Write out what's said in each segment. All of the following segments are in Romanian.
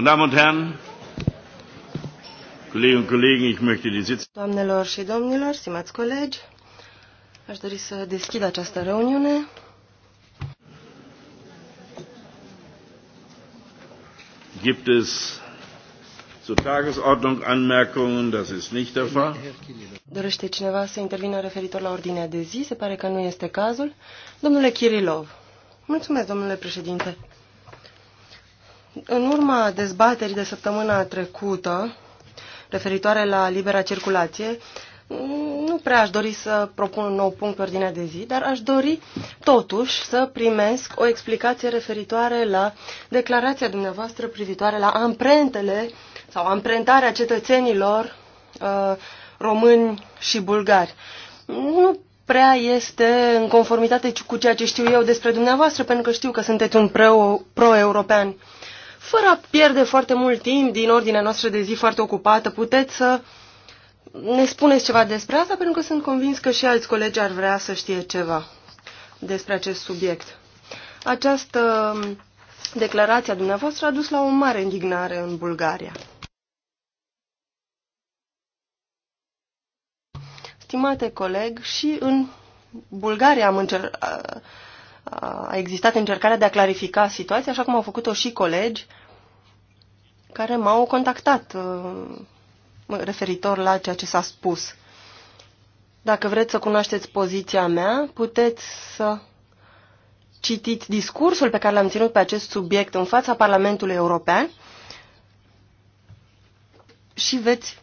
Meine und Herren, Kolleginnen und Kollegen, ich möchte die Sitzung. Doamnelor și domnilor, stimați colegi, aș dori să deschid această reuniune. Gibt es zur Tagesordnung Anmerkungen? Das ist nicht der Fall. Dorește cineva să intervină referitor la ordinea de zi? Se pare că nu este cazul. Domnule Kirilov. Mulțumesc, domnule președinte. În urma dezbaterii de săptămâna trecută, referitoare la libera circulație, nu prea aș dori să propun un nou punct pe ordinea de zi, dar aș dori totuși să primesc o explicație referitoare la declarația dumneavoastră privitoare la amprentele sau amprentarea cetățenilor uh, români și bulgari. Nu prea este în conformitate cu ceea ce știu eu despre dumneavoastră, pentru că știu că sunteți un pro-european. Pro fără a pierde foarte mult timp din ordinea noastră de zi foarte ocupată, puteți să ne spuneți ceva despre asta, pentru că sunt convins că și alți colegi ar vrea să știe ceva despre acest subiect. Această um, declarație a dumneavoastră a dus la o mare indignare în Bulgaria. Stimate coleg, și în Bulgaria am, încercat a existat încercarea de a clarifica situația, așa cum au făcut-o și colegi care m-au contactat uh, referitor la ceea ce s-a spus. Dacă vreți să cunoașteți poziția mea, puteți să citiți discursul pe care l-am ținut pe acest subiect în fața Parlamentului European și veți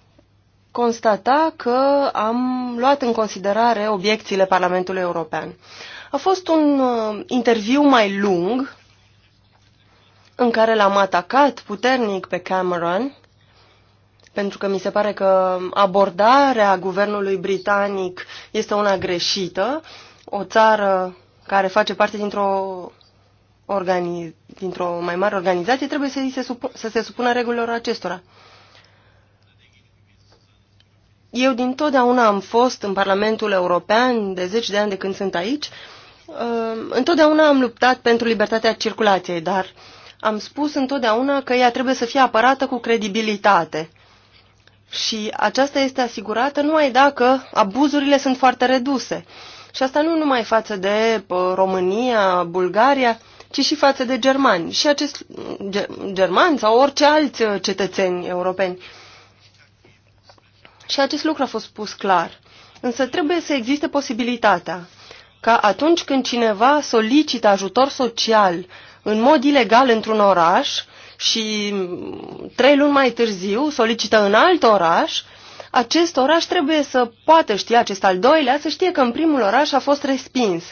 constata că am luat în considerare obiecțiile Parlamentului European. A fost un uh, interviu mai lung în care l-am atacat puternic pe Cameron pentru că mi se pare că abordarea guvernului britanic este una greșită. O țară care face parte dintr-o organi- dintr mai mare organizație trebuie să, se supu- să se supună regulilor acestora. Eu din totdeauna am fost în Parlamentul European de zeci de ani de când sunt aici Ehm, întotdeauna am luptat pentru libertatea circulației, dar am spus întotdeauna că ea trebuie să fie apărată cu credibilitate. Și aceasta este asigurată numai dacă abuzurile sunt foarte reduse. Și asta nu numai față de România, Bulgaria, ci și față de germani. Și acest germani sau orice alți ă, cetățeni europeni. Și acest lucru a fost spus clar. Însă trebuie să existe posibilitatea ca atunci când cineva solicită ajutor social în mod ilegal într-un oraș și trei luni mai târziu solicită în alt oraș, acest oraș trebuie să poată ști, acest al doilea, să știe că în primul oraș a fost respins.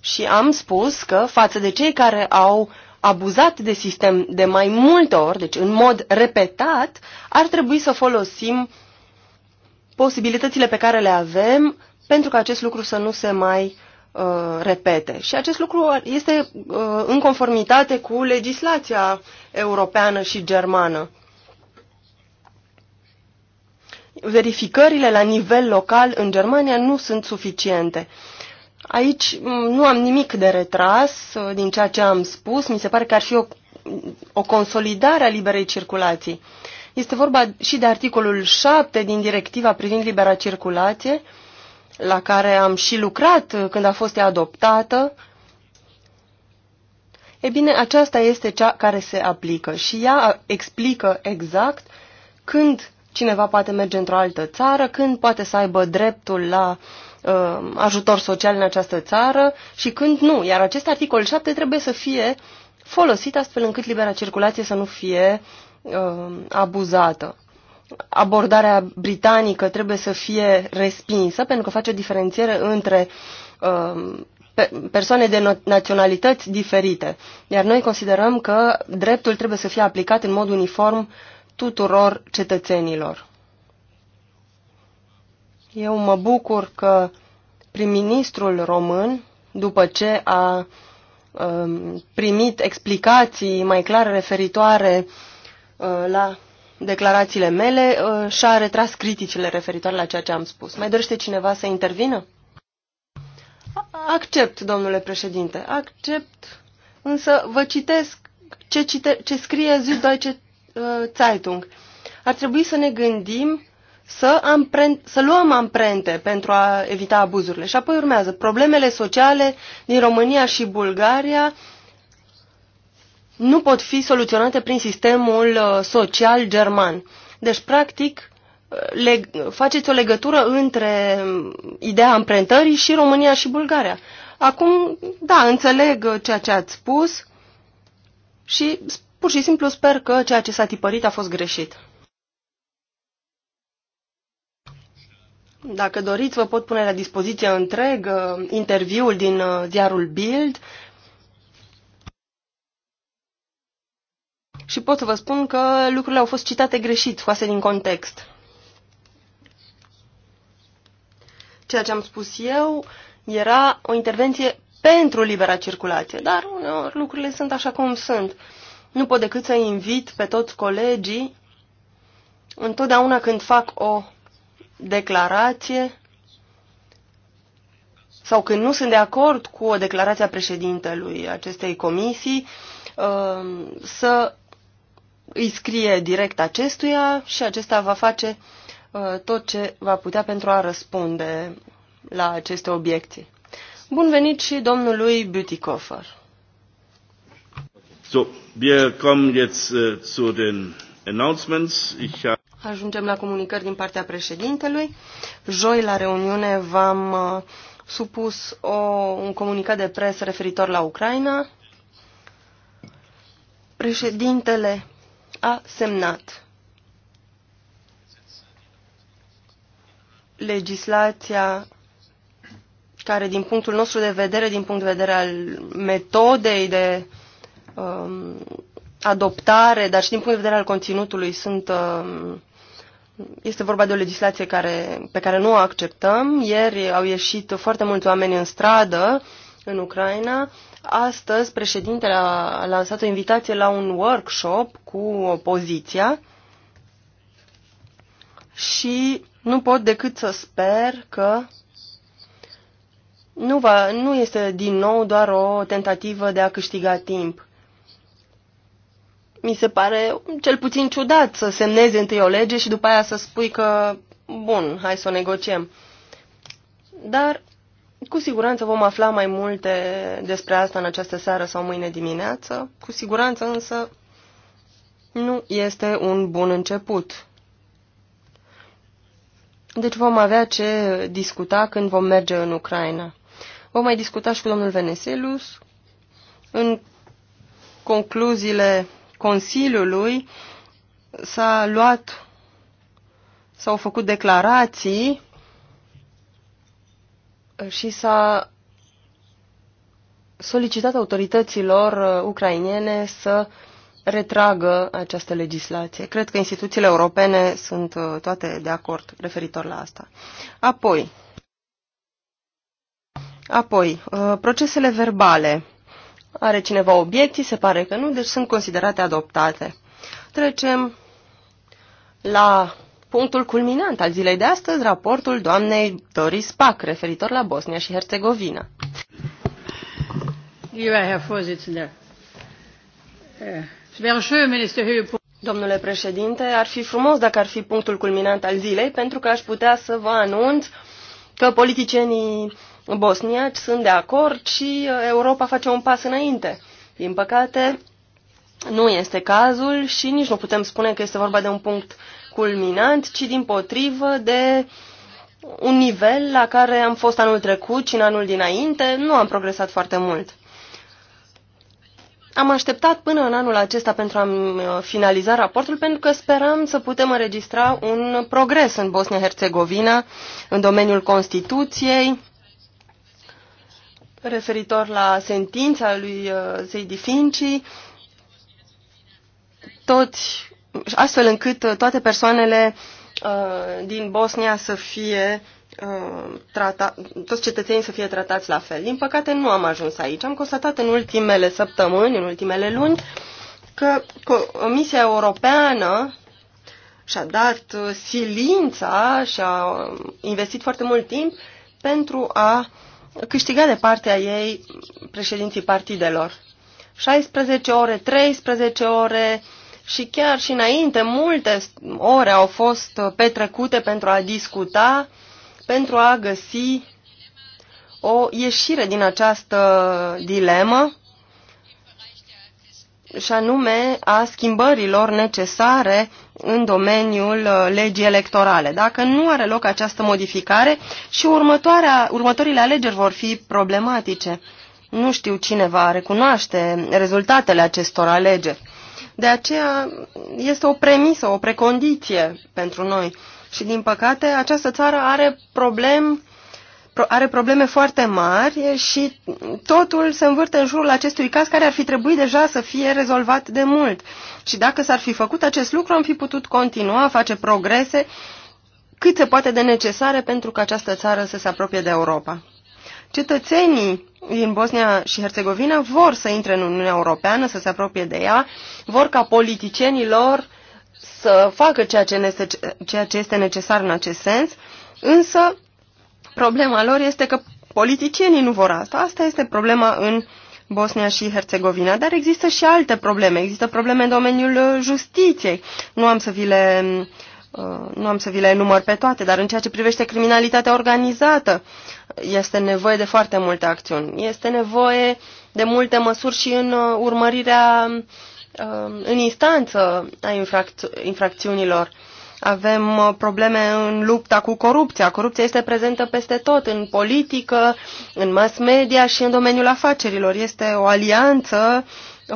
Și am spus că față de cei care au abuzat de sistem de mai multe ori, deci în mod repetat, ar trebui să folosim posibilitățile pe care le avem pentru că acest lucru să nu se mai uh, repete. Și acest lucru este uh, în conformitate cu legislația europeană și germană. Verificările la nivel local în Germania nu sunt suficiente. Aici mm, nu am nimic de retras uh, din ceea ce am spus. Mi se pare că ar fi o, o consolidare a liberei circulații. Este vorba și de articolul 7 din directiva privind libera circulație, uh, la care am și lucrat când a fost ea adoptată, e bine, aceasta este cea care se aplică și ea explică exact când cineva poate merge într-o altă țară, când poate să aibă dreptul la uh, ajutor social în această țară și când nu. Iar acest articol 7 trebuie să fie folosit astfel încât libera circulație să nu fie uh, abuzată abordarea britanică trebuie să fie respinsă, pentru că face o diferențiere între uh, persoane de naționalități diferite. Iar noi considerăm că dreptul trebuie să fie aplicat în mod uniform tuturor cetățenilor. Eu mă bucur că prim-ministrul român, după ce a um, primit explicații mai clare referitoare uh, la declarațiile mele uh, și-a retras criticile referitoare la ceea ce am spus. Mai dorește cineva să intervină? Accept, domnule președinte, accept, însă vă citesc ce, cite, ce scrie Süddeutsche uh, Zeitung. Ar trebui să ne gândim să, ampren, să luăm amprente pentru a evita abuzurile. Și apoi urmează problemele sociale din România și Bulgaria nu pot fi soluționate prin sistemul uh, social german. Deci, practic, uh, le, faceți o legătură între um, ideea amprentării și România și Bulgaria. Acum, da, înțeleg uh, ceea ce ați spus și pur și simplu sper că ceea ce s-a tipărit a fost greșit. Dacă doriți, vă pot pune la dispoziție întreg interviul din ziarul Bild și pot să vă spun că lucrurile au fost citate greșit, scoase din context. Ceea ce am spus eu era o intervenție pentru libera circulație, dar uneori lucrurile sunt așa cum sunt. Nu pot decât să invit pe toți colegii, întotdeauna când fac o declarație sau când nu sunt de acord cu o declarație a președintelui acestei comisii, ă, să îi scrie direct acestuia și acesta va face uh, tot ce va putea pentru a răspunde la aceste obiecții. Bun venit și domnului Bütikofer. So, wir kommen jetzt uh, zu den announcements. Ich ha Ajungem la comunicări din partea președintelui. Joi la reuniune v-am uh, supus o, un comunicat de presă referitor la Ucraina. Președintele a semnat. Legislația care, din punctul nostru de vedere, din punct de vedere al metodei de um, adoptare, dar și din punct de vedere al conținutului, sunt, um, este vorba de o legislație care, pe care nu o acceptăm. Ieri au ieșit foarte mulți oameni în stradă în Ucraina Astăzi președintele a lansat o invitație la un workshop cu opoziția și nu pot decât să sper că nu, va, nu este din nou doar o tentativă de a câștiga timp. Mi se pare cel puțin ciudat să semnezi întâi o lege și după aia să spui că, bun, hai să o negociem. Dar cu siguranță vom afla mai multe despre asta în această seară sau mâine dimineață. Cu siguranță însă nu este un bun început. Deci vom avea ce discuta când vom merge în Ucraina. Vom mai discuta și cu domnul Veneselus. În concluziile Consiliului s-a luat, s-au făcut declarații și s-a solicitat autorităților uh, ucrainene să retragă această legislație. Cred că instituțiile europene sunt uh, toate de acord referitor la asta. Apoi, apoi uh, procesele verbale. Are cineva obiecții? Se pare că nu, deci sunt considerate adoptate. Trecem la punctul culminant al zilei de astăzi, raportul doamnei Doris Pac referitor la Bosnia și Herțegovina. Eh, Domnule președinte, ar fi frumos dacă ar fi punctul culminant al zilei, pentru că aș putea să vă anunț că politicienii bosniaci sunt de acord și eh, Europa face un pas înainte. Din păcate, nu este cazul și nici nu putem spune că este vorba de un punct culminant, ci din potrivă de un nivel la care am fost anul trecut și în anul dinainte, nu am progresat foarte mult. Am așteptat până în anul acesta pentru a uh, finaliza raportul pentru că speram să putem înregistra un progres în Bosnia-Herzegovina, în domeniul Constituției, referitor la sentința lui Zeidi uh, Finci. Toți astfel încât uh, toate persoanele uh, din Bosnia să fie uh, trata, toți cetățenii să fie tratați la fel. Din păcate nu am ajuns aici. Am constatat în ultimele săptămâni, în ultimele luni, că Comisia Europeană și-a dat silința și a um, investit foarte mult timp pentru a câștiga de partea ei președinții partidelor. 16 ore, 13 ore, și chiar și înainte multe ore au fost petrecute pentru a discuta, pentru a găsi o ieșire din această dilemă și anume a schimbărilor necesare în domeniul uh, legii electorale. Dacă nu are loc această modificare și următoarea, următorile alegeri vor fi problematice. Nu știu cine va recunoaște rezultatele acestor alegeri. De aceea este o premisă, o precondiție pentru noi. Și din păcate această țară are, problem, are probleme foarte mari și totul se învârte în jurul acestui caz care ar fi trebuit deja să fie rezolvat de mult. Și dacă s-ar fi făcut acest lucru, am fi putut continua, face progrese cât se poate de necesare pentru ca această țară să se apropie de Europa. Cetățenii din Bosnia și Herțegovina vor să intre în Uniunea Europeană, să se apropie de ea, vor ca politicienii lor să facă ceea ce, nece, ceea ce este necesar în acest sens, însă problema lor este că politicienii nu vor asta. Asta este problema în Bosnia și Herțegovina, dar există și alte probleme. Există probleme în domeniul uh, justiției. Nu am să vi le, uh, nu am să vi le număr pe toate, dar în ceea ce privește criminalitatea organizată, este nevoie de foarte multe acțiuni. Este nevoie de multe măsuri și în uh, urmărirea uh, în instanță a infracțiunilor. Avem uh, probleme în lupta cu corupția. Corupția este prezentă peste tot, în politică, în mass media și în domeniul afacerilor. Este o alianță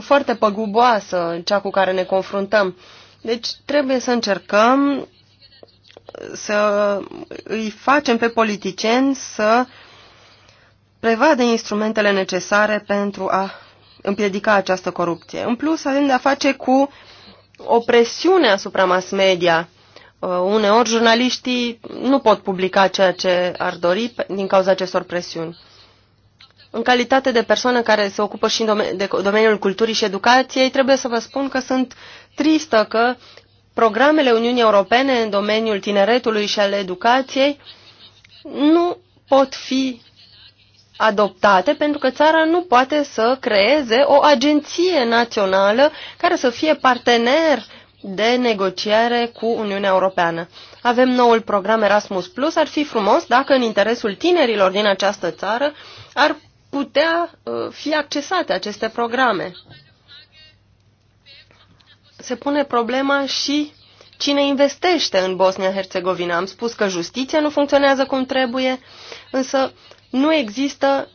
foarte păguboasă, cea cu care ne confruntăm. Deci trebuie să încercăm să îi facem pe politicieni să prevadă instrumentele necesare pentru a împiedica această corupție. În plus, avem de-a face cu o presiune asupra mass media. Uh, uneori, jurnaliștii nu pot publica ceea ce ar dori din cauza acestor presiuni. În calitate de persoană care se ocupă și în domeniul culturii și educației, trebuie să vă spun că sunt tristă că programele Uniunii Europene în domeniul tineretului și al educației nu pot fi adoptate pentru că țara nu poate să creeze o agenție națională care să fie partener de negociere cu Uniunea Europeană. Avem noul program Erasmus Plus, ar fi frumos dacă în interesul tinerilor din această țară ar putea uh, fi accesate aceste programe se pune problema și cine investește în Bosnia-Herzegovina. Am spus că justiția nu funcționează cum trebuie, însă nu există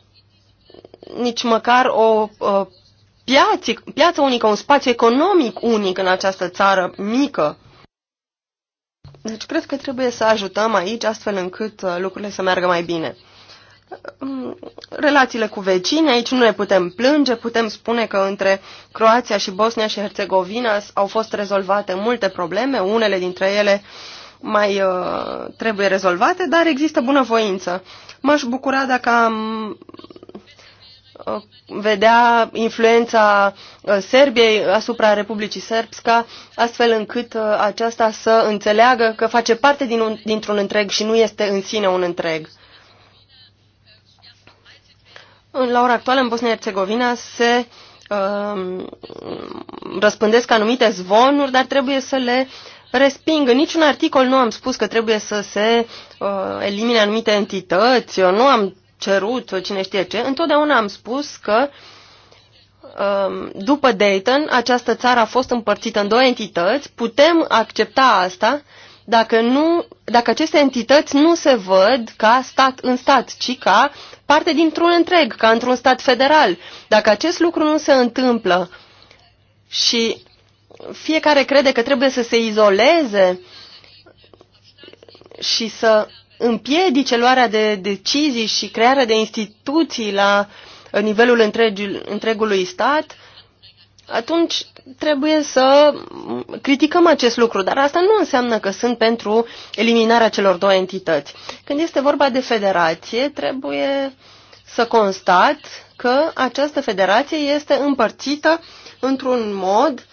nici măcar o, piață, piață unică, un spațiu economic unic în această țară mică. Deci cred că trebuie să ajutăm aici astfel încât uh, lucrurile să meargă mai bine. Mm, relațiile cu vecini, aici nu ne putem plânge, putem spune că între Croația și Bosnia și Herțegovina au fost rezolvate multe probleme, unele dintre ele mai uh, trebuie rezolvate, dar există bunăvoință. M-aș bucura dacă am uh, vedea influența uh, Serbiei asupra Republicii Serbska, astfel încât uh, aceasta să înțeleagă că face parte din un, dintr-un întreg și nu este în sine un întreg la ora actuală, în Bosnia-Herzegovina, se uh, răspândesc anumite zvonuri, dar trebuie să le resping. În niciun articol nu am spus că trebuie să se uh, elimine anumite entități, eu nu am cerut cine știe ce. Întotdeauna am spus că uh, după Dayton, această țară a fost împărțită în două entități, putem accepta asta, uh, dacă, nu, dacă aceste entități nu se văd ca stat în stat, ci ca parte dintr-un întreg, ca într-un stat federal. Dacă acest lucru nu se întâmplă și fiecare crede că trebuie să se izoleze și să împiedice luarea de decizii și crearea de instituții la nivelul întregului stat, atunci trebuie să criticăm acest lucru, dar asta nu înseamnă că sunt pentru eliminarea celor două entități. Când este vorba de federație, trebuie să constat că această federație este împărțită într-un mod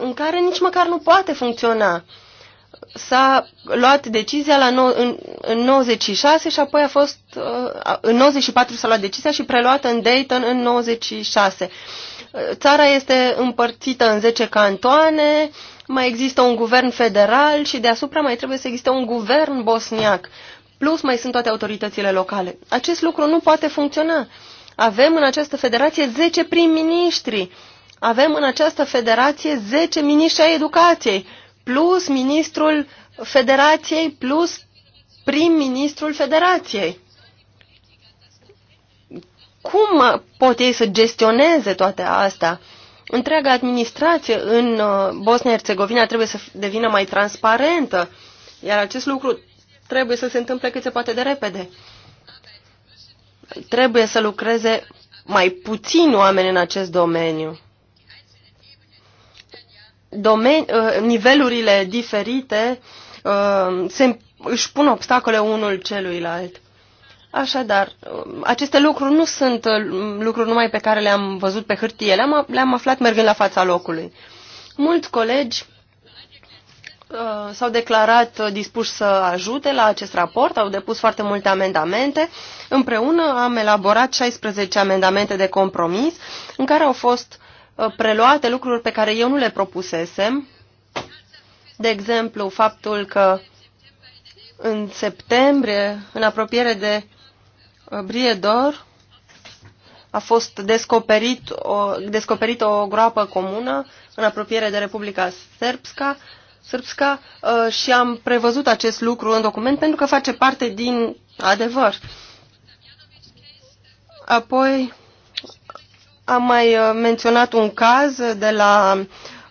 în care nici măcar nu poate funcționa. S-a luat decizia la no, în, în 96 și apoi a fost, uh, în 94 s-a luat decizia și preluată în Dayton în 96. Țara este împărțită în 10 cantoane, mai există un guvern federal și deasupra mai trebuie să existe un guvern bosniac. Plus mai sunt toate autoritățile locale. Acest lucru nu poate funcționa. Avem în această federație 10 prim-ministri. Avem în această federație 10 miniștri ai educației, plus ministrul federației, plus prim-ministrul federației. Cum pot ei să gestioneze toate astea? Întreaga administrație în uh, Bosnia-Herzegovina trebuie să devină mai transparentă, iar acest lucru trebuie să se întâmple cât se poate de repede. Trebuie să lucreze mai puțin oameni în acest domeniu. Domeni, uh, nivelurile diferite uh, se, își pun obstacole unul celuilalt. Așadar, aceste lucruri nu sunt uh, lucruri numai pe care le-am văzut pe hârtie, le-am, le-am aflat mergând la fața locului. Mulți colegi uh, s-au declarat uh, dispuși să ajute la acest raport, au depus foarte multe amendamente. Împreună am elaborat 16 amendamente de compromis în care au fost preluate lucruri pe care eu nu le propusesem. De exemplu, faptul că în septembrie, în apropiere de Briedor a fost descoperit o, descoperit o groapă comună în apropiere de Republica Serbska, Sârbska uh, și am prevăzut acest lucru în document pentru că face parte din adevăr. Apoi am mai uh, menționat un caz de la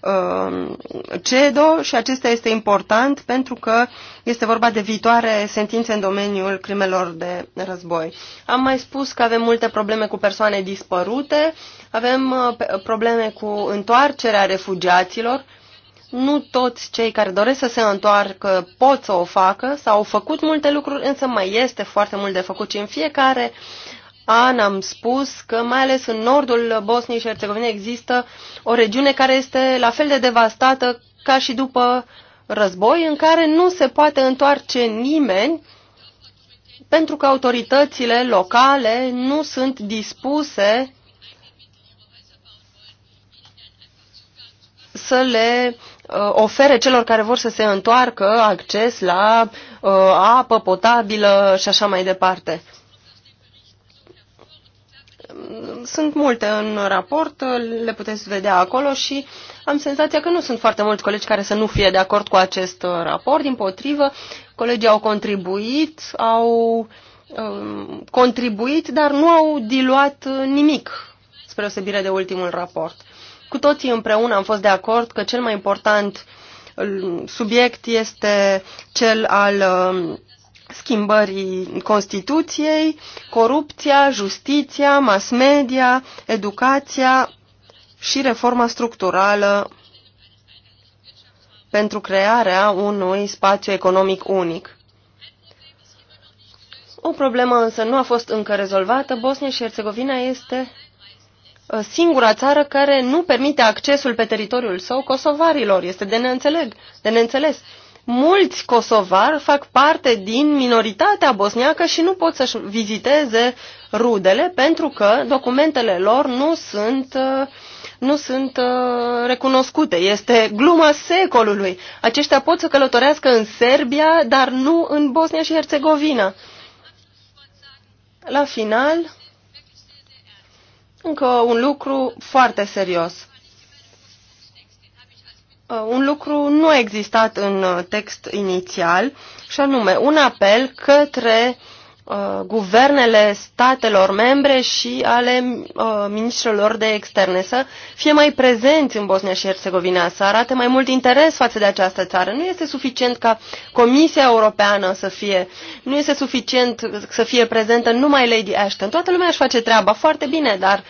Um, CEDO și acesta este important pentru că este vorba de viitoare sentințe în domeniul crimelor de război. Am mai spus că avem multe probleme cu persoane dispărute, avem uh, probleme cu întoarcerea refugiaților, nu toți cei care doresc să se întoarcă pot să o facă, s-au făcut multe lucruri, însă mai este foarte mult de făcut și în fiecare an am spus că mai ales în nordul Bosniei și Herțegovine există o regiune care este la fel de devastată ca și după război, în care nu se poate întoarce nimeni pentru că autoritățile locale nu sunt dispuse să le uh, ofere celor care vor să se întoarcă acces la uh, apă potabilă și așa mai departe sunt multe în raport, le puteți vedea acolo și am senzația că nu sunt foarte mulți colegi care să nu fie de acord cu acest uh, raport. Din potrivă, colegii au contribuit, au um, contribuit, dar nu au diluat uh, nimic, spre osebire de ultimul raport. Cu toții împreună am fost de acord că cel mai important um, subiect este cel al um, schimbării Constituției, corupția, justiția, mass media, educația și reforma structurală pentru crearea unui spațiu economic unic. O problemă însă nu a fost încă rezolvată. Bosnia și Herțegovina este ă, singura țară care nu permite accesul pe teritoriul său kosovarilor. Este de neînțeleg, de neînțeles mulți kosovari fac parte din minoritatea bosniacă și nu pot să-și viziteze rudele pentru că documentele lor nu sunt, uh, nu sunt uh, recunoscute. Este gluma secolului. Aceștia pot să călătorească în Serbia, dar nu în Bosnia și Herțegovina. La final, încă un lucru foarte serios. Uh, un lucru nu existat în uh, text inițial, și anume un apel către uh, guvernele statelor membre și ale uh, ministrilor de externe să fie mai prezenți în Bosnia și Herțegovina, să arate mai mult interes față de această țară. Nu este suficient ca Comisia Europeană să fie, nu este suficient să fie prezentă numai Lady Ashton. Toată lumea își face treaba foarte bine, dar uh,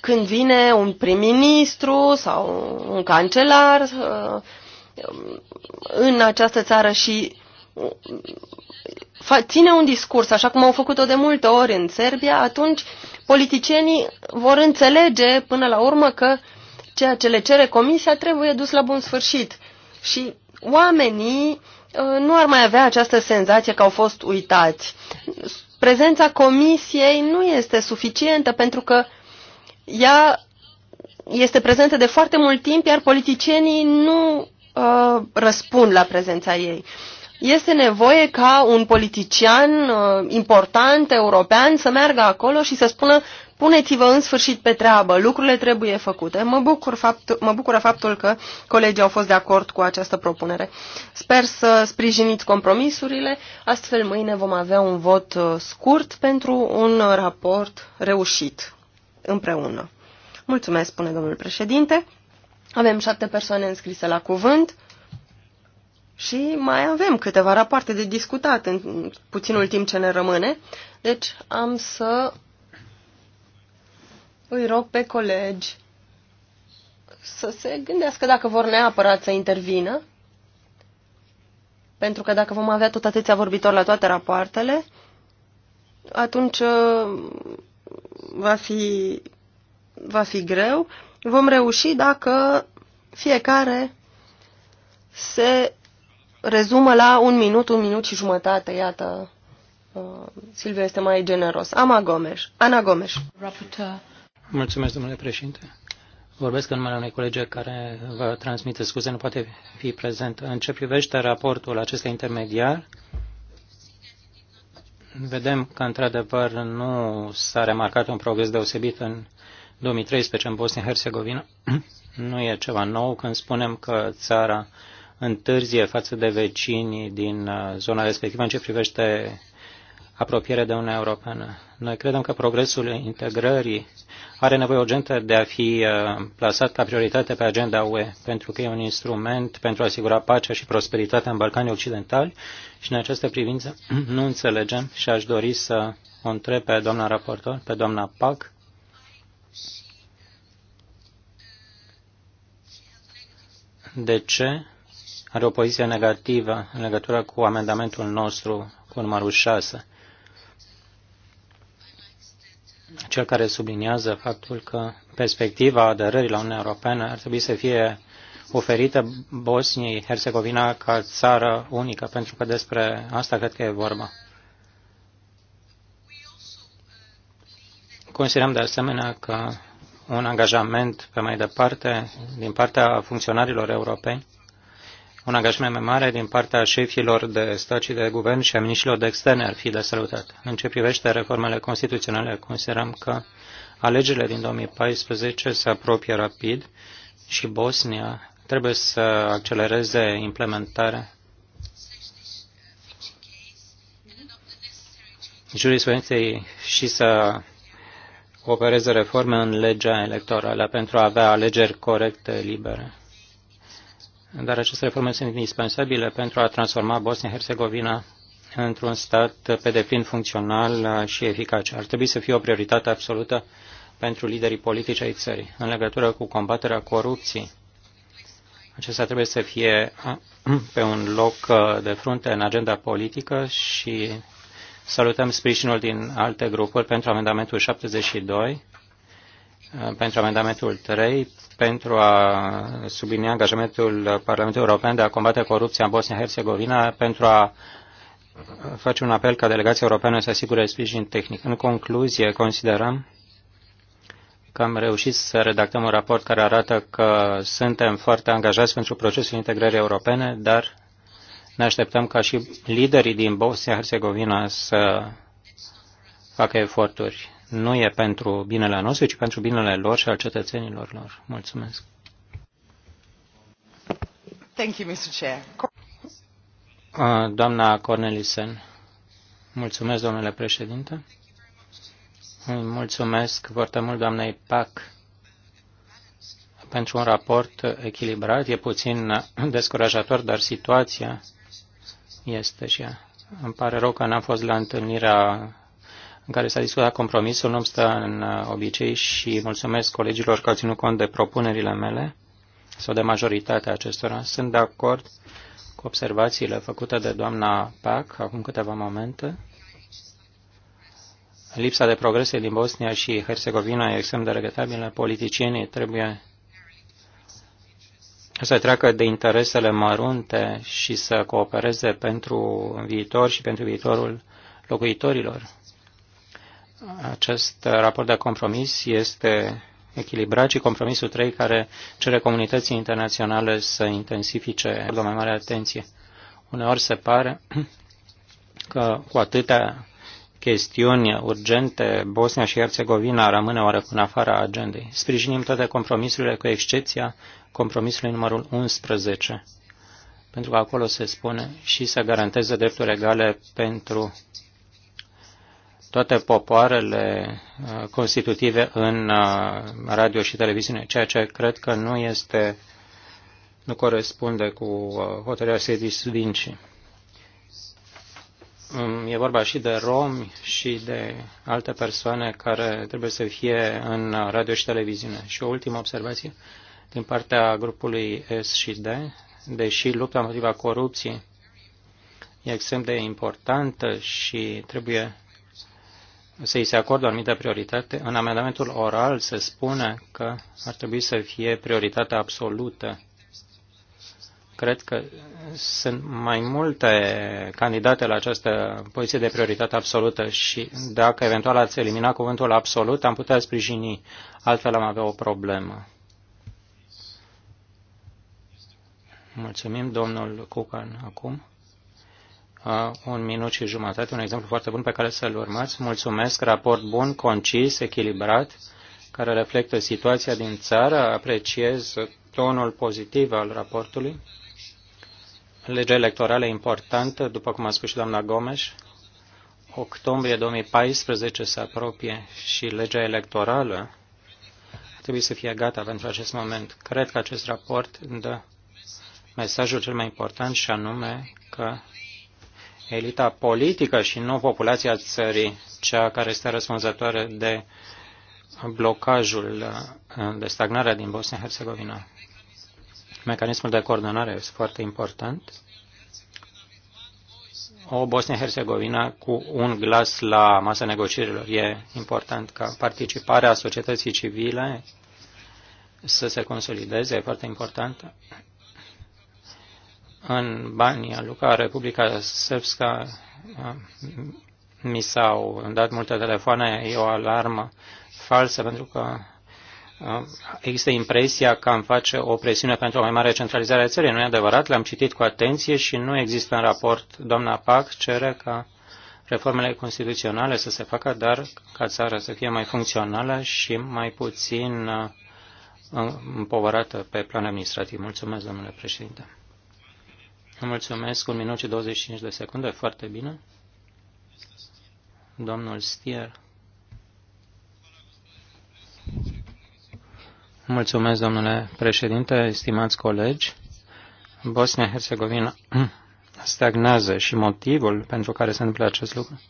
când vine un prim-ministru sau un cancelar uh, în această țară și uh, ține un discurs, așa cum au făcut-o de multe ori în Serbia, atunci politicienii vor înțelege până la urmă că ceea ce le cere comisia trebuie dus la bun sfârșit. Și oamenii uh, nu ar mai avea această senzație că au fost uitați. Prezența comisiei nu este suficientă pentru că uh, ea este prezentă de foarte mult timp, iar politicienii nu uh, răspund la prezența ei. Este nevoie ca un politician uh, important, european, să meargă acolo și să spună puneți-vă în sfârșit pe treabă, lucrurile trebuie făcute. Mă, bucur fapt, mă bucură faptul că colegii au fost de acord cu această propunere. Sper să sprijiniți compromisurile, astfel mâine vom avea un vot uh, scurt pentru un raport reușit împreună. Mulțumesc, spune domnul președinte. Avem șapte persoane înscrise la cuvânt și mai avem câteva rapoarte de discutat în puținul timp ce ne rămâne. Deci am să îi rog pe colegi să se gândească dacă vor neapărat să intervină, pentru că dacă vom avea tot atâția vorbitori la toate rapoartele, atunci va fi, va fi greu. Vom reuși dacă fiecare se rezumă la un minut, un minut și jumătate, iată. Uh, Silvia este mai generos. Ana Gomes. Ana Gomes. Mulțumesc, domnule președinte. Vorbesc în numele unei colege care vă transmite scuze, nu poate fi prezent. În ce privește raportul acesta intermediar, vedem că, într-adevăr, nu s-a remarcat un progres deosebit în 2013 în Bosnia-Herzegovina. Nu e ceva nou când spunem că țara întârzie față de vecinii din uh, zona respectivă în ce privește apropierea de Uniunea Europeană. Noi credem că progresul integrării are nevoie urgentă de a fi uh, plasat ca prioritate pe agenda UE, pentru că e un instrument pentru a asigura pacea și prosperitatea în Balcanii Occidentali și în această privință nu înțelegem și aș dori să o întreb pe doamna raportor, pe doamna PAC, de ce are o poziție negativă în legătură cu amendamentul nostru cu numărul 6 cel care subliniază faptul că perspectiva aderării la Uniunea Europeană ar trebui să fie oferită Bosniei Herzegovina ca țară unică, pentru că despre asta cred că e vorba. Considerăm de asemenea că un angajament pe mai departe din partea funcționarilor europeni un angajament mai mare din partea șefilor de stat și de guvern și a miniștrilor de externe ar fi de salutat. În ce privește reformele constituționale, considerăm că alegerile din 2014 se apropie rapid și Bosnia trebuie să accelereze implementarea jurisprudenței și să opereze reforme în legea electorală pentru a avea alegeri corecte, libere dar aceste reforme sunt indispensabile pentru a transforma Bosnia-Herzegovina într-un stat pe deplin funcțional și eficace. Ar trebui să fie o prioritate absolută pentru liderii politici ai țării. În legătură cu combaterea corupției, acesta trebuie să fie pe un loc uh, de frunte în agenda politică și salutăm sprijinul din alte grupuri pentru amendamentul 72 pentru amendamentul 3 pentru a sublinia angajamentul Parlamentului European de a combate corupția în Bosnia-Herzegovina pentru a face un apel ca delegația europeană să asigure sprijin tehnic. În concluzie, considerăm că am reușit să redactăm un raport care arată că suntem foarte angajați pentru procesul integrării europene, dar ne așteptăm ca și liderii din Bosnia-Herzegovina să facă eforturi nu e pentru binele nostru, ci pentru binele lor și al cetățenilor lor. Mulțumesc. Thank you, Mr. Chair. Doamna Cornelisen, mulțumesc, domnule președinte. Îi mulțumesc foarte mult doamnei PAC pentru un raport echilibrat. E puțin descurajator, dar situația este și ea. Îmi pare rău că n-am fost la întâlnirea în care s-a discutat compromisul, nu-mi stă în uh, obicei și mulțumesc colegilor că au ținut cont de propunerile mele sau de majoritatea acestora. Sunt de acord cu observațiile făcute de doamna Pac acum câteva momente. Lipsa de progrese din Bosnia și Herzegovina e extrem de regretabilă. Politicienii trebuie să treacă de interesele mărunte și să coopereze pentru viitor și pentru viitorul locuitorilor. Acest raport de compromis este echilibrat și compromisul 3 care cere comunității internaționale să intensifice o mai mare atenție. Uneori se pare că cu atâtea chestiuni urgente, Bosnia și Herțegovina rămâne oarecum în afara agendei. Sprijinim toate compromisurile, cu excepția compromisului numărul 11, pentru că acolo se spune și să garanteze drepturi egale pentru toate popoarele uh, constitutive în uh, radio și televiziune, ceea ce cred că nu este nu corespunde cu uh, hotărârea sedii Vinci. Mm, e vorba și de romi și de alte persoane care trebuie să fie în radio și televiziune. Și o ultimă observație din partea grupului S și D, deși lupta împotriva corupției e extrem de importantă și trebuie să îi se acordă o anumită prioritate. În amendamentul oral se spune că ar trebui să fie prioritatea absolută. Cred că sunt mai multe candidate la această poziție de prioritate absolută și dacă eventual ați elimina cuvântul absolut, am putea sprijini. Altfel am avea o problemă. Mulțumim, domnul Cucan, acum un minut și jumătate, un exemplu foarte bun pe care să-l urmați. Mulțumesc, raport bun, concis, echilibrat, care reflectă situația din țară. Apreciez tonul pozitiv al raportului. Legea electorală importantă, după cum a spus și doamna Gomes, octombrie 2014 se apropie și legea electorală trebuie să fie gata pentru acest moment. Cred că acest raport dă mesajul cel mai important și anume că elita politică și nu populația țării cea care este răspunzătoare de blocajul, uh, de stagnarea din Bosnia-Herzegovina. Mecanismul de coordonare este foarte important. O Bosnia-Herzegovina cu un glas la masa negocierilor. E important ca participarea societății civile să se consolideze, e foarte important în banii aluca Republica Srpska mi s-au dat multe telefoane, e o alarmă falsă pentru că există impresia că am face o presiune pentru o mai mare centralizare a țării. Nu e adevărat, le am citit cu atenție și nu există în raport. Doamna PAC cere ca reformele constituționale să se facă, dar ca țara să fie mai funcțională și mai puțin împovărată pe plan administrativ. Mulțumesc, domnule președinte. Mulțumesc, un minut și 25 de secunde, foarte bine. Domnul Stier. Mulțumesc, domnule președinte, estimați colegi. Bosnia-Herzegovina stagnează și motivul pentru care se întâmplă acest lucru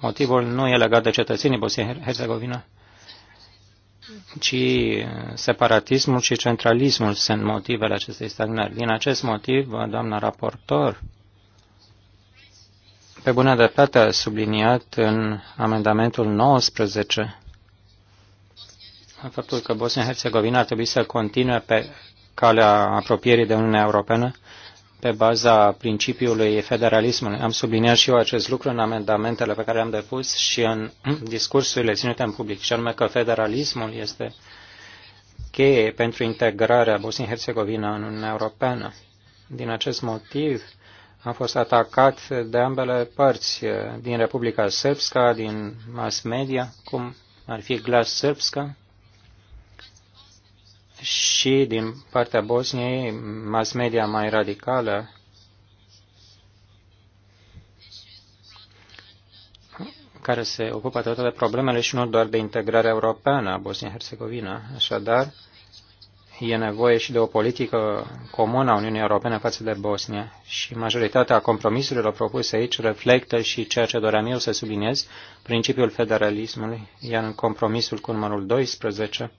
motivul nu e legat de cetățenii Bosnia-Herzegovina, ci separatismul și centralismul sunt motivele acestei stagnări. Din acest motiv, doamna raportor, pe bună dreptate a subliniat în amendamentul 19 faptul că Bosnia-Herzegovina ar trebui să continue pe calea apropierii de Uniunea Europeană pe baza principiului federalismului. Am subliniat și eu acest lucru în amendamentele pe care le-am depus și în discursurile ținute în public, și anume că federalismul este cheie pentru integrarea Bosnii-Herzegovina în Uniunea Europeană. Din acest motiv am fost atacat de ambele părți, din Republica Srpska, din mass media, cum ar fi Glas Srpska, și din partea Bosniei mass media mai radicală care se ocupă de toate problemele și nu doar de integrarea europeană a Bosnia-Herzegovina. Așadar, e nevoie și de o politică comună a Uniunii Europene față de Bosnia și majoritatea compromisurilor propuse aici reflectă și ceea ce doream eu să subliniez, principiul federalismului, iar în compromisul cu numărul 12,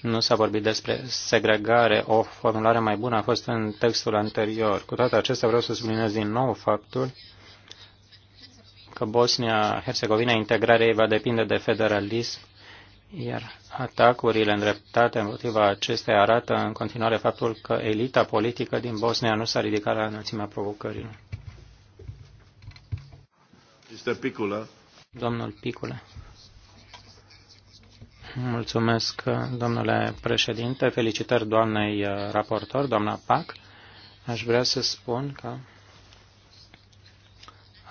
nu s-a vorbit despre segregare, o formulare mai bună a fost în textul anterior. Cu toate acestea vreau să subliniez din nou faptul că Bosnia-Herzegovina integrarea ei va depinde de federalism, iar atacurile îndreptate împotriva acesteia arată în continuare faptul că elita politică din Bosnia nu s-a ridicat la înălțimea provocărilor. Domnul Picula. Mulțumesc, domnule președinte. Felicitări doamnei uh, raportor, doamna Pac. Aș vrea să spun că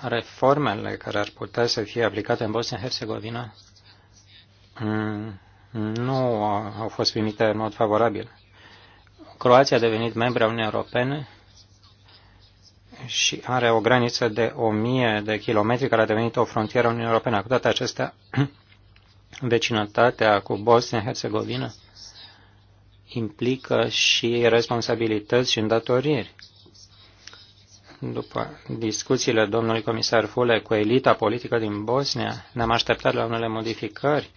reformele care ar putea să fie aplicate în Bosnia-Herzegovina mm, nu au fost primite în mod favorabil. Croația a devenit membru a Uniunii Europene și are o graniță de 1000 de kilometri care a devenit o frontieră a Uniunii Europene. Cu toate acestea, vecinătatea cu Bosnia-Herzegovina implică și responsabilități și îndatoriri. După discuțiile domnului comisar Fule cu elita politică din Bosnia, ne-am așteptat la unele modificări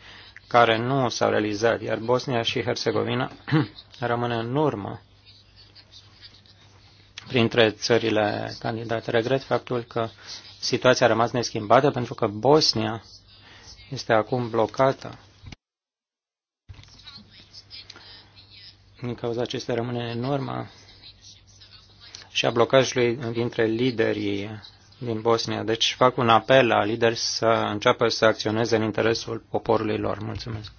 care nu s-au realizat, iar Bosnia și Herzegovina rămâne în urmă printre țările candidate. Regret faptul că situația a rămas neschimbată pentru că Bosnia este acum blocată din cauza acestea rămâne în urmă și a blocajului dintre liderii din Bosnia. Deci fac un apel la lideri să înceapă să acționeze în interesul poporului lor. Mulțumesc.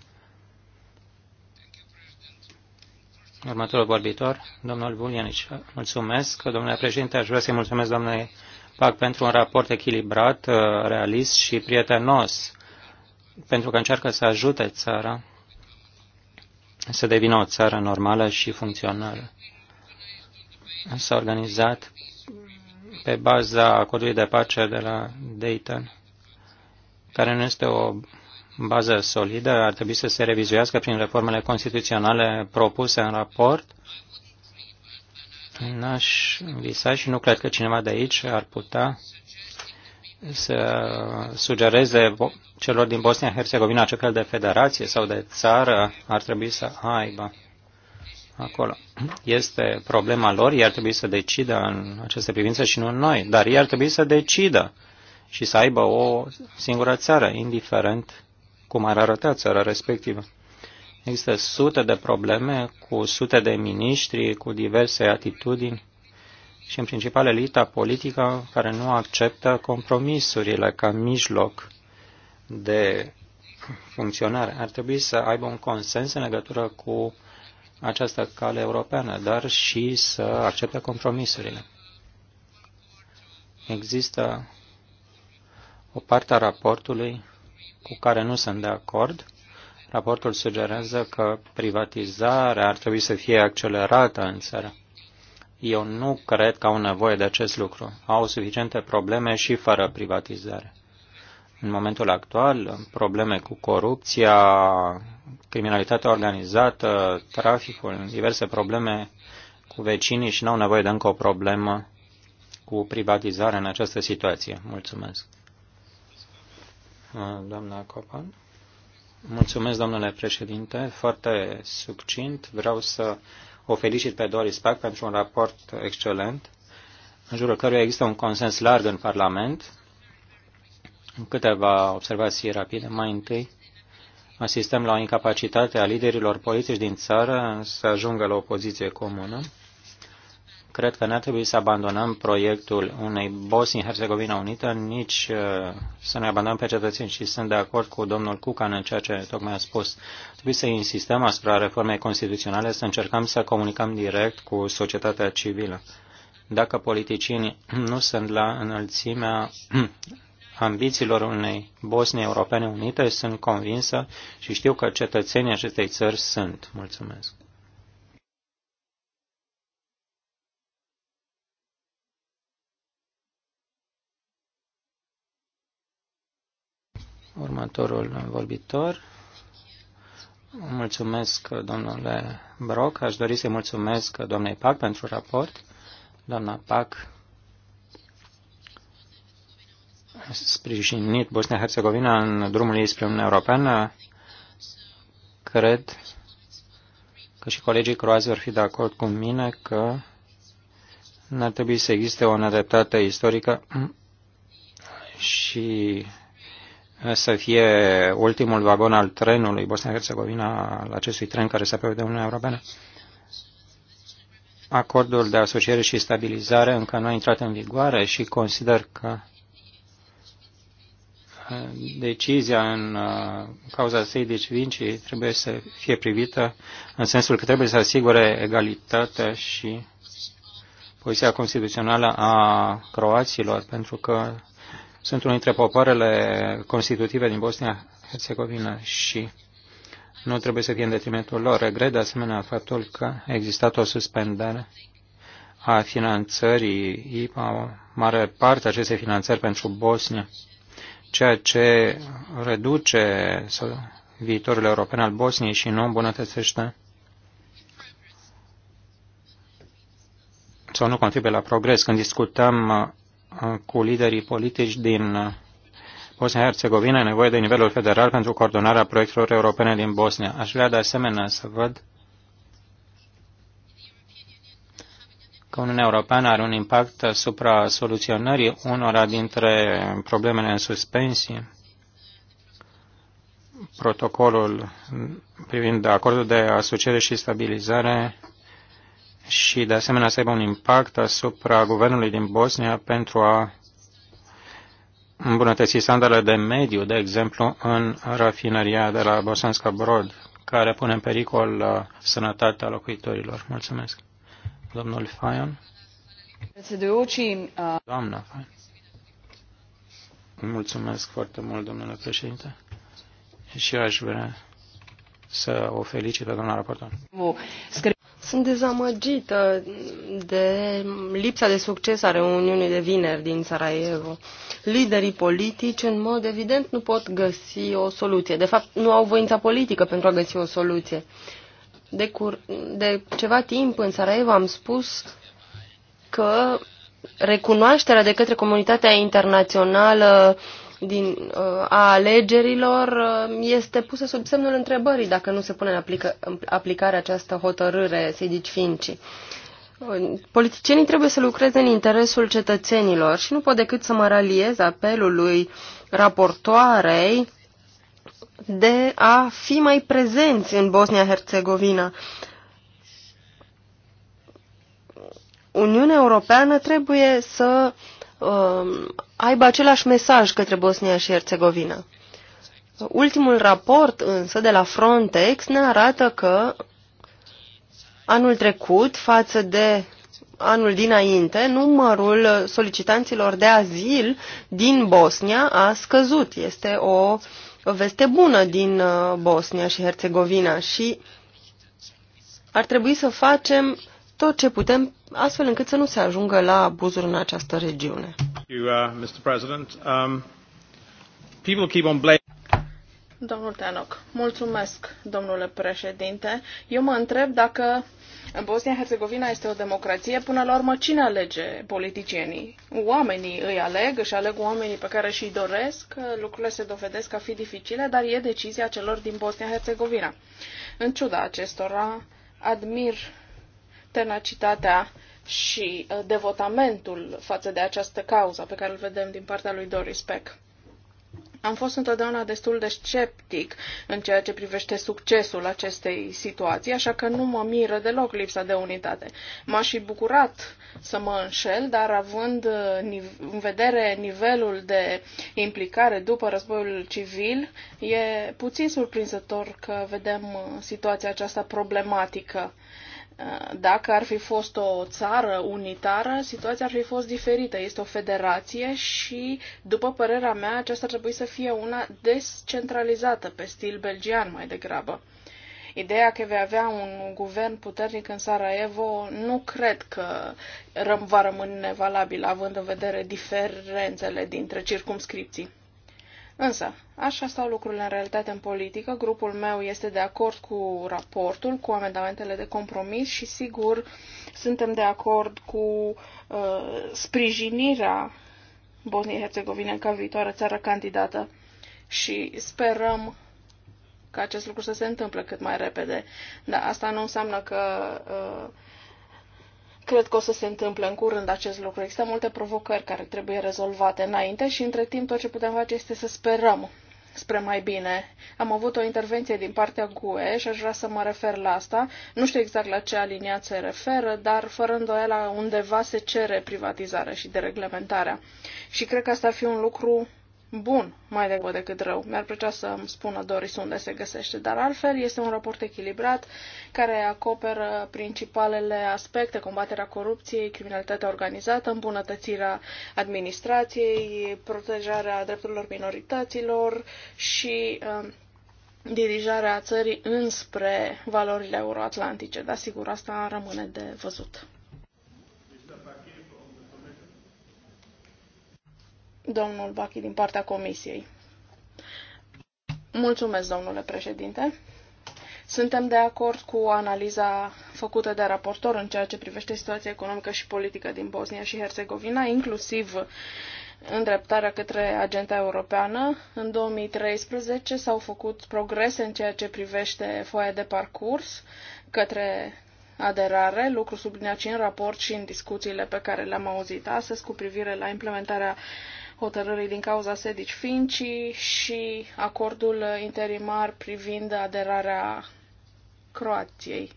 Următorul vorbitor, domnul Bulianici. Mulțumesc, domnule președinte. Aș vrea să-i mulțumesc, domnule Pac, pentru un raport echilibrat, realist și prietenos pentru că încearcă să ajute țara să devină o țară normală și funcțională. S-a organizat pe baza acordului de pace de la Dayton, care nu este o bază solidă, ar trebui să se revizuiască prin reformele constituționale propuse în raport. N-aș visa și nu cred că cineva de aici ar putea să sugereze celor din Bosnia-Herzegovina ce fel de federație sau de țară ar trebui să aibă acolo. Este problema lor, ei ar trebui să decidă în aceste privințe și nu noi, dar ei ar trebui să decidă și să aibă o singură țară, indiferent cum ar arăta țara respectivă. Există sute de probleme cu sute de miniștri, cu diverse atitudini și în principal elita politică care nu acceptă compromisurile ca mijloc de funcționare. Ar trebui să aibă un consens în legătură cu această cale europeană, dar și să accepte compromisurile. Există o parte a raportului cu care nu sunt de acord. Raportul sugerează că privatizarea ar trebui să fie accelerată în țară. Eu nu cred că au nevoie de acest lucru. Au suficiente probleme și fără privatizare. În momentul actual, probleme cu corupția, criminalitatea organizată, traficul, diverse probleme cu vecinii și nu au nevoie de încă o problemă cu privatizarea în această situație. Mulțumesc. Doamna Copan. Mulțumesc, domnule președinte. Foarte succint. Vreau să o felicit pe Doris Pack pentru un raport excelent, în jurul căruia există un consens larg în Parlament. Câteva observații rapide. Mai întâi, asistăm la o incapacitate a liderilor politici din țară să ajungă la o poziție comună. Cred că n-ar trebui să abandonăm proiectul unei Bosnii-Herzegovina unită, nici uh, să ne abandonăm pe cetățeni și sunt de acord cu domnul Cucan în ceea ce tocmai a spus. Trebuie să insistăm asupra reformei constituționale, să încercăm să comunicăm direct cu societatea civilă. Dacă politicienii nu sunt la înălțimea ambițiilor unei Bosnii Europene Unite, sunt convinsă și știu că cetățenii acestei țări sunt. Mulțumesc. Următorul vorbitor. Mulțumesc, domnule Broc. Aș dori să-i mulțumesc doamnei Pac pentru raport. Doamna Pac a sprijinit Bosnia-Herzegovina în drumul ei spre Uniunea Europeană. Cred că și colegii croați vor fi de acord cu mine că n-ar trebui să existe o nedreptate istorică și să fie ultimul vagon al trenului Bosnia-Herzegovina, al acestui tren care se apropie de Uniunea Europeană. Acordul de asociere și stabilizare încă nu a intrat în vigoare și consider că uh, decizia în uh, cauza Sejdici Vinci trebuie să fie privită în sensul că trebuie să asigure egalitatea și poziția constituțională a croaților, pentru că sunt unul dintre popoarele constitutive din Bosnia-Herzegovina și nu trebuie să fie în detrimentul lor. Regret de asemenea faptul că a existat o suspendare a finanțării IPA, mare parte a acestei finanțări pentru Bosnia, ceea ce reduce viitorul european al Bosniei și nu îmbunătățește sau nu contribuie la progres. Când discutăm cu liderii politici din Bosnia-Herzegovina e nevoie de nivelul federal pentru coordonarea proiectelor europene din Bosnia. Aș vrea de asemenea să văd că Uniunea Europeană are un impact asupra soluționării unora dintre problemele în suspensie. Protocolul privind acordul de asociere și stabilizare și de asemenea să aibă un impact asupra guvernului din Bosnia pentru a îmbunătăți standardele de mediu, de exemplu, în rafineria de la Bosanska Brod, care pune în pericol uh, sănătatea locuitorilor. Mulțumesc. Domnul Fajon. Doamna Fajon. Mulțumesc foarte mult, domnule președinte. Și eu aș vrea să o felicit pe doamna raportor. Sunt dezamăgită de lipsa de succes a reuniunii de vineri din Sarajevo. Liderii politici, în mod evident, nu pot găsi o soluție. De fapt, nu au voința politică pentru a găsi o soluție. De, cur... de ceva timp în Sarajevo am spus că recunoașterea de către comunitatea internațională uh, din, uh, a alegerilor uh, este pusă sub semnul întrebării dacă nu se pune în, aplică, în aplicare această hotărâre Sedici Fincii. Uh, politicienii trebuie să lucreze în interesul cetățenilor și nu pot decât să mă raliez apelului raportoarei de a fi mai prezenți în Bosnia-Herzegovina. Uniunea Europeană trebuie să uh, Um, aibă același mesaj către Bosnia și Herțegovina. Ultimul raport însă de la Frontex ne arată că anul trecut față de anul dinainte, numărul solicitanților de azil din Bosnia a scăzut. Este o veste bună din uh, Bosnia și Herțegovina și ar trebui să facem tot ce putem astfel încât să nu se ajungă la abuzuri în această regiune. Uh, um, Domnul Tenoc, mulțumesc, domnule președinte. Eu mă întreb dacă Bosnia-Herzegovina este o democrație, până la urmă cine alege politicienii? Oamenii îi aleg, își aleg oamenii pe care și-i doresc, lucrurile se dovedesc a fi dificile, dar e decizia celor din Bosnia-Herzegovina. În ciuda acestora, admir tenacitatea și uh, devotamentul față de această cauză pe care îl vedem din partea lui Doris Peck. Am fost întotdeauna destul de sceptic în ceea ce privește succesul acestei situații, așa că nu mă miră deloc lipsa de unitate. M-aș fi bucurat să mă înșel, dar având uh, în vedere nivelul de implicare după războiul civil, e puțin surprinzător că vedem uh, situația aceasta problematică dacă ar fi fost o țară unitară, situația ar fi fost diferită. Este o federație și, după părerea mea, aceasta ar trebui să fie una descentralizată, pe stil belgian mai degrabă. Ideea că vei avea un guvern puternic în Sarajevo nu cred că va rămâne valabil, având în vedere diferențele dintre circumscripții. Însă, așa stau lucrurile în realitate în politică. Grupul meu este de acord cu raportul, cu amendamentele de compromis și, sigur, suntem de acord cu uh, sprijinirea Bosniei-Herzegovine ca viitoare țară candidată și sperăm ca acest lucru să se întâmple cât mai repede. Dar asta nu înseamnă că uh, Cred că o să se întâmple în curând acest lucru. Există multe provocări care trebuie rezolvate înainte și între timp tot ce putem face este să sperăm spre mai bine. Am avut o intervenție din partea GUE și aș vrea să mă refer la asta. Nu știu exact la ce aliniat se referă, dar fără îndoială undeva se cere privatizarea și dereglementarea. Și cred că asta ar fi un lucru bun mai degrabă decât rău. Mi-ar plăcea să îmi spună Doris unde se găsește, dar altfel este un raport echilibrat care acoperă principalele aspecte, combaterea corupției, criminalitatea organizată, îmbunătățirea administrației, protejarea drepturilor minorităților și uh, dirijarea țării înspre valorile euroatlantice. Dar sigur, asta rămâne de văzut. domnul Bachi din partea comisiei. Mulțumesc, domnule președinte. Suntem de acord cu analiza făcută de raportor în ceea ce privește situația economică și politică din Bosnia și Herțegovina, inclusiv îndreptarea către agenda europeană. În 2013 s-au făcut progrese în ceea ce privește foaia de parcurs către aderare, lucru subliniat și în raport și în discuțiile pe care le-am auzit astăzi cu privire la implementarea hotărârii din cauza Sedici Fincii și acordul interimar privind aderarea Croației.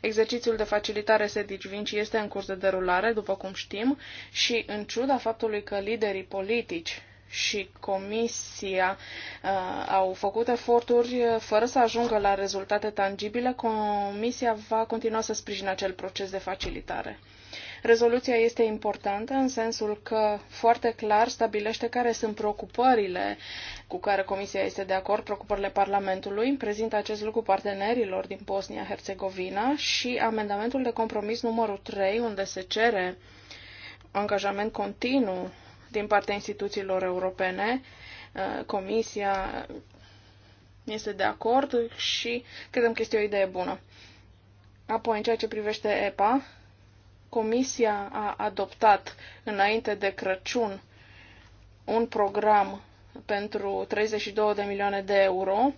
Exercițiul de facilitare Sedici Vinci este în curs de derulare, după cum știm, și în ciuda faptului că liderii politici și Comisia uh, au făcut eforturi uh, fără să ajungă la rezultate tangibile, Comisia va continua să sprijine acel proces de facilitare. Rezoluția este importantă în sensul că foarte clar stabilește care sunt preocupările cu care Comisia este de acord, preocupările Parlamentului, prezintă acest lucru partenerilor din Bosnia-Herzegovina și amendamentul de compromis numărul 3, unde se cere angajament continuu din partea instituțiilor europene, uh, Comisia este de acord și credem că este o idee bună. Apoi, în ceea ce privește EPA, Comisia a adoptat înainte de Crăciun un program pentru 32 de milioane de euro.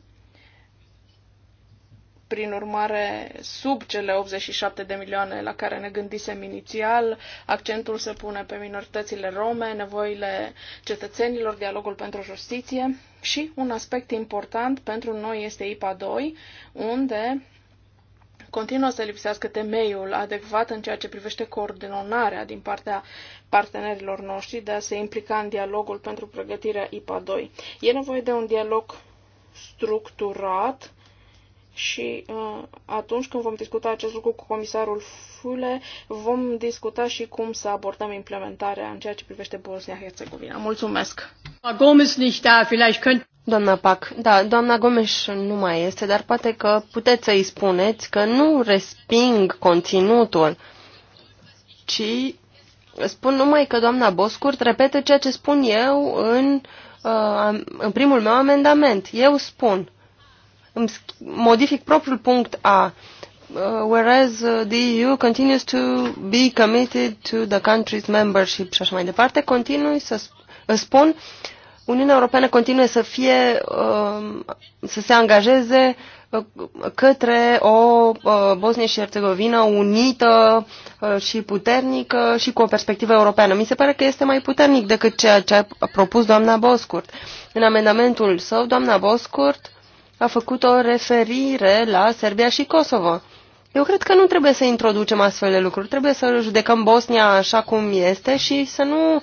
Prin urmare, sub cele 87 de milioane la care ne gândisem inițial, accentul se pune pe minoritățile rome, nevoile cetățenilor, dialogul pentru justiție și un aspect important pentru noi este IPA 2, unde Continuă să lipsească temeiul adecvat în ceea ce privește coordonarea din partea partenerilor noștri de a se implica în dialogul pentru pregătirea IPA 2. E nevoie de un dialog structurat și uh, atunci când vom discuta acest lucru cu comisarul Fule, vom discuta și cum să abordăm implementarea în ceea ce privește Bosnia-Herzegovina. Mulțumesc! Gomes nicht da, vielleicht Doamna Pac, da, doamna Gomes nu mai este, dar poate că puteți să-i spuneți că nu resping conținutul, ci spun numai că doamna Boscurt repete ceea ce spun eu în, uh, în primul meu amendament. Eu spun, îmi modific propriul punct A, uh, whereas uh, the EU continues to be committed to the country's membership și așa mai departe, continui să spun Uniunea Europeană continuă să fie, um, să se angajeze uh, către o uh, Bosnie și Herțegovină unită uh, și puternică și cu o perspectivă europeană. Mi se pare că este mai puternic decât ceea ce a propus doamna Boscurt. În amendamentul său, doamna Boscurt a făcut o referire la Serbia și Kosovo. Eu cred că nu trebuie să introducem astfel de lucruri. Trebuie să judecăm Bosnia așa cum este și să nu uh,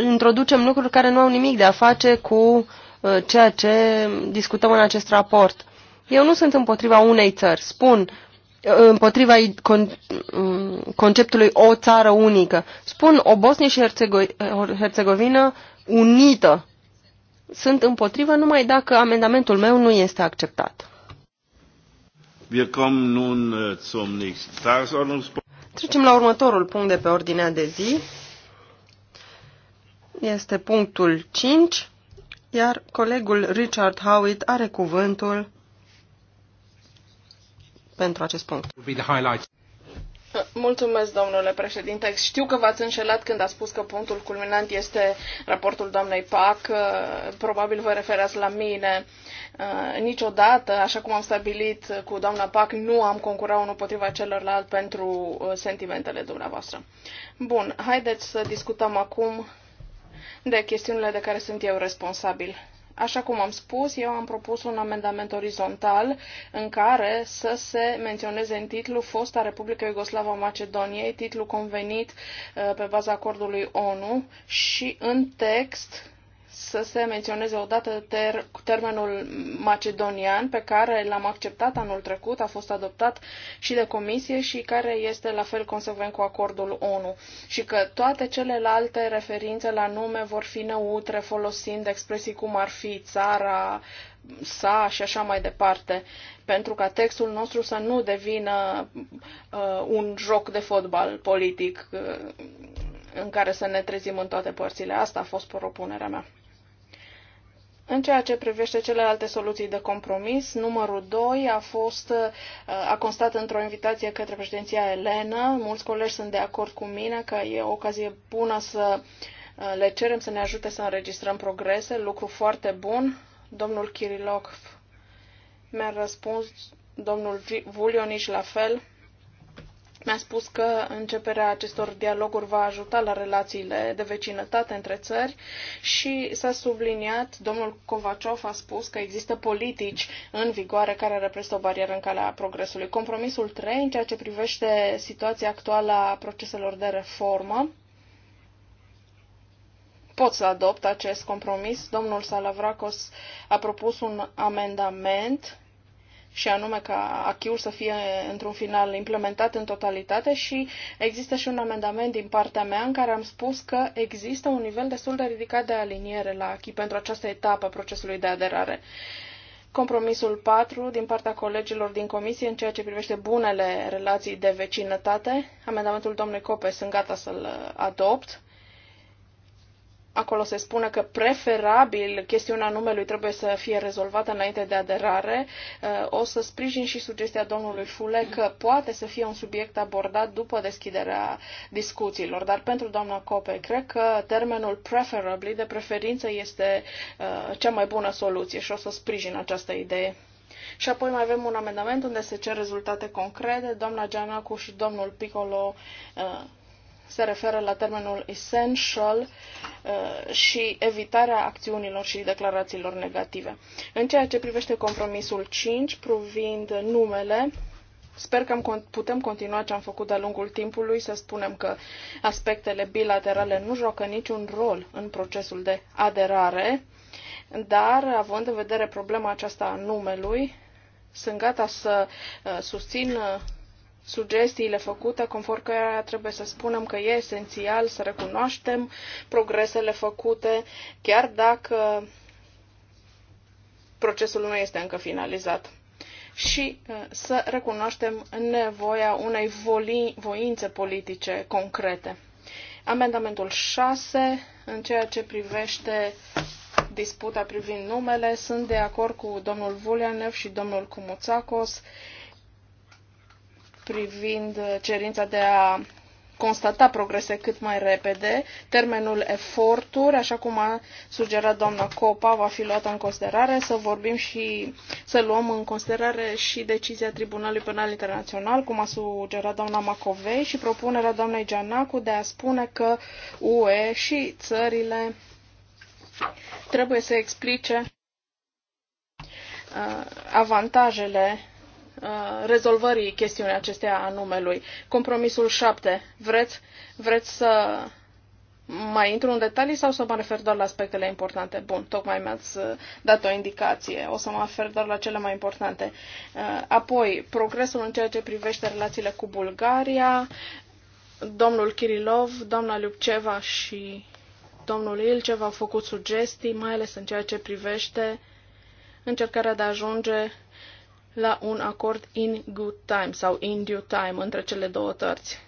introducem lucruri care nu au nimic de a face cu uh, ceea ce discutăm în acest raport. Eu nu sunt împotriva unei țări, spun uh, împotriva mm, conceptului o țară unică. Spun o Bosnie și Herțegovină unită. Sunt împotriva numai dacă amendamentul meu nu este acceptat. Äh, Trecem la următorul punct de pe ordinea de zi este punctul 5, iar colegul Richard Howitt are cuvântul pentru acest punct. Mulțumesc, domnule președinte. Știu că v-ați înșelat când ați spus că punctul culminant este raportul doamnei PAC. Probabil vă referați la mine. Uh, niciodată, așa cum am stabilit cu doamna PAC, nu am concurat unul potriva celorlalt pentru uh, sentimentele dumneavoastră. Bun, haideți să discutăm acum de chestiunile de care sunt eu responsabil. Așa cum am spus, eu am propus un amendament orizontal în care să se menționeze în titlu fosta Republică Iugoslavă Macedoniei, titlu convenit uh, pe baza acordului ONU și în text să se menționeze odată ter- termenul macedonian pe care l-am acceptat anul trecut, a fost adoptat și de comisie și care este la fel consecvent cu acordul ONU și că toate celelalte referințe la nume vor fi neutre folosind expresii cum ar fi țara, sa și așa mai departe, pentru ca textul nostru să nu devină uh, un joc de fotbal politic uh, în care să ne trezim în toate părțile. Asta a fost propunerea mea. În ceea ce privește celelalte soluții de compromis, numărul 2 a fost uh, a constat într-o invitație către președinția Elena. Mulți colegi sunt de acord cu mine că e o ocazie bună să uh, le cerem să ne ajute să înregistrăm progrese, lucru foarte bun. Domnul Kirilov mi-a răspuns, domnul Vulionici la fel. Mi-a spus că începerea acestor dialoguri va ajuta la relațiile de vecinătate între țări și s-a subliniat, domnul Kovaciov a spus că există politici în vigoare care reprezintă o barieră în calea progresului. Compromisul 3, în ceea ce privește situația actuală a proceselor de reformă, pot să adopt acest compromis. Domnul Salavracos a propus un amendament și anume ca achiul să fie într-un final implementat în totalitate și există și un amendament din partea mea în care am spus că există un nivel destul de ridicat de aliniere la achi pentru această etapă a procesului de aderare. Compromisul 4 din partea colegilor din comisie în ceea ce privește bunele relații de vecinătate, amendamentul domnului Cope sunt gata să-l adopt Acolo se spune că preferabil chestiunea numelui trebuie să fie rezolvată înainte de aderare. Uh, o să sprijin și sugestia domnului Fule că poate să fie un subiect abordat după deschiderea discuțiilor, dar pentru doamna Cope cred că termenul preferably de preferință este uh, cea mai bună soluție și o să sprijin această idee. Și apoi mai avem un amendament unde se cer rezultate concrete. Doamna Gianacu și domnul Picolo uh, se referă la termenul essential uh, și evitarea acțiunilor și declarațiilor negative. În ceea ce privește compromisul 5, privind numele, Sper că putem continua ce am făcut de-a lungul timpului, să spunem că aspectele bilaterale nu joacă niciun rol în procesul de aderare, dar având în vedere problema aceasta a numelui, sunt gata să uh, susțin uh, sugestiile făcute, conform cărora trebuie să spunem că e esențial să recunoaștem progresele făcute, chiar dacă procesul nu este încă finalizat și uh, să recunoaștem nevoia unei voințe politice concrete. Amendamentul 6, în ceea ce privește disputa privind numele, sunt de acord cu domnul Vulianev și domnul Cumuțacos. Uh, privind uh, cerința de a constata progrese cât mai repede. Termenul eforturi, așa cum a sugerat doamna Copa, va fi luată în considerare, să vorbim și să luăm în considerare și decizia Tribunalului Penal Internațional, cum a sugerat doamna Macovei și propunerea doamnei Gianacu de a spune că UE și țările trebuie să explice uh, avantajele Uh, rezolvării chestiunii acesteia a numelui. Compromisul 7. Vreți, vreți să mai intru în detalii sau să mă refer doar la aspectele importante? Bun, tocmai mi-ați uh, dat o indicație. O să mă refer doar la cele mai importante. Uh, apoi, progresul în ceea ce privește relațiile cu Bulgaria, domnul Kirilov, doamna Lupceva și domnul Ilceva au făcut sugestii, mai ales în ceea ce privește încercarea de a ajunge la un acord in good time sau in due time între cele două tărți.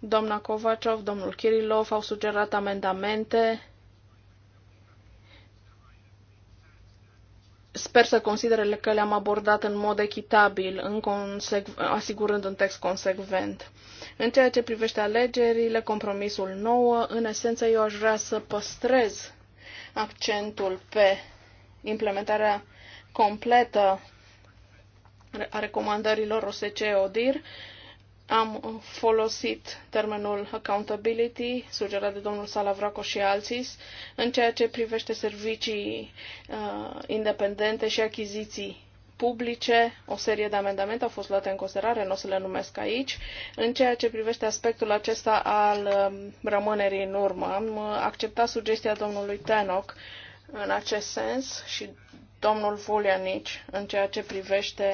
Doamna Kovacov, domnul Kirilov au sugerat amendamente. Sper să considere că le-am abordat în mod echitabil, în asigurând un text consecvent. În ceea ce privește alegerile, compromisul nouă, în esență eu aș vrea să păstrez accentul pe implementarea completă a recomandărilor OSCE-ODIR, am folosit termenul accountability, sugerat de domnul Salavraco și alții, în ceea ce privește servicii uh, independente și achiziții publice. O serie de amendamente au fost luate în considerare, nu o să le numesc aici. În ceea ce privește aspectul acesta al uh, rămânerii în urmă, am uh, acceptat sugestia domnului Tenoc în acest sens și domnul Vulianici în ceea ce privește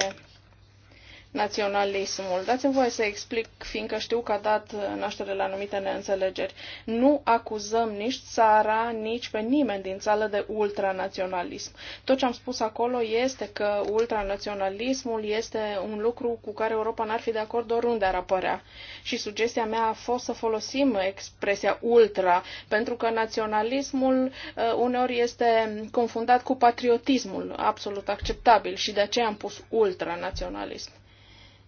naționalismul. Dați-mi voie să explic, fiindcă știu că a dat naștere la anumite neînțelegeri. Nu acuzăm nici țara, nici pe nimeni din țară de ultranaționalism. Tot ce am spus acolo este că ultranaționalismul este un lucru cu care Europa n-ar fi de acord oriunde ar apărea. Și sugestia mea a fost să folosim expresia ultra, pentru că naționalismul uh, uneori este confundat cu patriotismul absolut acceptabil și de aceea am pus ultranaționalism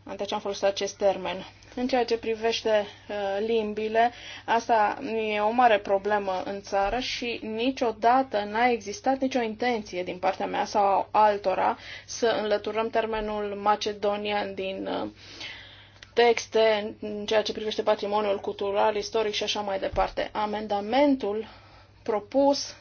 ce deci am folosit acest termen. În ceea ce privește uh, limbile, asta e o mare problemă în țară și niciodată n-a existat nicio intenție din partea mea sau altora să înlăturăm termenul macedonian din uh, texte în ceea ce privește patrimoniul cultural, istoric și așa mai departe. Amendamentul propus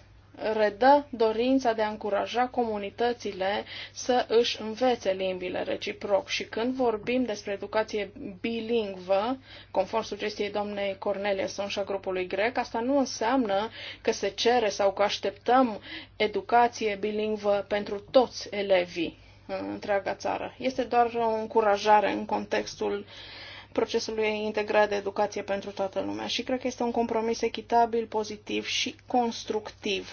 redă dorința de a încuraja comunitățile să își învețe limbile reciproc. Și când vorbim despre educație bilingvă, conform sugestiei doamnei Cornelia și a grupului grec, asta nu înseamnă că se cere sau că așteptăm educație bilingvă pentru toți elevii în întreaga țară. Este doar o încurajare în contextul uh, procesului integrat de educație pentru toată lumea. Și cred că este un compromis echitabil, pozitiv și constructiv.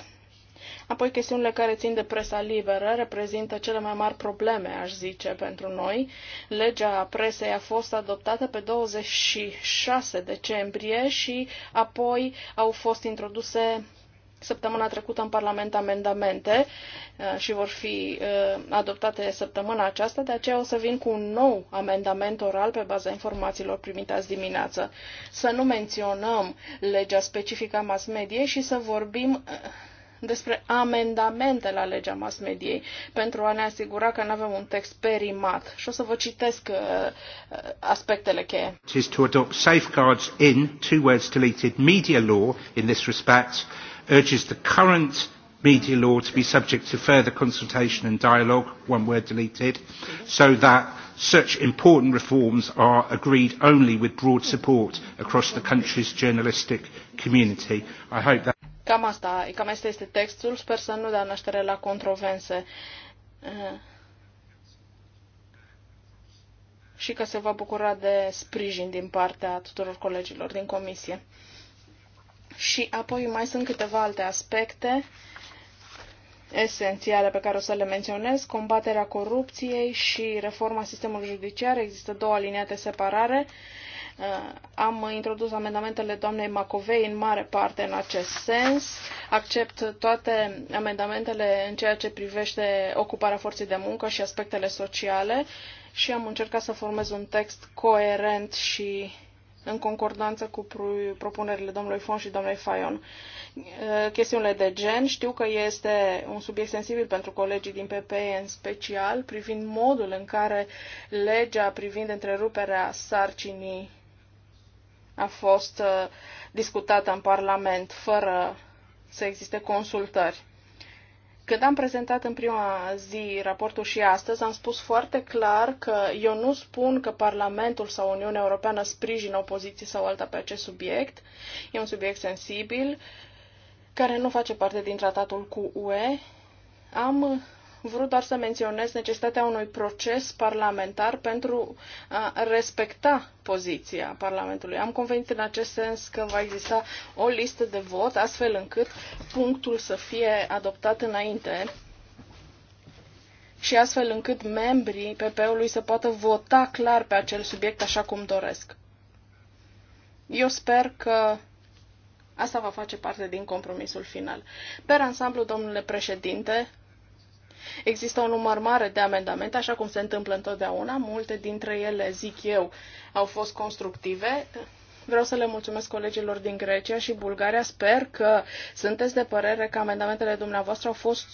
Apoi, chestiunile care țin de presa liberă reprezintă cele mai mari probleme, aș zice, pentru noi. Legea presei a fost adoptată pe 26 decembrie și apoi au fost introduse săptămâna trecută în Parlament amendamente uh, și vor fi uh, adoptate săptămâna aceasta, de aceea o să vin cu un nou amendament oral pe baza informațiilor primite azi dimineață. Să nu menționăm legea specifică a mass media și să vorbim uh, despre amendamente la legea mass mediei pentru a ne asigura că nu avem un text perimat. Și o să vă citesc uh, aspectele cheie. Is to adopt safeguards in, two words deleted, media law in this respect urges the current media law to be subject to further consultation and dialogue, one word deleted, so that such important reforms are agreed only with broad support across the country's journalistic community. I hope that Cam asta, cam asta este textul, sper să nu dea naștere la controverse eh. și că se va bucura de sprijin din partea tuturor colegilor din comisie. Și apoi mai sunt câteva alte aspecte esențiale pe care o să le menționez, combaterea corupției și reforma sistemului judiciar. Există două aliniate separare. Uh, am introdus amendamentele doamnei Macovei în mare parte în acest sens. Accept toate amendamentele în ceea ce privește ocuparea forței de muncă și aspectele sociale și am încercat să formez un text coerent și în concordanță cu propunerile domnului Fon și domnului Fayon. Eh, chestiunile de gen, știu că este un subiect sensibil pentru colegii din PPE în special, privind modul în care legea privind întreruperea sarcinii a fost eh, discutată în Parlament fără să existe consultări. Când am prezentat în prima zi raportul și astăzi, am spus foarte clar că eu nu spun că Parlamentul sau Uniunea Europeană sprijină o sau alta pe acest subiect. E un subiect sensibil care nu face parte din tratatul cu UE. Am vrut doar să menționez necesitatea unui proces parlamentar pentru a respecta poziția Parlamentului. Am convenit în acest sens că va exista o listă de vot, astfel încât punctul să fie adoptat înainte și astfel încât membrii PP-ului să poată vota clar pe acel subiect așa cum doresc. Eu sper că Asta va face parte din compromisul final. Per ansamblu, domnule președinte, Există un număr mare de amendamente, așa cum se întâmplă întotdeauna. Multe dintre ele, zic eu, au fost constructive. Vreau să le mulțumesc colegilor din Grecia și Bulgaria. Sper că sunteți de părere că amendamentele dumneavoastră au fost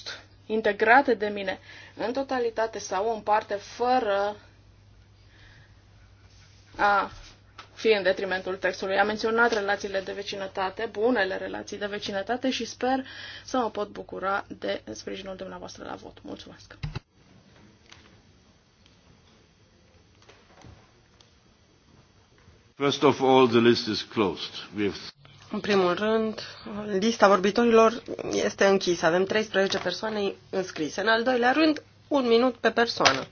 integrate de mine în totalitate sau în parte fără a fie în detrimentul textului. Am menționat relațiile de vecinătate, bunele relații de vecinătate și sper să mă pot bucura de sprijinul dumneavoastră la vot. Mulțumesc! First of all, the list is closed. We have... În primul rând, lista vorbitorilor este închisă. Avem 13 persoane înscrise. În al doilea rând, un minut pe persoană.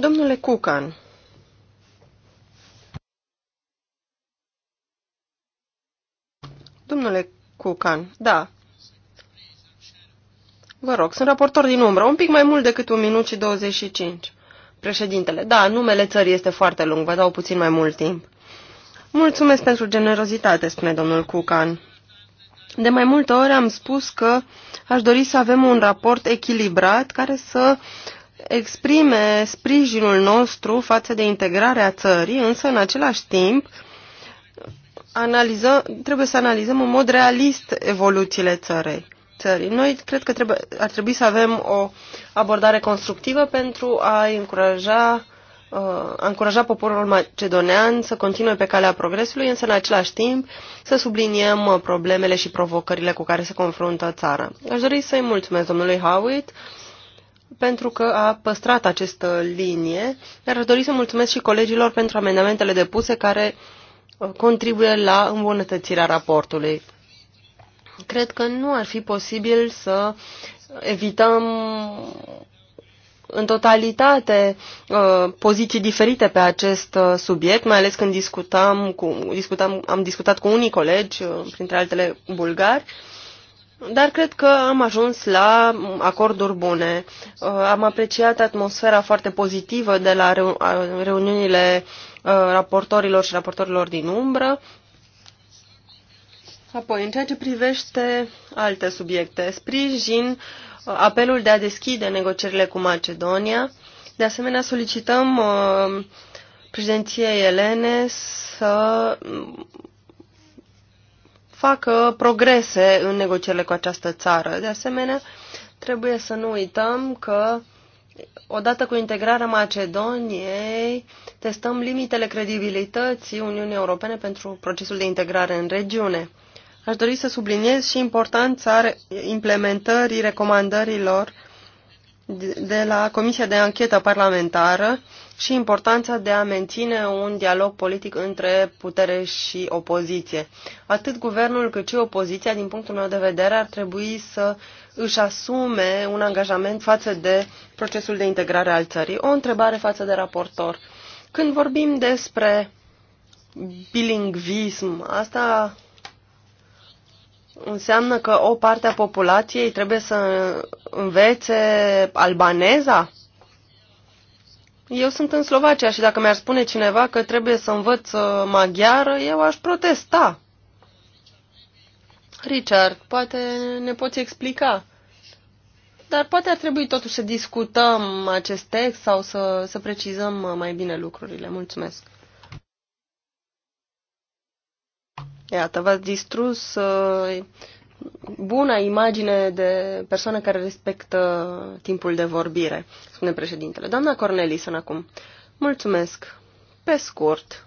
Domnule Cucan, Domnule Cucan, da. Vă rog, sunt raportor din umbră, un pic mai mult decât un minut și 25. Președintele, da, numele țării este foarte lung, vă dau puțin mai mult timp. Mulțumesc pentru generozitate, spune domnul Cucan. De mai multe ori am spus că aș dori să avem un raport echilibrat care să exprime sprijinul nostru față de integrarea țării, însă în același timp analizăm, trebuie să analizăm în mod realist evoluțiile țării. țării. Noi cred că trebuie, ar trebui să avem o abordare constructivă pentru a încuraja, uh, a încuraja poporul macedonean să continue pe calea progresului, însă în același timp să subliniem problemele și provocările cu care se confruntă țara. Aș dori să-i mulțumesc domnului Howitt pentru că a păstrat această linie, dar aș dori să mulțumesc și colegilor pentru amendamentele depuse care uh, contribuie la îmbunătățirea raportului. Cred că nu ar fi posibil să evităm în totalitate uh, poziții diferite pe acest uh, subiect, mai ales când discutam cu, discutam, am discutat cu unii colegi, printre altele bulgari, dar cred că am ajuns la acorduri bune. Uh, am apreciat atmosfera foarte pozitivă de la reuniunile uh, raportorilor și raportorilor din umbră. Apoi, în ceea ce privește alte subiecte, sprijin uh, apelul de a deschide negocierile cu Macedonia. De asemenea, solicităm președinției Elene să facă progrese în negocierile cu această țară. De asemenea, trebuie să nu uităm că odată cu integrarea Macedoniei, testăm limitele credibilității Uniunii Europene pentru procesul de integrare în regiune. Aș dori să subliniez și importanța implementării recomandărilor de la Comisia de Anchetă Parlamentară și importanța de a menține un dialog politic între putere și opoziție. Atât guvernul cât și opoziția, din punctul meu de vedere, ar trebui să își asume un angajament față de procesul de integrare al țării. O întrebare față de raportor. Când vorbim despre bilingvism, asta înseamnă că o parte a populației trebuie să învețe albaneza? Eu sunt în Slovacia și dacă mi-ar spune cineva că trebuie să învăț uh, maghiară, eu aș protesta. Richard, poate ne poți explica. Dar poate ar trebui totuși să discutăm acest text sau să, să precizăm uh, mai bine lucrurile. Mulțumesc. Iată, v-ați distrus uh, bună imagine de persoană care respectă timpul de vorbire, spune președintele. Doamna Cornelison acum. Mulțumesc. Pe scurt.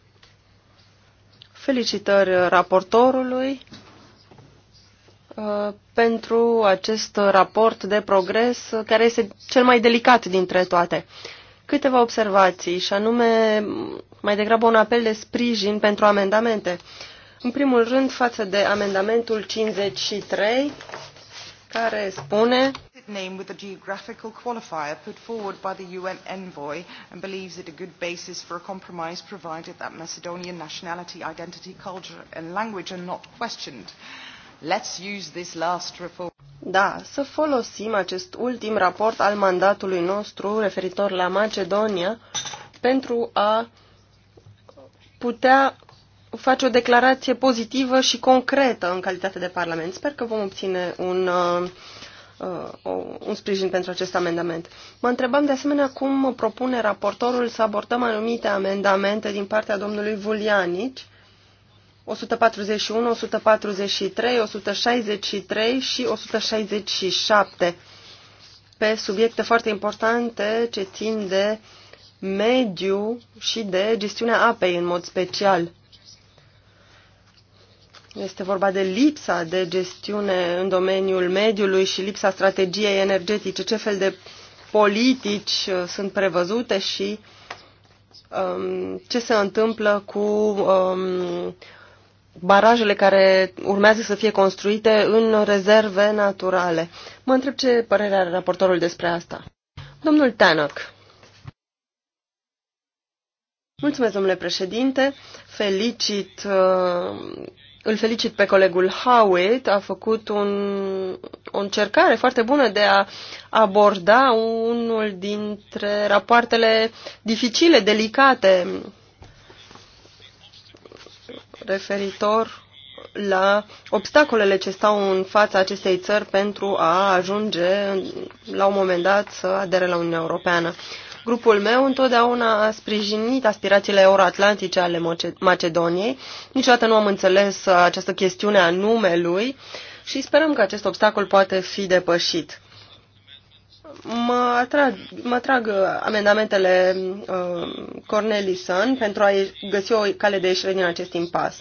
Felicitări raportorului uh, pentru acest raport de progres uh, care este cel mai delicat dintre toate. Câteva observații și anume mai degrabă un apel de sprijin pentru amendamente. Uh, în primul rând, față de amendamentul 53, care spune name with a geographical qualifier put forward by the UN envoy and believes it a good basis for a compromise provided that Macedonian nationality, identity, culture and language are not questioned. Let's use this last report. Da, să folosim acest ultim raport al mandatului nostru referitor la Macedonia pentru a putea face o declarație pozitivă și concretă în calitate de Parlament. Sper că vom obține un, uh, uh un sprijin pentru acest amendament. Mă întrebam de asemenea cum propune raportorul să abordăm anumite amendamente din partea domnului Vulianici, 141, 143, 163 și 167 pe subiecte foarte importante ce țin de mediu și de gestiunea apei în mod special. Este vorba de lipsa de gestiune în domeniul mediului și lipsa strategiei energetice. Ce fel de politici uh, sunt prevăzute și um, ce se întâmplă cu um, barajele care urmează să fie construite în rezerve naturale. Mă întreb ce părere are raportorul despre asta. Domnul Tanăc. Mulțumesc, domnule președinte. Felicit uh, îl felicit pe colegul Howitt, a făcut un, o încercare foarte bună de a aborda unul dintre rapoartele dificile, delicate, referitor la obstacolele ce stau în fața acestei țări pentru a ajunge la un moment dat să adere la Uniunea Europeană. Grupul meu întotdeauna a sprijinit aspirațiile euroatlantice ale Macedoniei. Niciodată nu am înțeles uh, această chestiune a numelui și sperăm că acest obstacol poate fi depășit. Mă atrag, mă atrag uh, amendamentele uh, Cornelison pentru a găsi o cale de ieșire din acest impas.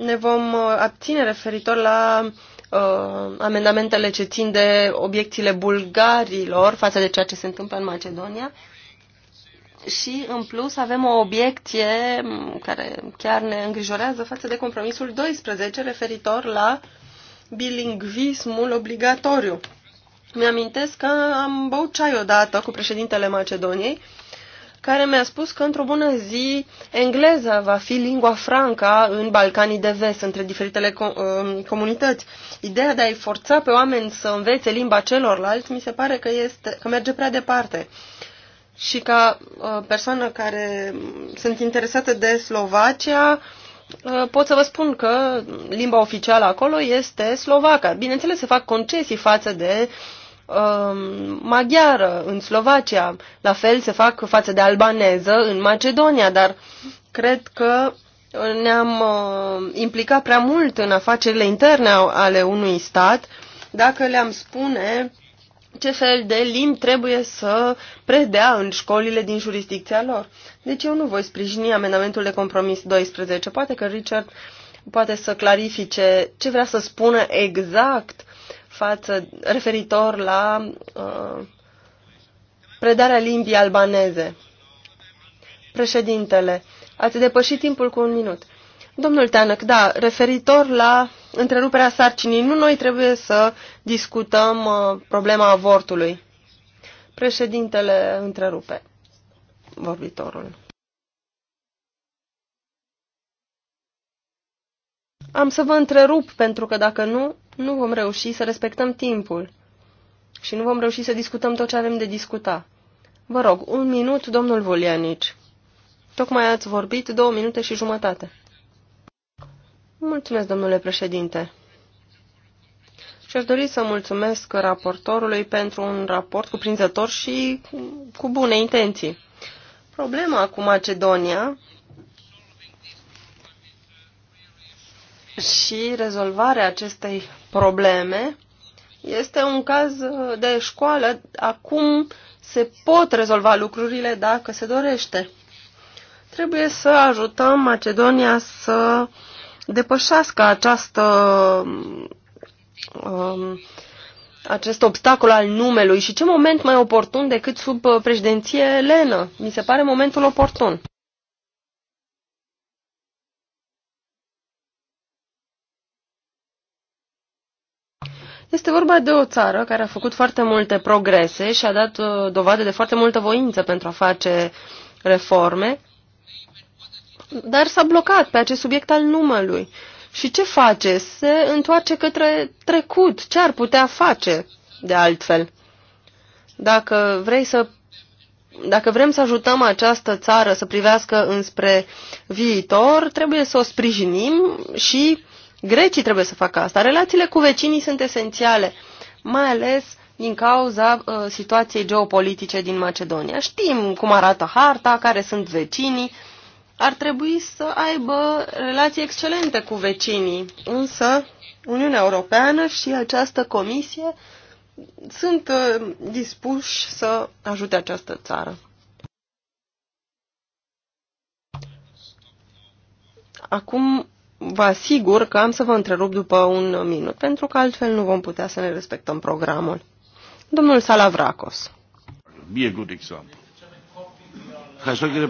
Ne vom uh, abține referitor la uh, uh, amendamentele ce țin de obiecțiile bulgarilor față de ceea ce se întâmplă în Macedonia. Și, în plus, avem o obiecție care chiar ne îngrijorează față de compromisul 12 referitor la bilingvismul obligatoriu. Mi-amintesc că am băut ceai odată cu președintele Macedoniei care mi-a spus că într-o bună zi engleza va fi lingua franca în Balcanii de Vest, între diferitele com- um, comunități. Ideea de a-i forța pe oameni să învețe limba celorlalți mi se pare că, este, că merge prea departe. Și ca uh, persoană care mm, sunt interesată de Slovacia, uh, pot să vă spun că limba oficială acolo este slovaca. Bineînțeles, se fac concesii față de Um, maghiară, în Slovacia. La fel se fac față de albaneză în Macedonia, dar cred că ne-am uh, implicat prea mult în afacerile interne ale unui stat dacă le-am spune ce fel de limbi trebuie să predea în școlile din jurisdicția lor. Deci eu nu voi sprijini amendamentul de compromis 12. Poate că Richard poate să clarifice ce vrea să spună exact față, referitor la uh, predarea limbii albaneze. Președintele, ați depășit timpul cu un minut. Domnul Teanăc, da, referitor la întreruperea sarcinii, nu noi trebuie să discutăm uh, problema avortului. Președintele întrerupe vorbitorul. Am să vă întrerup, pentru că dacă nu, nu vom reuși să respectăm timpul și nu vom reuși să discutăm tot ce avem de discutat. Vă rog, un minut, domnul Vulianici. Tocmai ați vorbit două minute și jumătate. Mulțumesc, domnule președinte. Și aș dori să mulțumesc raportorului pentru un raport cuprinzător și cu bune intenții. Problema cu Macedonia și rezolvarea acestei probleme. Este un caz uh, de școală. Acum se pot rezolva lucrurile dacă se dorește. Trebuie să ajutăm Macedonia să depășească această, um, acest obstacol al numelui. Și ce moment mai oportun decât sub uh, președinție Elenă? Mi se pare momentul oportun. Este vorba de o țară care a făcut foarte multe progrese și a dat uh, dovadă de foarte multă voință pentru a face reforme, dar s-a blocat pe acest subiect al numelui. Și ce face? Se întoarce către trecut. Ce ar putea face de altfel? Dacă vrei să dacă vrem să ajutăm această țară să privească înspre viitor, trebuie să o sprijinim și Grecii trebuie să facă asta. Relațiile cu vecinii sunt esențiale, mai ales din cauza uh, situației geopolitice din Macedonia. Știm cum arată harta, care sunt vecinii. Ar trebui să aibă relații excelente cu vecinii, însă Uniunea Europeană și această comisie sunt uh, dispuși să ajute această țară. Acum vă asigur că am să vă întrerup după un minut, pentru că altfel nu vom putea să ne respectăm programul. Domnul Salavracos. Be a good example. Ευχαριστώ κύριε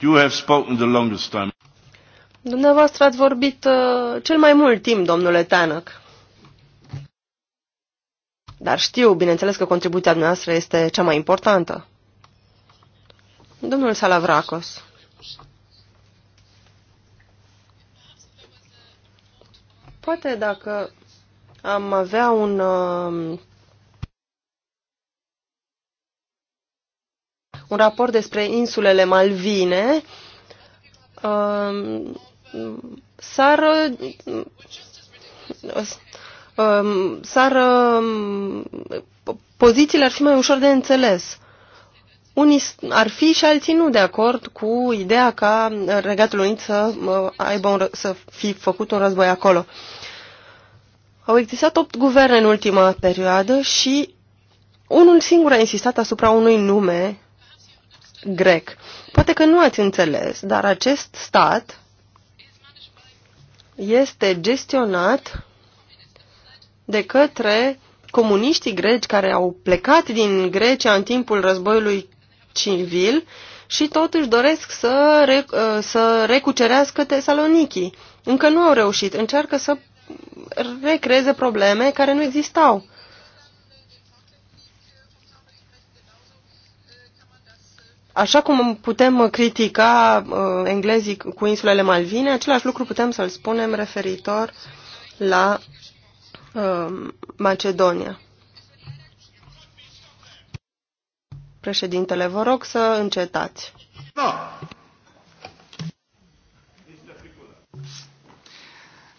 You have spoken the longest time. Dumneavoastră ați vorbit uh, cel mai mult timp, domnule Tanăc. Dar știu, bineînțeles, că contribuția noastră este cea mai importantă. Domnul Salavracos. Poate dacă am avea un uh, un raport despre insulele Malvine, uh, s-ar um, s-ar pozițiile ar fi mai ușor de înțeles unii ar fi și alții nu de acord cu ideea ca Regatul Unit să, uh, aibă un, să fi făcut un război acolo. Au existat opt guverne în ultima perioadă și unul singur a insistat asupra unui nume grec. Poate că nu ați înțeles, dar acest stat este gestionat de către comuniștii greci care au plecat din Grecia în timpul războiului civil și totuși doresc să, re, uh, să recucerească Tesaloniki. Încă nu au reușit. Încearcă să recreeze probleme care nu existau. Așa cum putem critica uh, englezii cu insulele Malvine, același lucru putem să-l spunem referitor la uh, Macedonia. Președintele, vă rog să încetați. Da.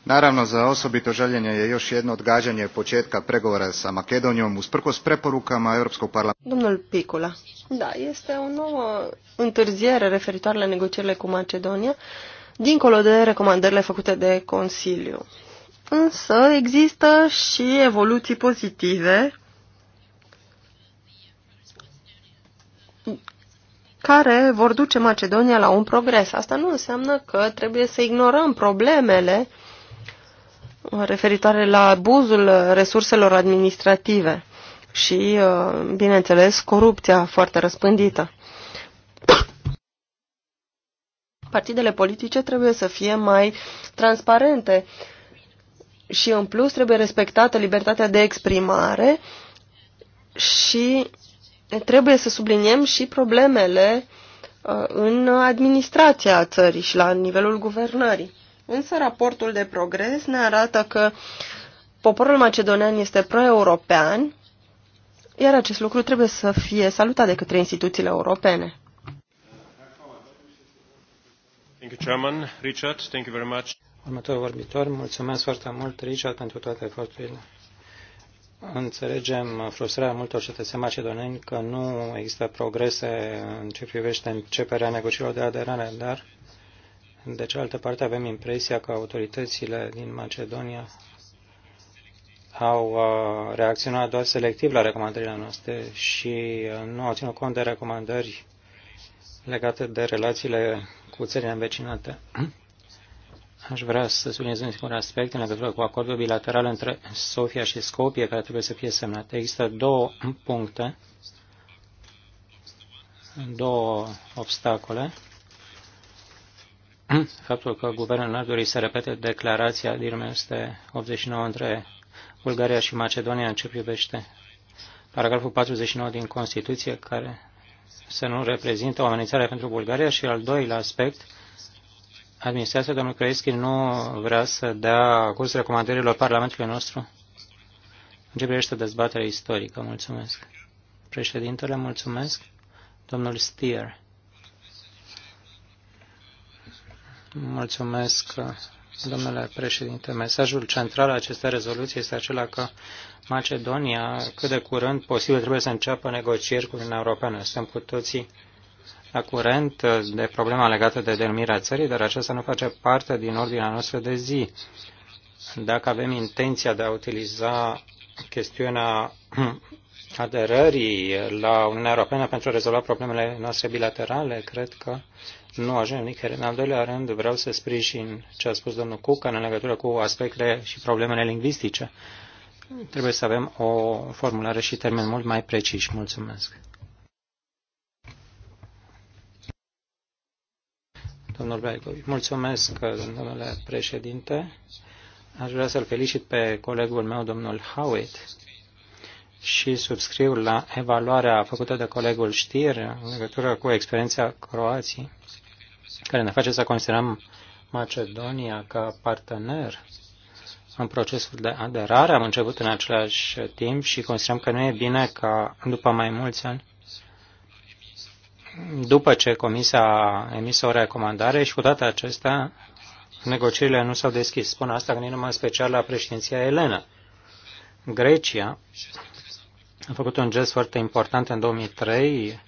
Naravno, za osobito žaljenje je još jedno odgađanje početka pregovora sa Makedonijom usprkos preporukama Europskog parlamenta. Domnul Picula, da, este o nouă întârziere referitoare la negocierile cu Macedonia, dincolo de recomandările făcute de Consiliu. Însă există și evoluții pozitive care vor duce Macedonia la un progres. Asta nu înseamnă că trebuie să ignorăm problemele referitoare la abuzul resurselor administrative și, uh, bineînțeles, corupția foarte răspândită. Partidele politice trebuie să fie mai transparente și, în plus, trebuie respectată libertatea de exprimare și trebuie să subliniem și problemele uh, în administrația țării și la nivelul guvernării. Însă raportul de progres ne arată că poporul macedonian este pro-european, iar acest lucru trebuie să fie salutat de către instituțiile europene. Thank you, Chairman. Richard, thank you very much. Următorul vorbitor, mulțumesc foarte mult, Richard, pentru toate eforturile. Înțelegem frustrarea multor cetățeni macedoneni că nu există progrese în ce privește începerea negocierilor de aderare, dar, de cealaltă parte, avem impresia că autoritățile din Macedonia au uh, reacționat doar selectiv la recomandările noastre și uh, nu au ținut cont de recomandări legate de relațiile cu țările învecinate. Aș vrea să subliniez un singur aspect în legătură cu acordul bilateral între Sofia și Scopie, care trebuie să fie semnat. Există două puncte, două obstacole. Faptul că guvernul n-ar dori să repete declarația din 1989 între Bulgaria și Macedonia în ce privește paragraful 49 din Constituție, care să nu reprezintă o amenințare pentru Bulgaria și al doilea aspect, administrația, domnul Crăieschi, nu vrea să dea curs recomandărilor Parlamentului nostru în ce privește dezbaterea istorică. Mulțumesc. Președintele, mulțumesc. Domnul Stier. Mulțumesc, domnule președinte. Mesajul central al acestei rezoluții este acela că Macedonia, cât de curând posibil, trebuie să înceapă negocieri cu Uniunea Europeană. Suntem cu toții la curent de problema legată de denumirea țării, dar aceasta nu face parte din ordinea noastră de zi. Dacă avem intenția de a utiliza chestiunea aderării la Uniunea Europeană pentru a rezolva problemele noastre bilaterale, cred că nu ajungem nicăieri. În al doilea rând, vreau să sprijin ce a spus domnul Cuca în legătură cu aspectele și problemele lingvistice. Trebuie să avem o formulare și termeni mult mai preciși. Mulțumesc. domnul Begovi. Mulțumesc, domnule președinte. Aș vrea să-l felicit pe colegul meu, domnul Howitt, și subscriu la evaluarea făcută de colegul Știr în legătură cu experiența Croației, care ne face să considerăm Macedonia ca partener în procesul de aderare. Am început în același timp și considerăm că nu e bine ca după mai mulți ani după ce Comisia a emis o recomandare și cu toate acestea negocierile nu s-au deschis. Spun asta gândindu-mă în special la președinția Elena. Grecia a făcut un gest foarte important în 2003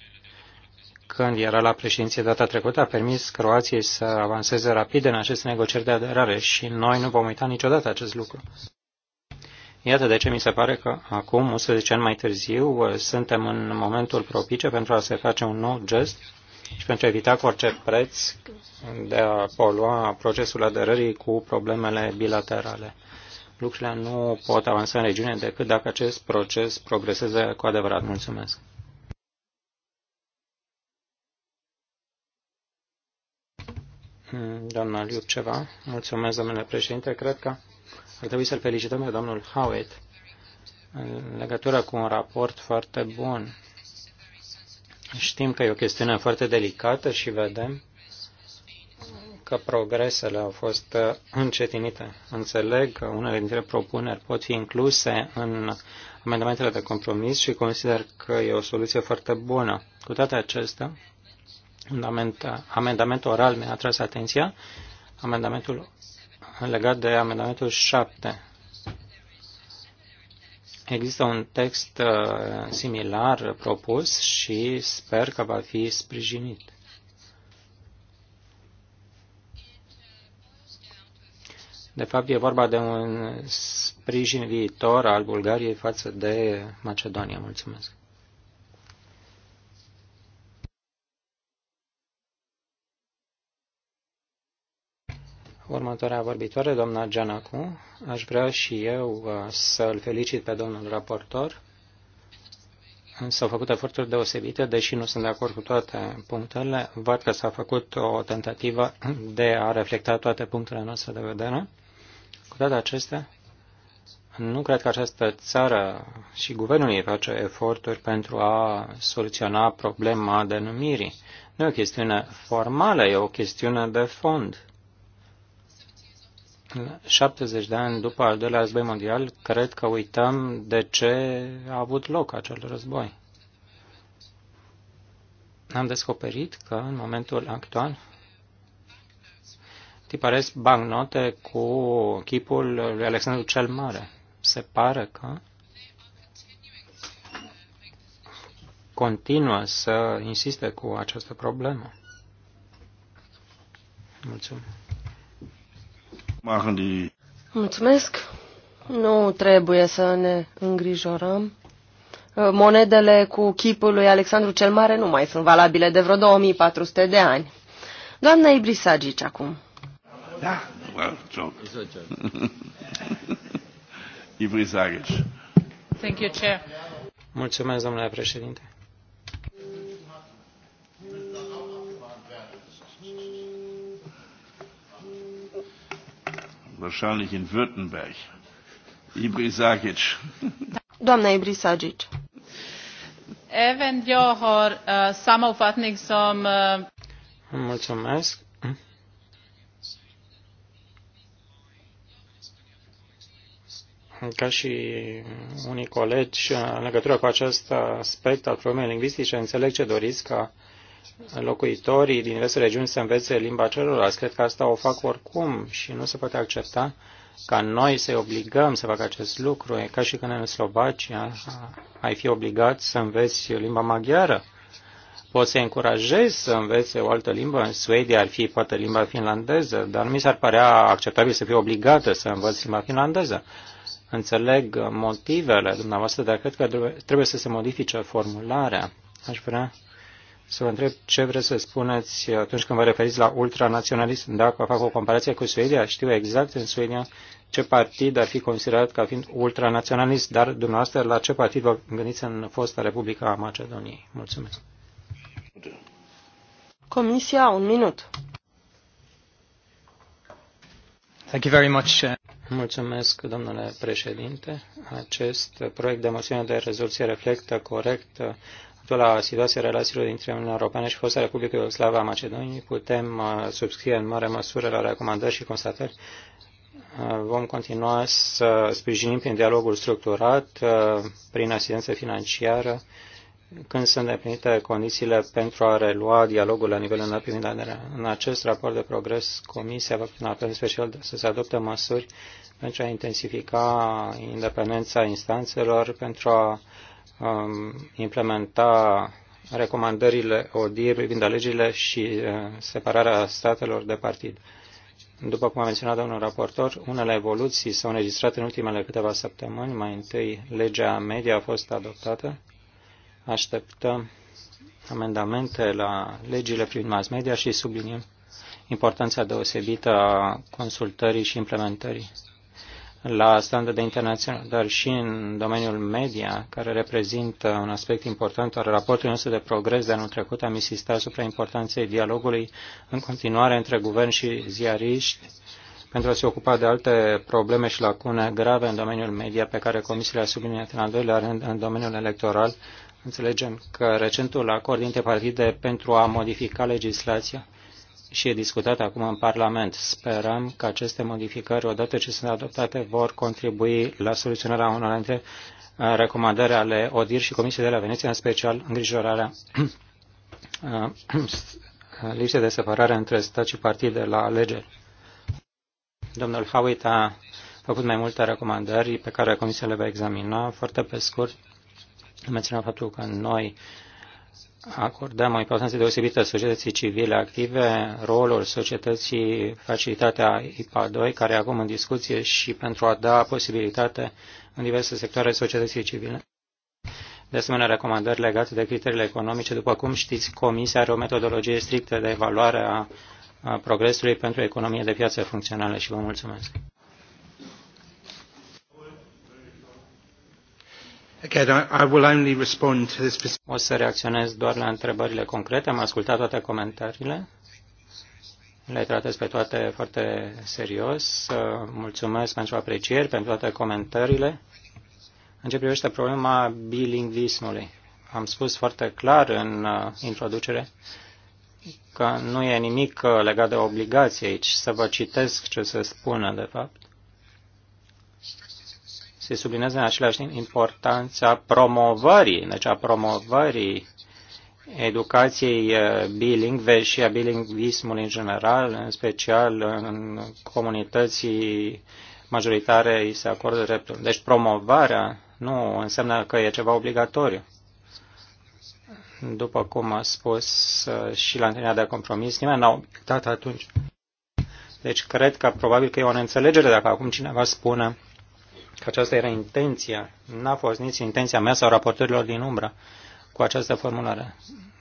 când era la președinție data trecută, a permis Croației să avanseze rapid în aceste negocieri de aderare și noi nu vom uita niciodată acest lucru. Iată de ce mi se pare că acum, 11 ani mai târziu, suntem în momentul propice pentru a se face un nou gest și pentru a evita cu orice preț de a polua procesul aderării cu problemele bilaterale. Lucrurile nu pot avansa în regiune decât dacă acest proces progreseze cu adevărat. Mulțumesc! Doamna Liu, ceva? Mulțumesc, domnule președinte. Cred că ar trebui să-l felicităm pe domnul Howitt în legătură cu un raport foarte bun. Știm că e o chestiune foarte delicată și vedem că progresele au fost uh, încetinite. Înțeleg că unele dintre propuneri pot fi incluse în amendamentele de compromis și consider că e o soluție foarte bună. Cu toate acestea, amendamentul oral mi-a atras atenția. Amendamentul legat de amendamentul 7. Există un text uh, similar propus și sper că va fi sprijinit. De fapt, e vorba de un sprijin viitor al Bulgariei față de Macedonia. Mulțumesc. Următoarea vorbitoare, doamna Gianacu, aș vrea și eu uh, să-l felicit pe domnul raportor. S-au făcut eforturi deosebite, deși nu sunt de acord cu toate punctele. Văd că s-a făcut o tentativă de a reflecta toate punctele noastre de vedere. Cu toate acestea, nu cred că această țară și guvernul ei face eforturi pentru a soluționa problema denumirii. Nu e o chestiune formală, e o chestiune de fond. 70 de ani după al doilea război mondial, cred că uităm de ce a avut loc acel război. Am descoperit că în momentul actual tipăresc bancnote cu chipul lui Alexandru cel Mare. Se pare că continuă să insiste cu această problemă. Mulțumesc. Mulțumesc. Nu trebuie să ne îngrijorăm. Uh, monedele cu chipul lui Alexandru cel Mare nu mai sunt valabile de vreo 2400 de ani. Doamna Ibrisagici acum. Da, Ibrisagici. Thank you, Chair. Mulțumesc, domnule președinte. wahrscheinlich in Württemberg. Ibrisagic. Doamna Ibrisagic. Even jag har uh, samma uppfattning som... Uh... Mulțumesc. ca și unii colegi, în legătură cu acest aspect al problemei lingvistice, înțeleg ce doriți ca locuitorii din diverse regiuni să învețe limba celorlalți. Cred că asta o fac oricum și nu se poate accepta ca noi să-i obligăm să facă acest lucru. E ca și când în Slovacia ai fi obligat să înveți limba maghiară. Poți să încurajezi să înveți o altă limbă. În Suedia ar fi poate limba finlandeză, dar nu mi s-ar părea acceptabil să fii obligată să învăț limba finlandeză. Înțeleg motivele dumneavoastră, dar cred că trebuie să se modifice formularea. Aș vrea să vă întreb ce vreți să spuneți atunci când vă referiți la ultranaționalism. Dacă fac o comparație cu Suedia, știu exact în Suedia ce partid ar fi considerat ca fiind ultranaționalist, dar dumneavoastră la ce partid vă gândiți în fosta Republica a Macedoniei? Mulțumesc. Comisia, un minut. Thank you very much. Uh, Mulțumesc, domnule președinte. Acest proiect de moțiune de rezoluție reflectă corect la situația relațiilor dintre Uniunea Europeană și fosta Republică Iugoslava a Macedoniei, putem uh, subscrie în mare măsură la recomandări și constatări. Uh, vom continua să sprijinim prin dialogul structurat, uh, prin asistență financiară, când sunt îndeplinite condițiile pentru a relua dialogul la nivel înalt privind aderarea. În acest raport de progres, Comisia va pune apel special să se adopte măsuri pentru a intensifica independența instanțelor, pentru a implementa recomandările ODIR privind alegerile și eh, separarea statelor de partid. După cum a menționat domnul raportor, unele evoluții s-au înregistrat în ultimele câteva săptămâni. Mai întâi, legea media a fost adoptată. Așteptăm amendamente la legile privind mass media și subliniem importanța deosebită a consultării și implementării la standarde internaționale, dar și în domeniul media, care reprezintă un aspect important al raportului nostru de progres de anul trecut, am insistat asupra importanței dialogului în continuare între guvern și ziariști pentru a se ocupa de alte probleme și lacune grave în domeniul media pe care Comisia le-a subliniat în al doilea rând în domeniul electoral. Înțelegem că recentul acord dintre partide pentru a modifica legislația și e discutat acum în Parlament. Sperăm că aceste modificări, odată ce sunt adoptate, vor contribui la soluționarea unor dintre uh, recomandări ale ODIR și Comisiei de la Veneția, în special îngrijorarea uh, uh, lipsei de separare între stat și partide la alegeri. Domnul Hawit a făcut mai multe recomandări pe care Comisia le va examina. Foarte pe scurt, menționat faptul că noi uh, acordăm o importanță deosebită societății civile active, rolul societății Facilitatea IPA 2, care e acum în discuție și pentru a da posibilitate în diverse sectoare societății civile. De asemenea, recomandări legate de criteriile economice. După cum știți, Comisia are o metodologie strictă de evaluare a progresului pentru economie de piață funcțională și vă mulțumesc. O să reacționez doar la întrebările concrete. Am ascultat toate comentariile. Le tratez pe toate foarte serios. Mulțumesc pentru aprecieri, pentru toate comentariile. În ce privește problema bilingvismului, am spus foarte clar în uh, introducere că nu e nimic uh, legat de obligație aici. Să vă citesc ce se spune, de fapt se sublinează în același timp importanța promovării, deci a promovării educației eh, bilingve și a bilingvismului în general, în special în comunității majoritare îi se acordă dreptul. Deci promovarea nu înseamnă că e ceva obligatoriu. După cum a spus eh, și la întâlnirea de compromis, nimeni n-a obiectat atunci. Deci cred că probabil că e o înțelegere dacă acum cineva spune că aceasta era intenția. N-a fost nici intenția mea sau raportorilor din umbră cu această formulare.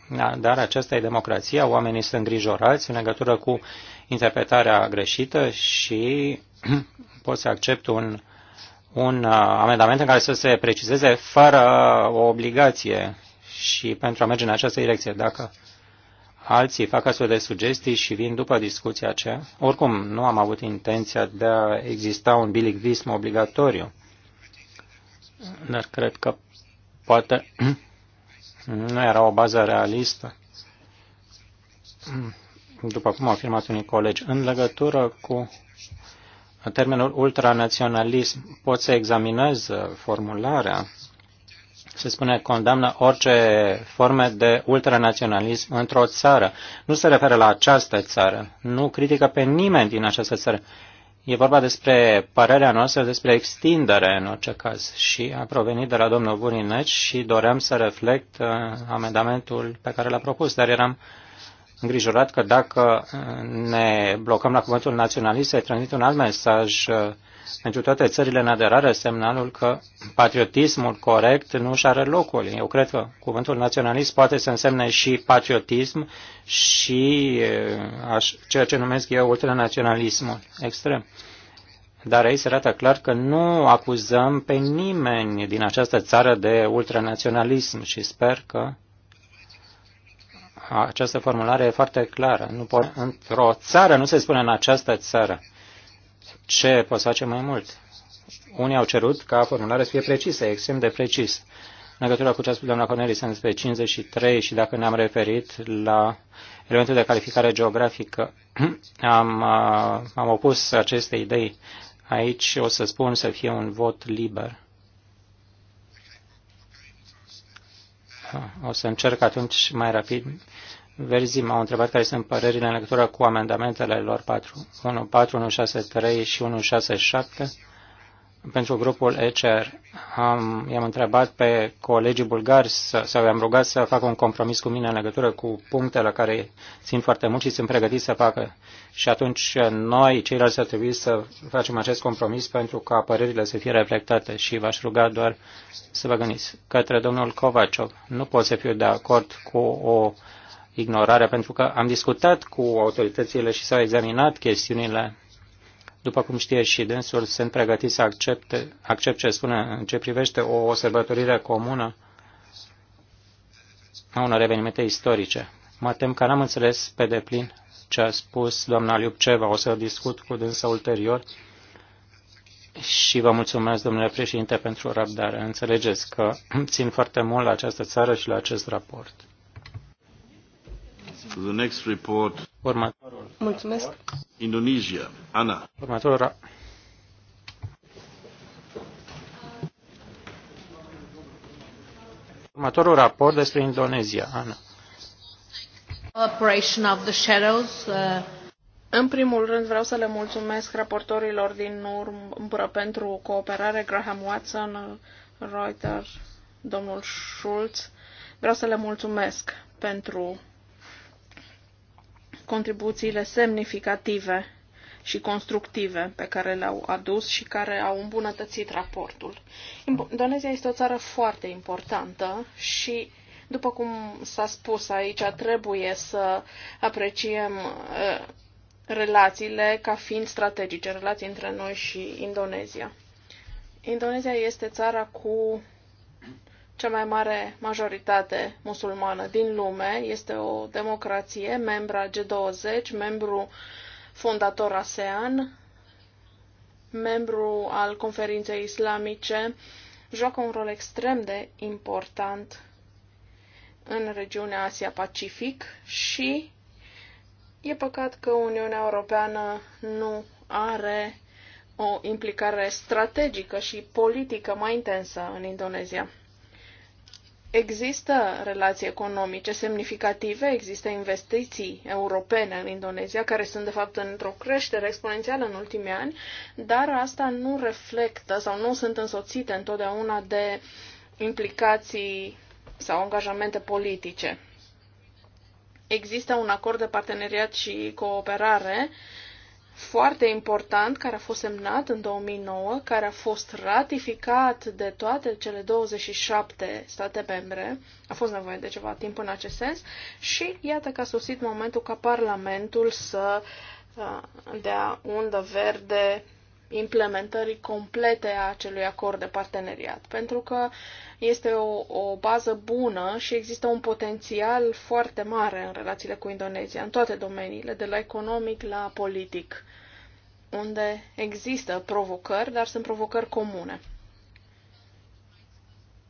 Da, dar aceasta e democrația, oamenii sunt îngrijorați în legătură cu interpretarea greșită și pot să accept un, un uh, amendament în care să se precizeze fără uh, o obligație și pentru a merge în această direcție. Dacă alții fac astfel de sugestii și vin după discuția aceea. Oricum, nu am avut intenția de a exista un bilicvism obligatoriu, dar cred că poate nu era o bază realistă, după cum au afirmat unii colegi, în legătură cu termenul ultranaționalism. Pot să examinez formularea se spune, condamnă orice forme de ultranaționalism într-o țară. Nu se referă la această țară, nu critică pe nimeni din această țară. E vorba despre părerea noastră despre extindere în orice caz și a provenit de la domnul Vurineci și doream să reflect uh, amendamentul pe care l-a propus, dar eram îngrijorat că dacă uh, ne blocăm la cuvântul naționalist, se transmite un alt mesaj uh, pentru toate țările în aderare semnalul că patriotismul corect nu își are locul. Eu cred că cuvântul naționalist poate să însemne și patriotism și aș, ceea ce numesc eu ultranaționalismul extrem. Dar aici se arată clar că nu acuzăm pe nimeni din această țară de ultranaționalism și sper că această formulare e foarte clară. Nu pot, într-o țară nu se spune în această țară ce poți face mai mult. Unii au cerut ca formularea să fie precisă, extrem de precis. În legătură cu ce a spus doamna Cornelis despre 53 și dacă ne-am referit la elementul de calificare geografică, am, uh, am opus aceste idei. Aici o să spun să fie un vot liber. O să încerc atunci mai rapid Verzi m-au întrebat care sunt părerile în legătură cu amendamentele lor 4, 1, 4, 1, 6, 3 și 1, 6, 7. Pentru grupul ECR am, i-am întrebat pe colegii bulgari să, sau i-am rugat să facă un compromis cu mine în legătură cu punctele care țin foarte mult și sunt pregătiți să facă. Și atunci noi, ceilalți, ar trebui să facem acest compromis pentru ca părerile să fie reflectate și v-aș ruga doar să vă gândiți. Către domnul Kovacov, nu pot să fiu de acord cu o ignorarea, pentru că am discutat cu autoritățile și s-au examinat chestiunile. După cum știe și dânsul, sunt pregătiți să accepte, accept ce spune în ce privește o sărbătorire comună a unor evenimente istorice. Mă tem că n-am înțeles pe deplin ce a spus doamna Liupceva. O să discut cu dânsa ulterior și vă mulțumesc, domnule președinte, pentru răbdare. Înțelegeți că țin foarte mult la această țară și la acest raport. Următorul. Indonesia. Ana. Următorul. Următorul raport despre Indonezia, Ana. Operation of the shadows. Uh... În primul rând vreau să le mulțumesc raportorilor din urmă pentru cooperare, Graham Watson, Reuters, domnul Schulz. Vreau să le mulțumesc pentru contribuțiile semnificative și constructive pe care le-au adus și care au îmbunătățit raportul. Indonezia este o țară foarte importantă și după cum s-a spus aici, trebuie să apreciem uh, relațiile ca fiind strategice, relații între noi și Indonezia. Indonezia este țara cu cea mai mare majoritate musulmană din lume, este o democrație, membra G20, membru fondator ASEAN, membru al conferinței islamice, joacă un rol extrem de important în regiunea Asia-Pacific și e păcat că Uniunea Europeană nu are o implicare strategică și politică mai intensă în Indonezia. Există relații economice semnificative, există investiții europene în Indonezia, care sunt de fapt într-o creștere exponențială în ultimii ani, dar asta nu reflectă sau nu sunt însoțite întotdeauna de implicații sau angajamente politice. Există un acord de parteneriat și cooperare foarte important care a fost semnat în 2009, care a fost ratificat de toate cele 27 state membre. A fost nevoie de ceva timp în acest sens și iată că a sosit momentul ca Parlamentul să uh, dea undă verde implementării complete a acelui acord de parteneriat, pentru că este o, o bază bună și există un potențial foarte mare în relațiile cu Indonezia, în toate domeniile, de la economic la politic, unde există provocări, dar sunt provocări comune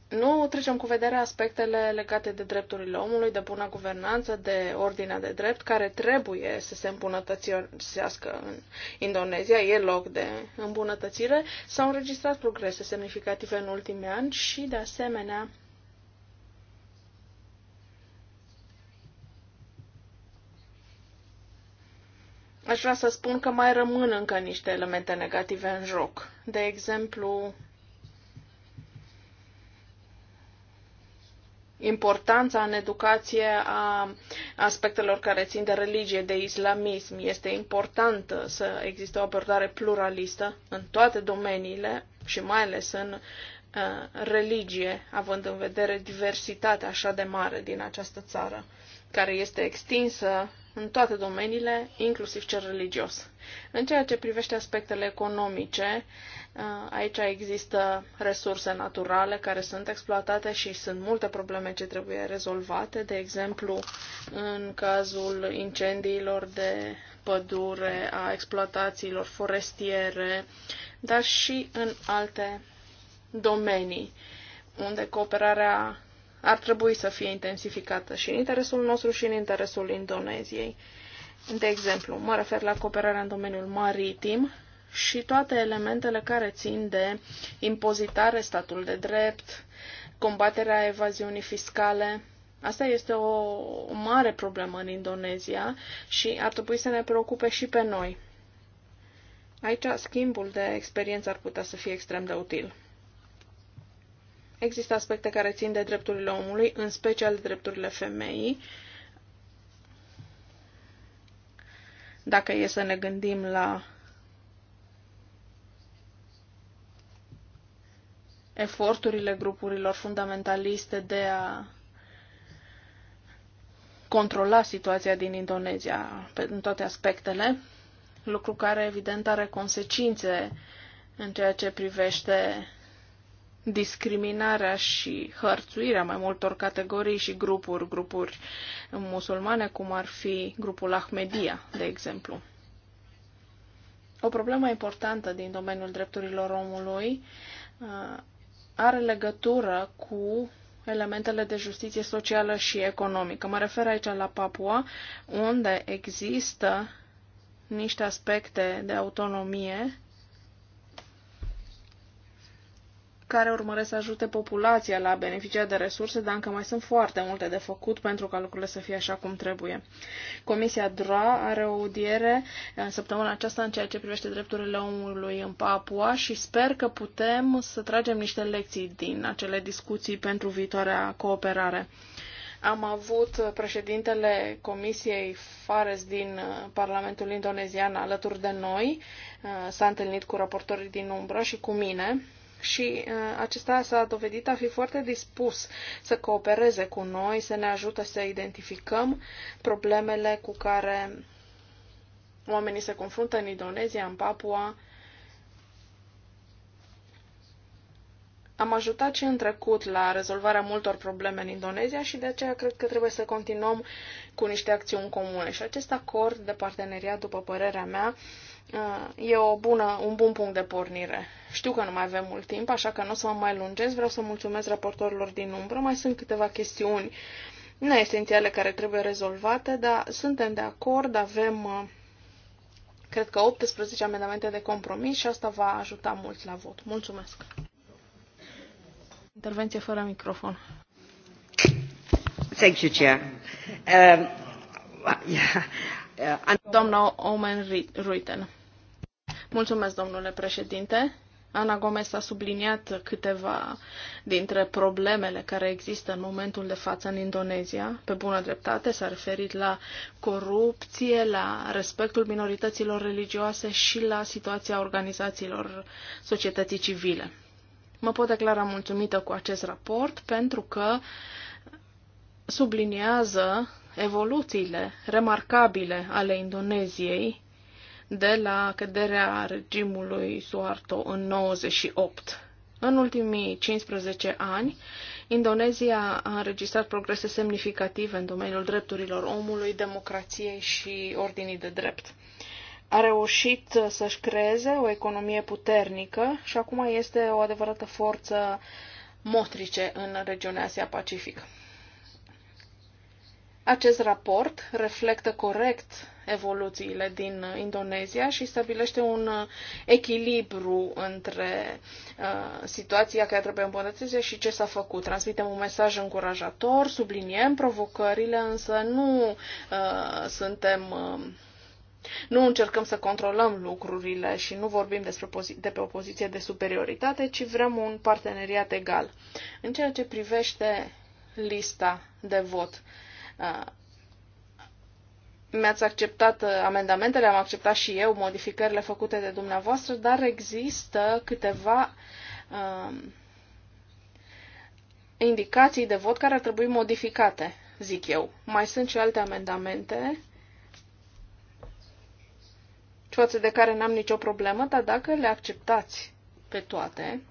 nu trecem cu vedere aspectele legate de drepturile omului, de bună guvernanță, de ordinea de drept, care trebuie să se îmbunătățească în Indonezia, e loc de îmbunătățire. S-au înregistrat progrese semnificative în ultimii ani și, de asemenea, Aș vrea să spun că mai rămân încă niște elemente negative în joc. De exemplu, importanța în educație a aspectelor care țin de religie, de islamism. Este important să existe o abordare pluralistă în toate domeniile și mai ales în uh, religie, având în vedere diversitatea așa de mare din această țară, care este extinsă în toate domeniile, inclusiv cel religios. În ceea ce privește aspectele economice, Aici există resurse naturale care sunt exploatate și sunt multe probleme ce trebuie rezolvate, de exemplu, în cazul incendiilor de pădure, a exploatațiilor forestiere, dar și în alte domenii unde cooperarea ar trebui să fie intensificată și în interesul nostru și în interesul Indoneziei. De exemplu, mă refer la cooperarea în domeniul maritim, și toate elementele care țin de impozitare, statul de drept, combaterea evaziunii fiscale. Asta este o mare problemă în Indonezia și ar trebui să ne preocupe și pe noi. Aici schimbul de experiență ar putea să fie extrem de util. Există aspecte care țin de drepturile omului, în special de drepturile femeii. Dacă e să ne gândim la eforturile grupurilor fundamentaliste de a controla situația din Indonezia în toate aspectele, lucru care evident are consecințe în ceea ce privește discriminarea și hărțuirea mai multor categorii și grupuri, grupuri musulmane, cum ar fi grupul Ahmedia, de exemplu. O problemă importantă din domeniul drepturilor omului uh, are legătură cu elementele de justiție socială și economică. Mă refer aici la Papua, unde există niște aspecte de autonomie care urmăresc să ajute populația la beneficia de resurse, dar încă mai sunt foarte multe de făcut pentru ca lucrurile să fie așa cum trebuie. Comisia DRA are o audiere în uh, săptămâna aceasta în ceea ce privește drepturile omului în Papua și sper că putem să tragem niște lecții din acele discuții pentru viitoarea cooperare. Am avut președintele Comisiei Fares din uh, Parlamentul Indonezian alături de noi, uh, s-a întâlnit cu raportorii din umbră și cu mine și uh, acesta s-a dovedit a fi foarte dispus să coopereze cu noi, să ne ajute să identificăm problemele cu care oamenii se confruntă în Indonezia, în Papua. Am ajutat și în trecut la rezolvarea multor probleme în Indonezia și de aceea cred că trebuie să continuăm cu niște acțiuni comune. Și acest acord de parteneriat, după părerea mea, uh, e o bună, un bun punct de pornire știu că nu mai avem mult timp, așa că nu o să mă mai lungesc. Vreau să mulțumesc raportorilor din umbră. Mai sunt câteva chestiuni neesențiale care trebuie rezolvate, dar suntem de acord, avem uh, cred că 18 amendamente de compromis și asta va ajuta mult la vot. Mulțumesc! Intervenție fără microfon. Thank you, Chair. Um, yeah, uh, Doamna Omen Ruiten. Mulțumesc, domnule președinte. Ana Gomez a subliniat câteva dintre problemele care există în momentul de față în Indonezia. Pe bună dreptate s-a referit la corupție, la respectul minorităților religioase și la situația organizațiilor societății civile. Mă pot declara mulțumită cu acest raport pentru că subliniază evoluțiile remarcabile ale Indoneziei de la căderea regimului Suarto în 98. În ultimii 15 ani, Indonezia a înregistrat progrese semnificative în domeniul drepturilor omului, democrației și ordinii de drept. A reușit să-și creeze o economie puternică și acum este o adevărată forță motrice în regiunea Asia-Pacific. Acest raport reflectă corect evoluțiile din Indonezia și stabilește un uh, echilibru între uh, situația care trebuie îmbunătățită și ce s-a făcut. Transmitem un mesaj încurajator, subliniem provocările, însă nu uh, suntem. Uh, nu încercăm să controlăm lucrurile și nu vorbim despre de pe o poziție de superioritate, ci vrem un parteneriat egal. În ceea ce privește lista de vot, uh, mi-ați acceptat uh, amendamentele, am acceptat și eu modificările făcute de dumneavoastră, dar există câteva uh, indicații de vot care ar trebui modificate, zic eu. Mai sunt și alte amendamente față de care n-am nicio problemă, dar dacă le acceptați pe toate,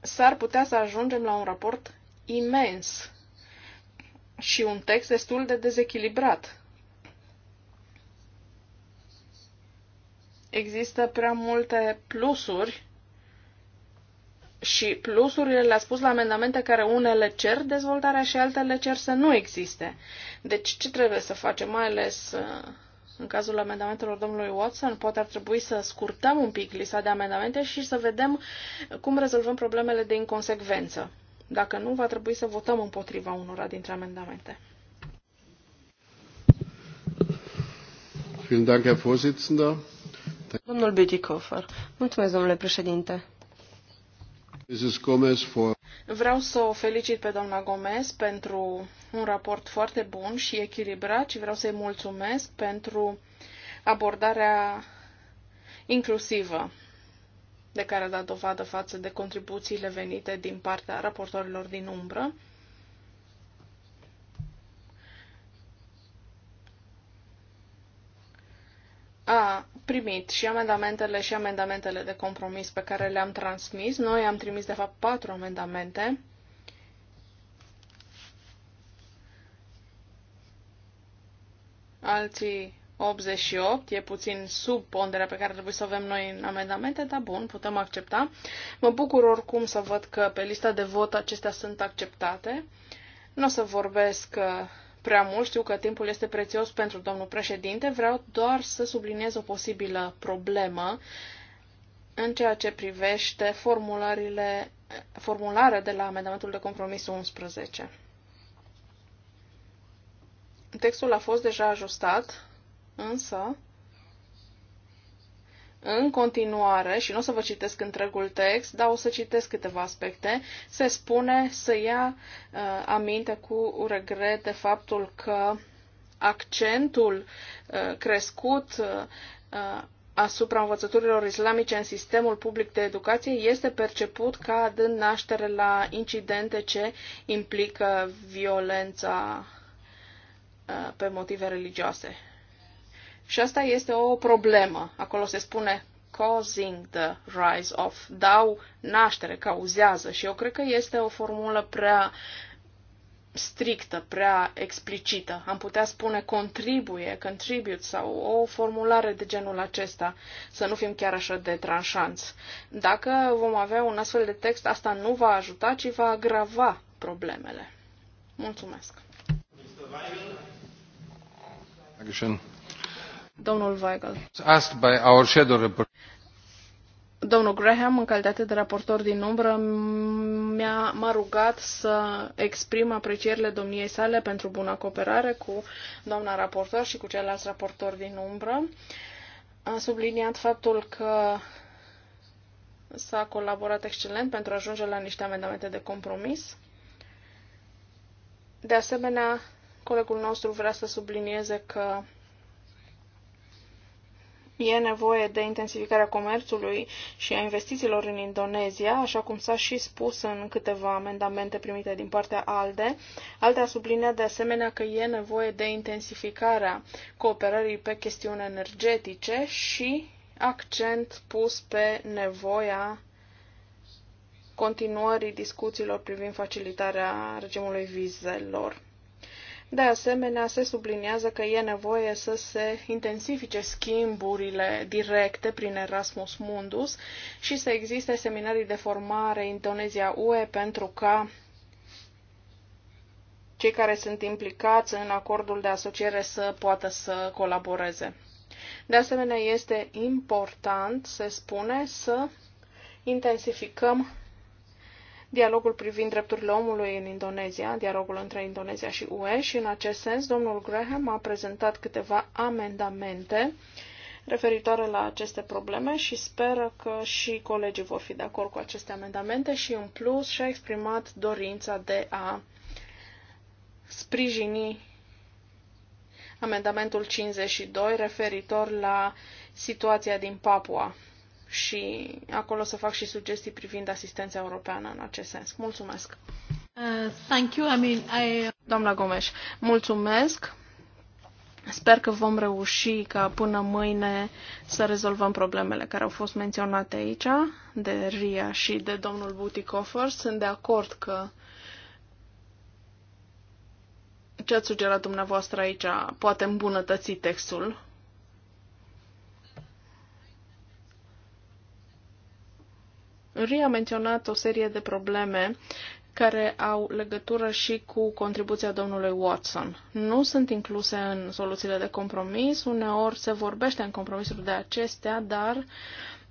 s-ar putea să ajungem la un raport imens și un text destul de dezechilibrat. Există prea multe plusuri și plusurile le-a spus la amendamente care unele cer dezvoltarea și altele cer să nu existe. Deci ce trebuie să facem, mai ales uh, în cazul amendamentelor domnului Watson, poate ar trebui să scurtăm un pic lista de amendamente și să vedem cum rezolvăm problemele de inconsecvență. Dacă nu, va trebui să votăm împotriva unora dintre amendamente. Domnul Bütikofer. Mulțumesc, domnule președinte. Vreau să o felicit pe doamna Gomez pentru un raport foarte bun și echilibrat și vreau să-i mulțumesc pentru abordarea inclusivă de care a dat dovadă față de contribuțiile venite din partea raportorilor din umbră. a primit și amendamentele și amendamentele de compromis pe care le-am transmis. Noi am trimis, de fapt, patru amendamente. Alții 88, e puțin sub ponderea pe care trebuie să o avem noi în amendamente, dar bun, putem accepta. Mă bucur oricum să văd că pe lista de vot acestea sunt acceptate. Nu o să vorbesc uh, prea mult, știu că timpul este prețios pentru domnul președinte, vreau doar să subliniez o posibilă problemă în ceea ce privește formularile, formulare de la amendamentul de compromis 11. Textul a fost deja ajustat Însă, în continuare, și nu o să vă citesc întregul text, dar o să citesc câteva aspecte, se spune să ia uh, aminte cu regret de faptul că accentul uh, crescut uh, uh asupra învățăturilor islamice în sistemul public de educație este perceput ca dând naștere la incidente ce implică violența uh, pe motive religioase. Și asta este o problemă. Acolo se spune causing the rise of, dau naștere, cauzează. Și eu cred că este o formulă prea strictă, prea explicită. Am putea spune contribuie, contribute sau o formulare de genul acesta, să nu fim chiar așa de tranșanți. Dacă vom avea un astfel de text, asta nu va ajuta, ci va agrava problemele. Mulțumesc! Dankeschön. Domnul Weigel. Asked by our shadow report. Domnul Graham, în calitate de raportor din umbră, mi-a, m-a rugat să exprim aprecierile domniei sale pentru buna cooperare cu doamna raportor și cu ceilalți raportori din umbră. A subliniat faptul că s-a colaborat excelent pentru a ajunge la niște amendamente de compromis. De asemenea, colegul nostru vrea să sublinieze că E nevoie de intensificarea comerțului și a investițiilor în Indonezia, așa cum s-a și spus în câteva amendamente primite din partea ALDE. ALDE a subliniat de asemenea că e nevoie de intensificarea cooperării pe chestiuni energetice și accent pus pe nevoia continuării discuțiilor privind facilitarea regimului vizelor. De asemenea, se subliniază că e nevoie să se intensifice schimburile directe prin Erasmus Mundus și să existe seminarii de formare Indonezia UE pentru ca cei care sunt implicați în acordul de asociere să poată să colaboreze. De asemenea, este important, se spune, să intensificăm dialogul privind drepturile omului în Indonezia, dialogul între Indonezia și UE și în acest sens domnul Graham a prezentat câteva amendamente referitoare la aceste probleme și speră că și colegii vor fi de acord cu aceste amendamente și în plus și-a exprimat dorința de a sprijini amendamentul 52 referitor la situația din Papua și acolo să fac și sugestii privind asistența europeană în acest sens. Mulțumesc! Uh, thank you. I mean, I... Doamna Gomes, mulțumesc! Sper că vom reuși ca până mâine să rezolvăm problemele care au fost menționate aici de Ria și de domnul Butikofer. Sunt de acord că ce ați sugerat dumneavoastră aici poate îmbunătăți textul Ri a menționat o serie de probleme care au legătură și cu contribuția domnului Watson. Nu sunt incluse în soluțiile de compromis, uneori se vorbește în compromisuri de acestea, dar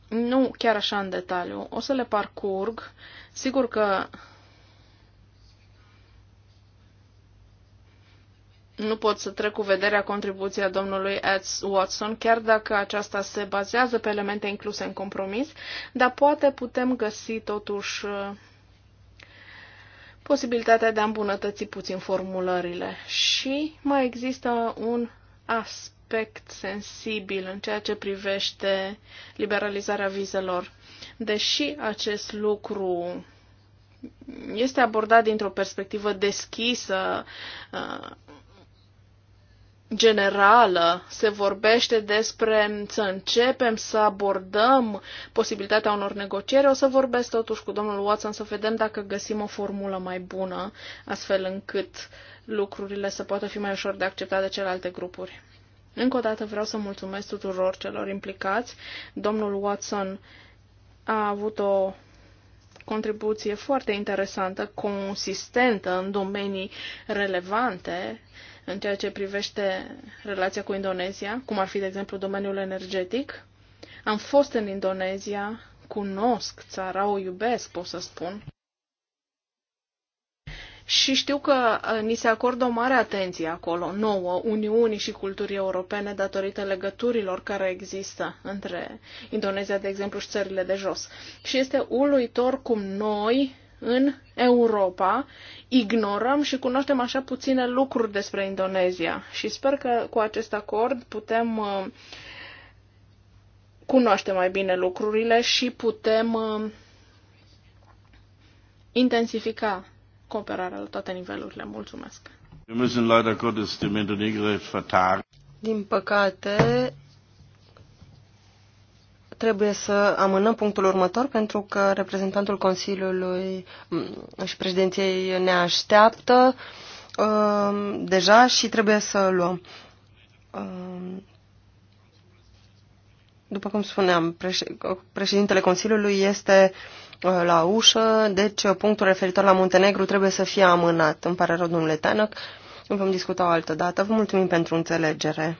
nu chiar așa în detaliu. O să le parcurg. Sigur că nu pot să trec cu vederea contribuția domnului Ed Watson, chiar dacă aceasta se bazează pe elemente incluse în compromis, dar poate putem găsi totuși uh, posibilitatea de a îmbunătăți puțin formulările. Și mai există un aspect sensibil în ceea ce privește liberalizarea vizelor. Deși acest lucru este abordat dintr-o perspectivă deschisă uh, generală se vorbește despre să începem să abordăm posibilitatea unor negocieri. O să vorbesc totuși cu domnul Watson să vedem dacă găsim o formulă mai bună, astfel încât lucrurile să poată fi mai ușor de acceptat de celelalte grupuri. Încă o dată vreau să mulțumesc tuturor celor implicați. Domnul Watson a avut o contribuție foarte interesantă, consistentă în domenii relevante în ceea ce privește relația cu Indonezia, cum ar fi, de exemplu, domeniul energetic. Am fost în Indonezia, cunosc țara, o iubesc, pot să spun. Și știu că uh, ni se acordă o mare atenție acolo, nouă, Uniunii și culturii europene, datorită legăturilor care există între Indonezia, de exemplu, și țările de jos. Și este uluitor cum noi, în Europa ignorăm și cunoaștem așa puține lucruri despre Indonezia și sper că cu acest acord putem uh, cunoaște mai bine lucrurile și putem uh, intensifica cooperarea la toate nivelurile. Mulțumesc! Din păcate, Trebuie să amânăm punctul următor pentru că reprezentantul Consiliului mm, și președinției ne așteaptă um, deja și trebuie să luăm. Um, după cum spuneam, președintele Consiliului este uh, la ușă, deci uh, punctul referitor la Muntenegru trebuie să fie amânat. Îmi pare rău, domnule Tanăc. Vom discuta o altă dată. Vă mulțumim pentru înțelegere.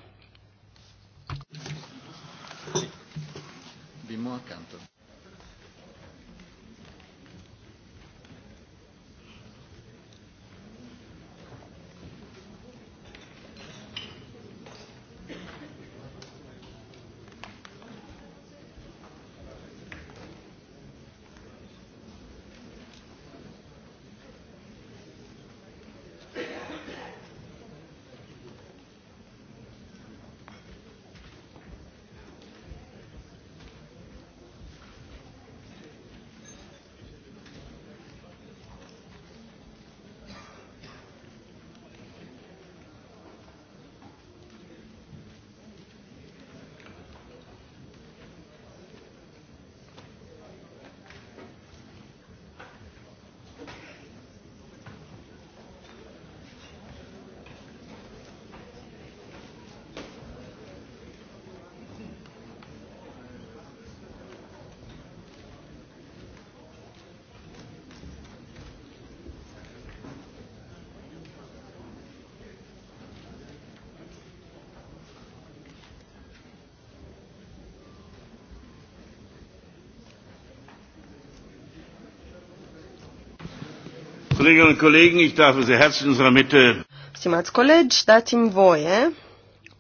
Kolleginnen und Kollegen, ich darf Sie herzlich in unserer Mitte. Stimați colegi, dați-mi voie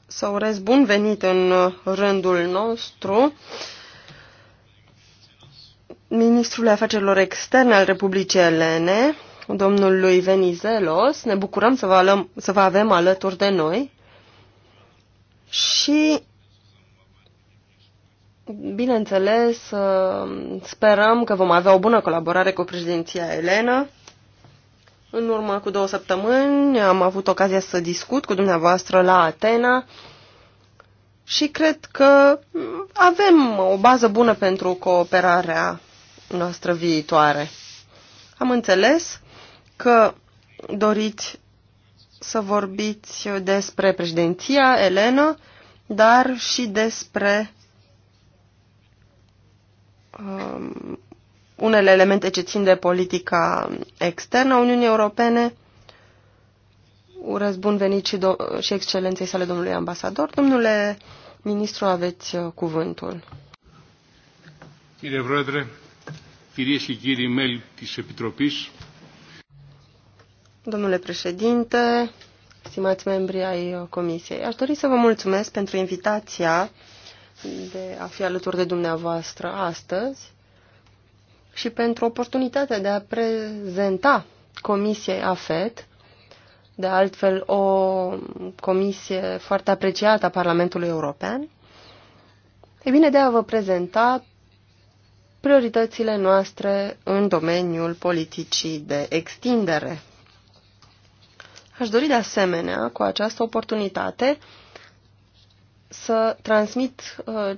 să urez bun venit în rândul nostru ministrul afacerilor externe al Republicii Elene, domnul lui Venizelos. Ne bucurăm să vă, alăm, să vă avem alături de noi și, bineînțeles, sperăm că vom avea o bună colaborare cu președinția Elena în urmă cu două săptămâni am avut ocazia să discut cu dumneavoastră la Atena și cred că avem o bază bună pentru cooperarea noastră viitoare. Am înțeles că doriți să vorbiți despre președinția Elena, dar și despre um, unele elemente ce țin de politica externă a Uniunii Europene. Urez bun venit și, și excelenței sale domnului ambasador. Domnule ministru, aveți uh, cuvântul. Κύριε Πρόεδρε, κυρίες και κύριοι μέλη της Domnule președinte, stimați membri ai uh, Comisiei, aș dori să vă mulțumesc pentru invitația de a fi alături de dumneavoastră astăzi și pentru oportunitatea de a prezenta Comisiei AFET, de altfel o comisie foarte apreciată a Parlamentului European, e bine de a vă prezenta prioritățile noastre în domeniul politicii de extindere. Aș dori de asemenea, cu această oportunitate, să transmit uh,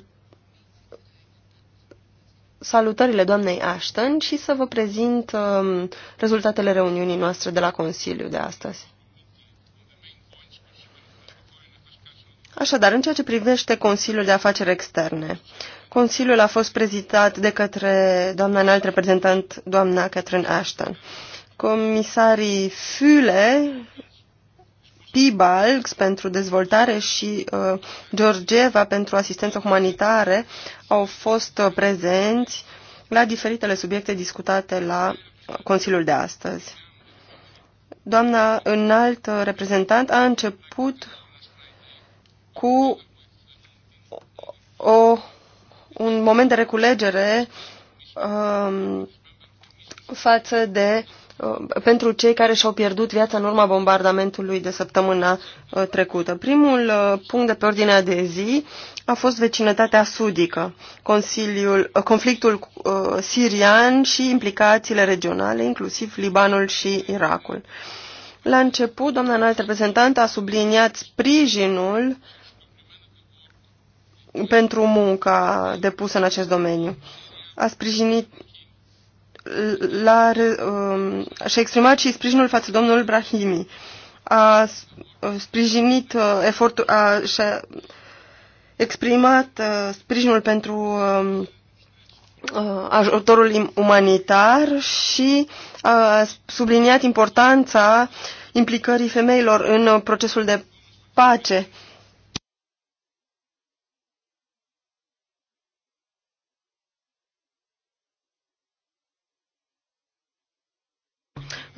salutările doamnei Ashton și să vă prezint um, rezultatele reuniunii noastre de la Consiliu de astăzi. Așadar, în ceea ce privește Consiliul de Afaceri Externe, Consiliul a fost prezitat de către doamna înalt reprezentant, doamna Catherine Ashton. Comisarii Füle Pibalgs pentru dezvoltare și uh, Georgieva pentru asistență humanitare au fost uh, prezenți la diferitele subiecte discutate la uh, Consiliul de astăzi. Doamna înalt uh, reprezentant a început cu o, un moment de reculegere um, față de uh, Uh, pentru cei care și-au pierdut viața în urma bombardamentului de săptămâna uh, trecută. Primul uh, punct de pe ordinea de zi a fost vecinătatea sudică, Consiliul, conflictul sirian și implicațiile regionale, inclusiv Libanul și Irakul. La început, doamna înalt reprezentant a subliniat sprijinul pentru munca depusă în acest domeniu. A sprijinit l-a, um, și-a exprimat și sprijinul față domnul Brahimi. A uh, sprijinit uh, efortul, a, și-a exprimat uh, sprijinul pentru um, ajutorul umanitar și a subliniat importanța implicării femeilor în procesul de pace.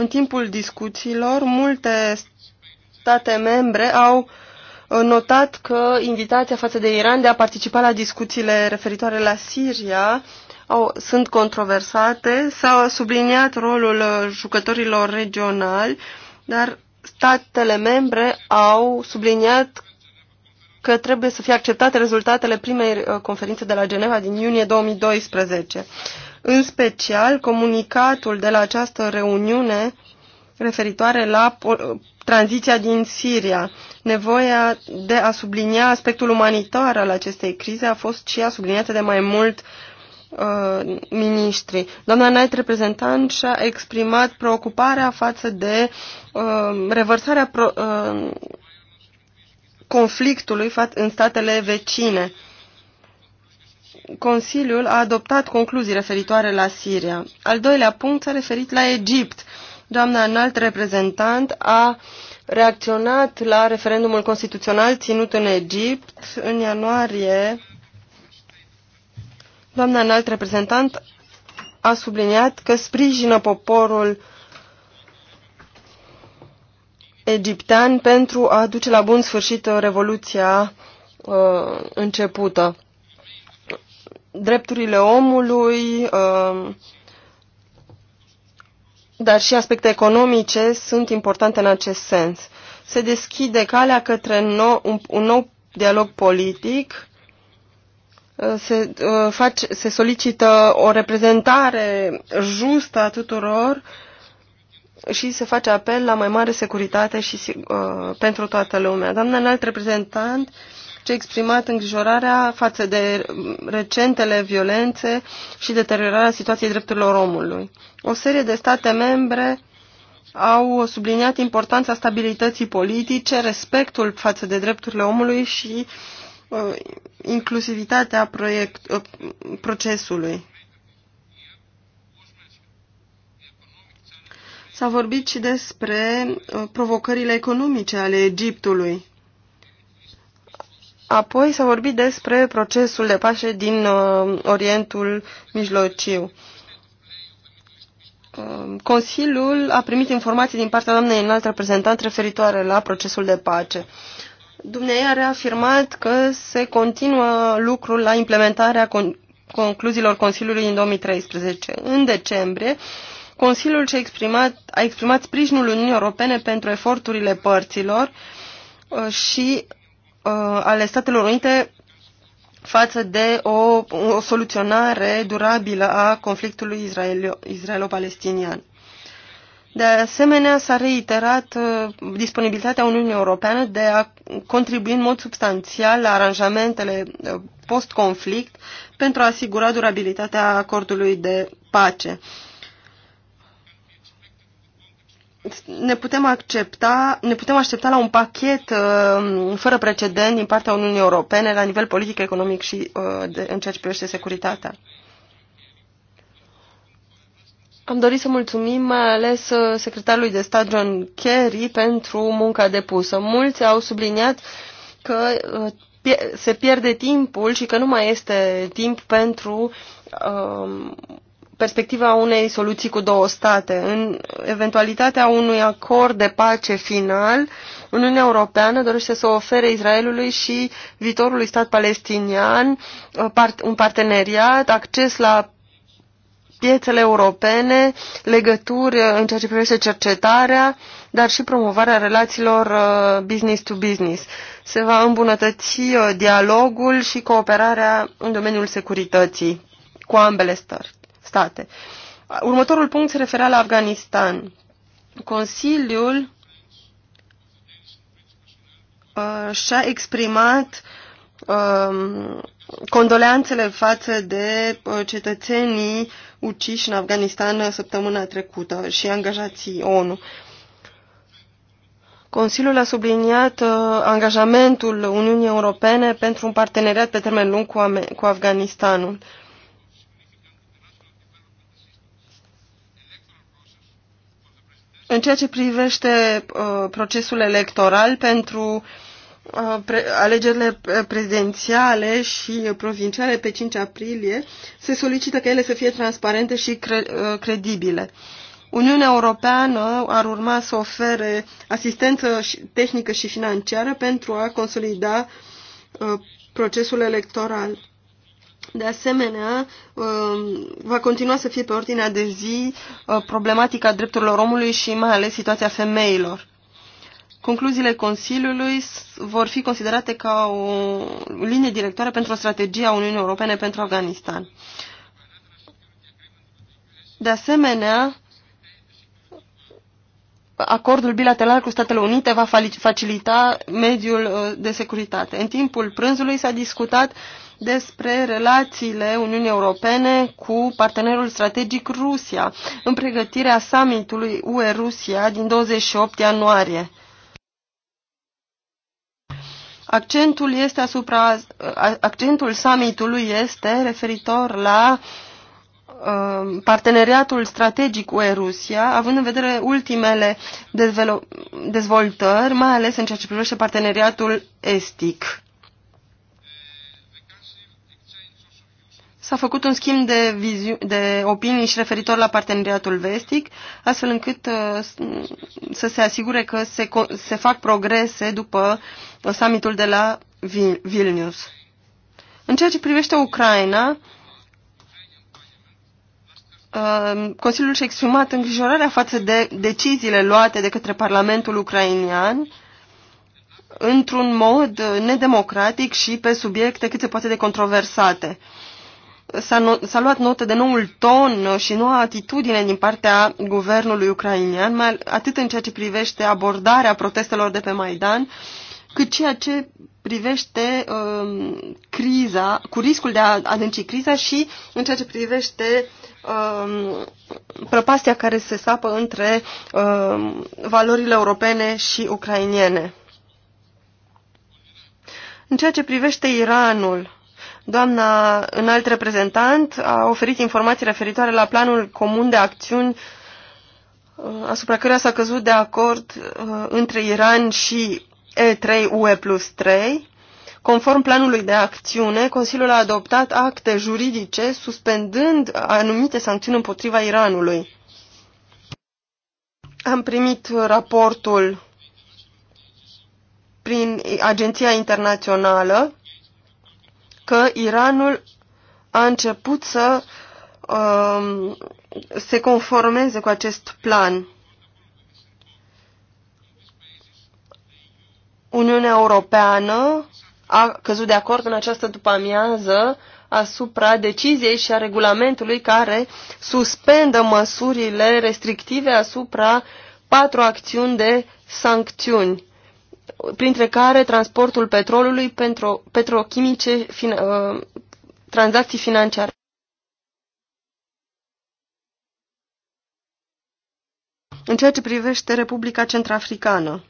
În timpul discuțiilor, multe state membre au uh, notat că invitația față de Iran de a participa la discuțiile referitoare la Siria au, sunt controversate. s au subliniat rolul uh, jucătorilor regionali, dar statele membre au subliniat că trebuie să fie acceptate rezultatele primei uh, conferințe de la Geneva din iunie 2012 în special comunicatul de la această reuniune referitoare la tranziția din Siria. Nevoia de a sublinia aspectul umanitar al acestei crize a fost și a subliniată de mai mult uh, ministrii. Doamna înalt reprezentant și-a exprimat preocuparea față de uh, revărsarea pro, uh, conflictului în statele vecine. Consiliul a adoptat concluzii referitoare la Siria. Al doilea punct s-a referit la Egipt. Doamna înalt reprezentant a reacționat la referendumul constituțional ținut în Egipt în ianuarie. Doamna înalt reprezentant a subliniat că sprijină poporul egiptean pentru a duce la bun sfârșit revoluția uh, începută drepturile omului, um, dar și aspecte economice sunt importante în acest sens. Se deschide calea către nou, un, un nou dialog politic, uh, se, uh, face, se solicită o reprezentare justă a tuturor și se face apel la mai mare securitate și, uh, pentru toată lumea. Doamna înalt reprezentant, uh, ce exprimat îngrijorarea față de recentele violențe și deteriorarea situației drepturilor omului. O serie de state membre au subliniat importanța stabilității politice, respectul față de drepturile omului și uh, inclusivitatea proiect, uh, procesului. S-a vorbit și despre uh, provocările economice ale Egiptului. Apoi s-a vorbit despre procesul de pace din uh, Orientul Mijlociu. Um, Consiliul a primit informații din partea doamnei înalt reprezentant referitoare la procesul de pace. Dumnezeu a reafirmat că se continuă lucrul la implementarea con concluziilor Consiliului din 2013. În decembrie, Consiliul și-a exprimat, a exprimat sprijinul Uniunii Europene pentru eforturile părților uh, și Uh, ale Statelor Unite față de o, o soluționare durabilă a conflictului israelo-palestinian. De asemenea, s-a reiterat uh, disponibilitatea Uniunii Europeană de a contribui în mod substanțial la aranjamentele uh, post-conflict pentru a asigura durabilitatea acordului de pace ne putem, accepta, ne putem aștepta la un pachet uh, fără precedent din partea Uniunii Europene la nivel politic, economic și uh, de, în ceea ce privește securitatea. Am dorit să mulțumim mai ales uh, secretarului de stat John Kerry pentru munca depusă. Mulți au subliniat că uh, se pierde timpul și că nu mai este timp pentru uh, perspectiva unei soluții cu două state. În eventualitatea unui acord de pace final, Uniunea Europeană dorește să ofere Israelului și viitorului stat palestinian uh, un parteneriat, acces la piețele europene, legături uh, în ceea ce privește cercetarea, dar și promovarea relațiilor uh, business to business. Se va îmbunătăți dialogul și cooperarea în domeniul securității cu ambele stări state. Următorul punct se referea la Afganistan. Consiliul uh, și-a exprimat uh, condoleanțele față de uh, cetățenii uciși în Afganistan săptămâna trecută și angajații ONU. Consiliul a subliniat uh, angajamentul Uniunii Europene pentru un parteneriat pe termen lung cu, cu Afganistanul. Uh, În ceea ce privește uh, procesul electoral pentru uh, alegerile uh, prezidențiale și provinciale pe 5 aprilie, se solicită că ele să fie transparente și cre uh, credibile. Uniunea Europeană ar urma să ofere asistență tehnică și financiară pentru a consolida procesul electoral. De asemenea, um, va continua să fie pe ordinea de zi uh, problematica drepturilor omului și mai ales situația femeilor. Concluziile Consiliului vor fi considerate ca o linie directoare pentru strategia Uniunii Europene pentru Afganistan. De asemenea, acordul bilateral cu Statele Unite va facilita mediul uh, de securitate. În timpul prânzului s-a discutat uh, despre relațiile Uniunii Europene cu partenerul strategic Rusia în pregătirea summitului UE-Rusia din 28 ianuarie. Accentul, este asupra, accentul summitului este referitor la um, parteneriatul strategic UE-Rusia, având în vedere ultimele dezvoltări, mai ales în ceea ce privește parteneriatul estic. S-a făcut un schimb de, de opinii și referitor la parteneriatul vestic, astfel încât uh, să se asigure că se, se fac progrese după uh, summitul de la Vil Vilnius. În ceea ce privește Ucraina, uh, Consiliul și-a exprimat îngrijorarea față de deciziile luate de către Parlamentul ucrainian într-un mod uh, nedemocratic și pe subiecte cât se poate de controversate. Uh, s-a, luat notă de noul ton și noua atitudine din partea guvernului ucrainean, mai atât în ceea ce privește abordarea protestelor de pe Maidan, cât ceea ce privește um, criza, cu riscul de a adânci criza și în ceea ce privește um, prăpastia care se sapă între um, valorile europene și ucrainiene. În ceea ce privește Iranul, Doamna înalt reprezentant a oferit informații referitoare la planul comun de acțiuni uh, asupra căruia s-a căzut de acord uh, între Iran și E3 UE plus 3. Conform planului de acțiune, Consiliul a adoptat acte juridice suspendând anumite sancțiuni împotriva Iranului. Am primit raportul prin Agenția Internațională că Iranul a început să uh, se conformeze cu acest plan. Uniunea Europeană a căzut de acord în această după-amiază asupra deciziei și a regulamentului care suspendă măsurile restrictive asupra patru acțiuni de sancțiuni printre care transportul petrolului, pentru, petrochimice, fin, uh, tranzacții financiare. În ceea ce privește Republica Centrafricană,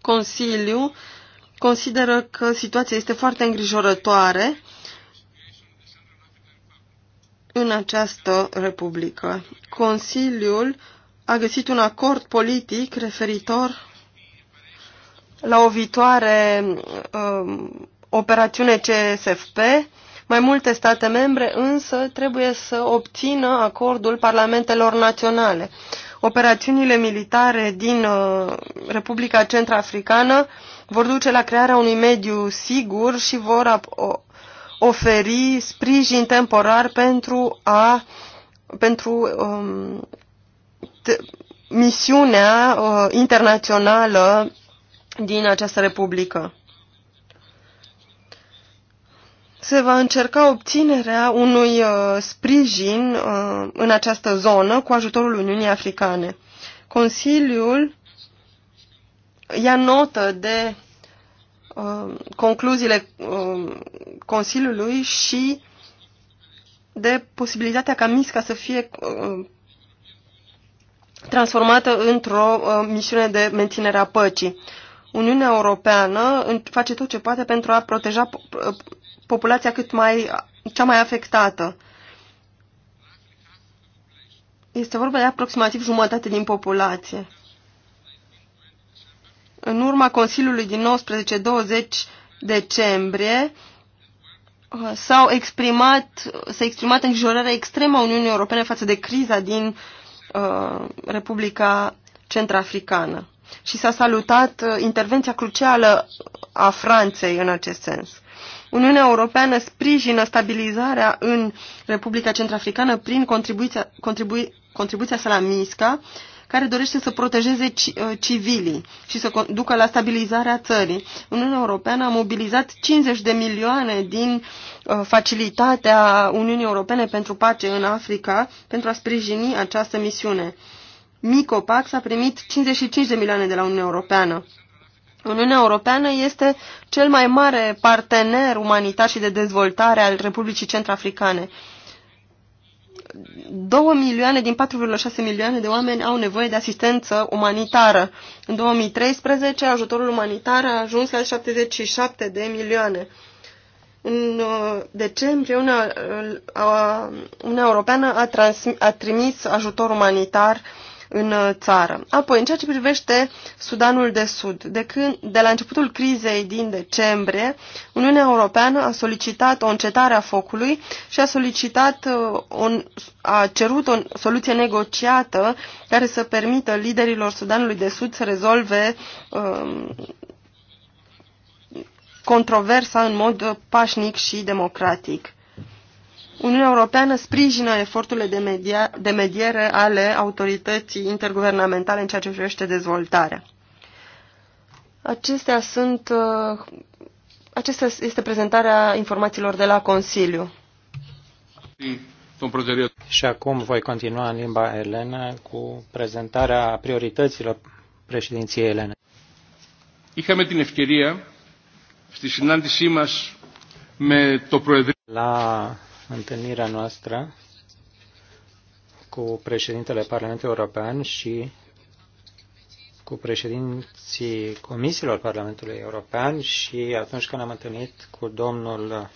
Consiliul consideră că situația este foarte îngrijorătoare în această republică. Consiliul a găsit un acord politic referitor la o viitoare uh, operațiune CSFP, mai multe state membre însă trebuie să obțină acordul parlamentelor naționale. Operațiunile militare din uh, Republica Centrafricană vor duce la crearea unui mediu sigur și vor oferi sprijin temporar pentru a pentru um, misiunea uh, internațională din această republică. Se va încerca obținerea unui uh, sprijin uh, în această zonă cu ajutorul Uniunii Africane. Consiliul ia notă de uh, concluziile uh, Consiliului și de posibilitatea ca MISCA să fie uh, transformată într-o uh, misiune de menținere a păcii. Uniunea Europeană face tot ce poate pentru a proteja populația cât mai, cea mai afectată. Este vorba de aproximativ jumătate din populație. În urma Consiliului din 19-20 decembrie uh, s-au exprimat, exprimat îngrijorarea extremă a Uniunii Europene față de criza din uh, Republica Centrafricană și s-a salutat uh, intervenția crucială a Franței în acest sens. Uniunea Europeană sprijină stabilizarea în Republica Centrafricană prin contribuția, contribu, contribuția sa la MISCA, care dorește să protejeze uh, civilii și să ducă la stabilizarea țării. Uniunea Europeană a mobilizat 50 de milioane din uh, facilitatea Uniunii Europene pentru pace în Africa pentru a sprijini această misiune. Micopax a primit 55 de milioane de la Uniunea Europeană. Uniunea Europeană este cel mai mare partener umanitar și de dezvoltare al Republicii Centrafricane. 2 milioane din 4,6 milioane de oameni au nevoie de asistență umanitară. În 2013, ajutorul umanitar a ajuns la 77 de milioane. În uh, decembrie, uh, Uniunea Europeană a, transmis, a trimis ajutor umanitar uh, în uh, țară. Apoi, în ceea ce privește Sudanul de Sud, de, când, de la începutul crizei din decembrie, Uniunea Europeană a solicitat o încetare a focului și a solicitat, o, uh, a cerut o soluție negociată care să permită liderilor Sudanului de Sud să rezolve um, controversa în mod uh, pașnic și democratic. Uniunea Europeană sprijină eforturile de, media, de mediere ale autorității interguvernamentale în ceea ce privește dezvoltarea. Acestea sunt, uh, acesta este prezentarea informațiilor de la Consiliu. Și acum voi continua în limba elenă cu prezentarea priorităților președinției elene. Είχαμε την ευκαιρία στη συνάντησή μας με το Προεδρείο. La întâlnirea noastră cu președintele Parlamentului European și cu președinții comisiilor Parlamentului European și atunci când am întâlnit cu domnul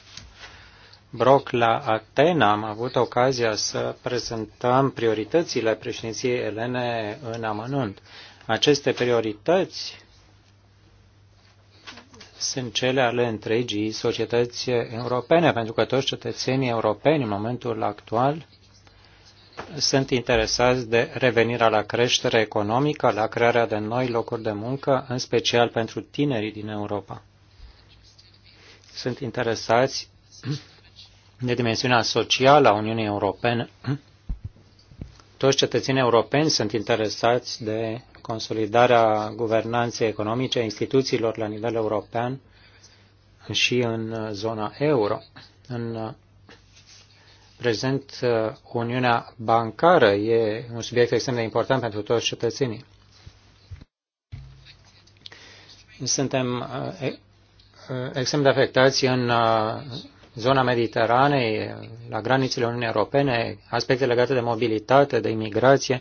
Brock la Atena, am avut ocazia să prezentăm prioritățile președinției elene în amănunt. Aceste priorități sunt cele ale întregii societăți europene, pentru că toți cetățenii europeni în momentul actual sunt interesați de revenirea la creștere economică, la crearea de noi locuri de muncă, în special pentru tinerii din Europa. Sunt interesați de dimensiunea socială a Uniunii Europene. Toți cetățenii europeni sunt interesați de consolidarea guvernanței economice a instituțiilor la nivel european și în zona euro. În prezent, Uniunea bancară e un subiect extrem de important pentru toți cetățenii. Suntem eh, eh, extrem de afectați în eh, zona Mediteranei, la granițele Uniunii Europene, aspecte legate de mobilitate, de imigrație,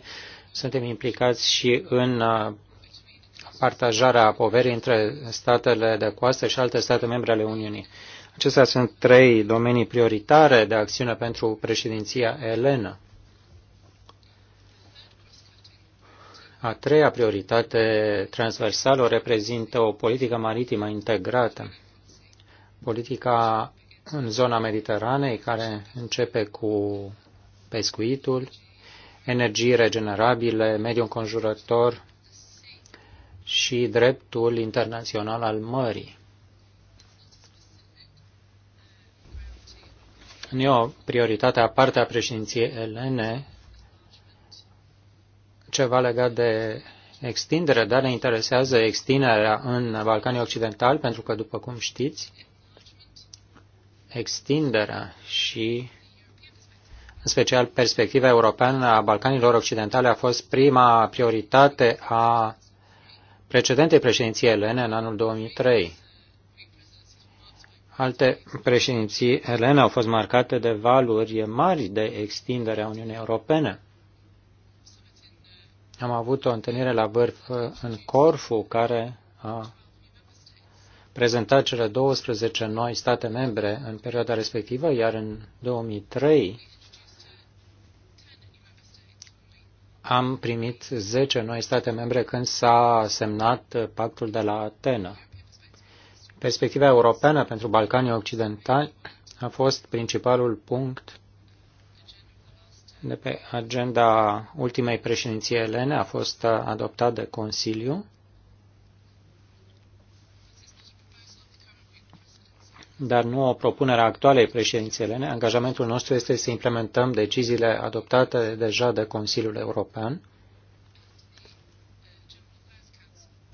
suntem implicați și în uh, partajarea poverii între statele de coastă și alte state membre ale Uniunii. Acestea sunt trei domenii prioritare de acțiune pentru președinția elenă. A treia prioritate transversală o reprezintă o politică maritimă integrată. Politica în zona Mediteranei, care începe cu pescuitul, energii regenerabile, mediul înconjurător și dreptul internațional al mării. Nu e o prioritate aparte a președinției elene, ceva legat de extindere, dar ne interesează extinderea în Balcanii Occidentali, pentru că, după cum știți, extinderea și în special perspectiva europeană a Balcanilor Occidentale, a fost prima prioritate a precedentei președinții elene în anul 2003. Alte președinții elene au fost marcate de valuri mari de extindere a Uniunii Europene. Am avut o întâlnire la vârf în Corfu, care a prezentat cele 12 noi state membre în perioada respectivă, iar în 2003 am primit 10 noi state membre când s-a semnat pactul de la Atena. Perspectiva europeană pentru Balcanii Occidentali a fost principalul punct de pe agenda ultimei președinții elene, a fost adoptat de Consiliu dar nu o propunere a actualei președinții elene. Angajamentul nostru este să implementăm deciziile adoptate deja de Consiliul European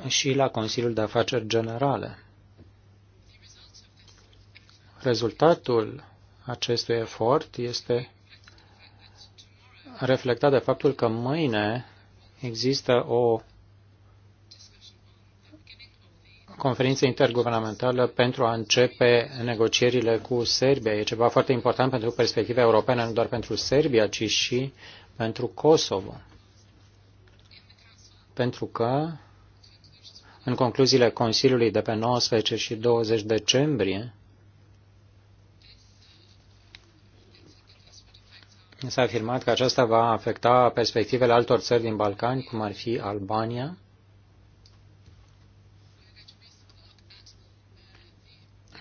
și la Consiliul de Afaceri Generale. Rezultatul acestui efort este reflectat de faptul că mâine există o conferință interguvernamentală pentru a începe negocierile cu Serbia. E ceva foarte important pentru perspectiva europeană, nu doar pentru Serbia, ci și pentru Kosovo. Pentru că în concluziile Consiliului de pe 19 și 20 decembrie s-a afirmat că aceasta va afecta perspectivele altor țări din Balcani, cum ar fi Albania,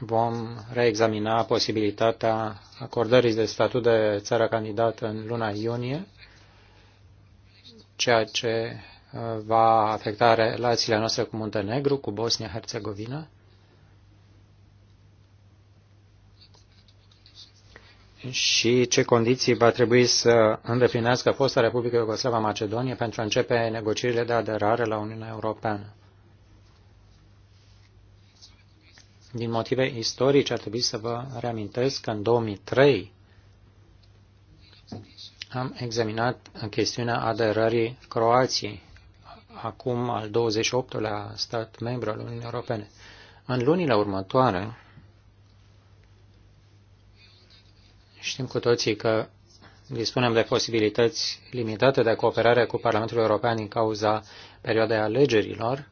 vom reexamina posibilitatea acordării de statut de țară candidată în luna iunie, ceea ce uh, va afecta relațiile noastre cu Muntenegru, cu Bosnia-Herzegovina. și ce condiții va trebui să îndeplinească fosta Republică Iugoslava Macedonie pentru a începe negocierile de aderare la Uniunea Europeană. Din motive istorice ar trebui să vă reamintesc că în 2003 am examinat chestiunea aderării Croației, acum al 28-lea stat membru al Uniunii Europene. În lunile următoare, știm cu toții că dispunem de posibilități limitate de cooperare cu Parlamentul European din cauza perioadei alegerilor,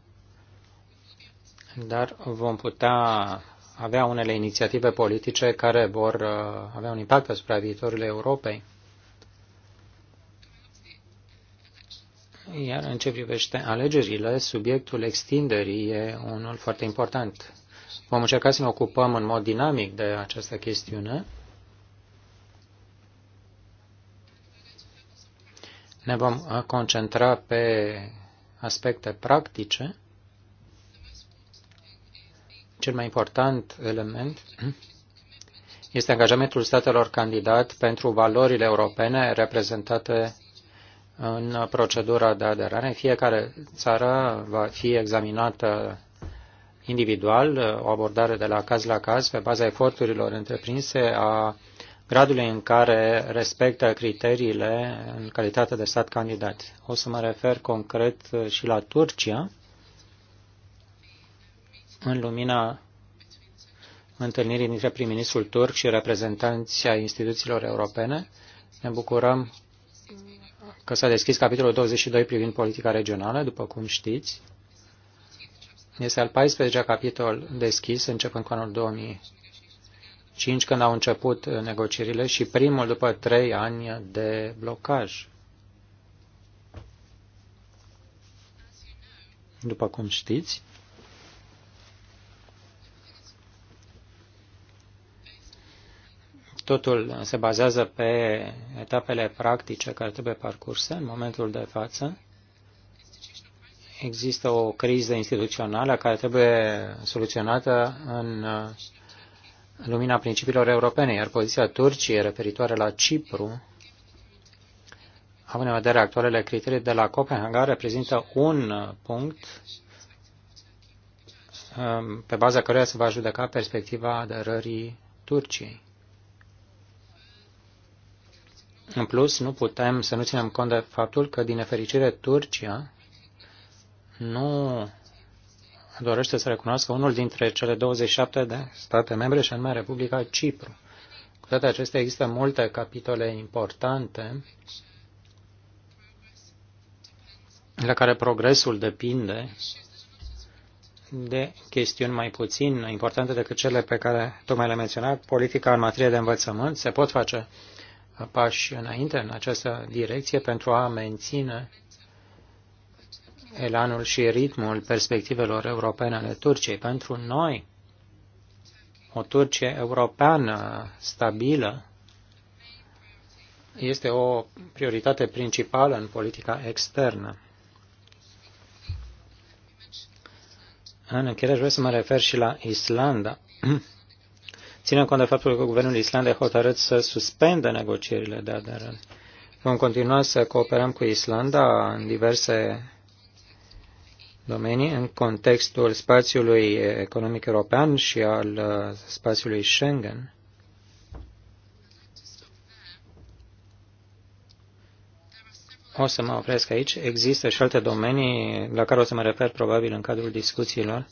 dar vom putea avea unele inițiative politice care vor uh, avea un impact asupra viitorului Europei. Iar în ce privește alegerile, subiectul extinderii e unul foarte important. Vom încerca să ne ocupăm în mod dinamic de această chestiune. Ne vom uh, concentra pe aspecte practice cel mai important element este angajamentul statelor candidat pentru valorile europene reprezentate în procedura de aderare. Fiecare țară va fi examinată individual, o abordare de la caz la caz, pe baza eforturilor întreprinse, a gradului în care respectă criteriile în calitate de stat candidat. O să mă refer concret și la Turcia, în lumina întâlnirii dintre prim-ministrul turc și reprezentanții ai instituțiilor europene, ne bucurăm că s-a deschis capitolul 22 privind politica regională, după cum știți. Este al 14-lea capitol deschis, începând cu anul 2005, când au început negocierile, și primul după trei ani de blocaj. După cum știți, Totul se bazează pe etapele practice care trebuie parcurse în momentul de față. Există o criză instituțională care trebuie soluționată în lumina principiilor europene, iar poziția Turciei referitoare la Cipru, având în vedere actualele criterii de la Copenhaga, reprezintă un punct um, pe baza căruia se va judeca perspectiva aderării Turciei. În plus, nu putem să nu ținem cont de faptul că, din nefericire, Turcia nu dorește să recunoască unul dintre cele 27 de state membre, și anume Republica Cipru. Cu toate acestea, există multe capitole importante la care progresul depinde de chestiuni mai puțin importante decât cele pe care tocmai le-am menționat, politica în materie de învățământ, se pot face pași înainte în această direcție pentru a menține elanul și ritmul perspectivelor europene ale Turciei. Pentru noi, o Turcie europeană stabilă este o prioritate principală în politica externă. În încheiere, vreau să mă refer și la Islanda. ținând cont de faptul că guvernul Islandei a hotărât să suspende negocierile de aderare. Vom continua să cooperăm cu Islanda în diverse domenii, în contextul spațiului economic european și al uh, spațiului Schengen. O să mă opresc aici. Există și alte domenii la care o să mă refer probabil în cadrul discuțiilor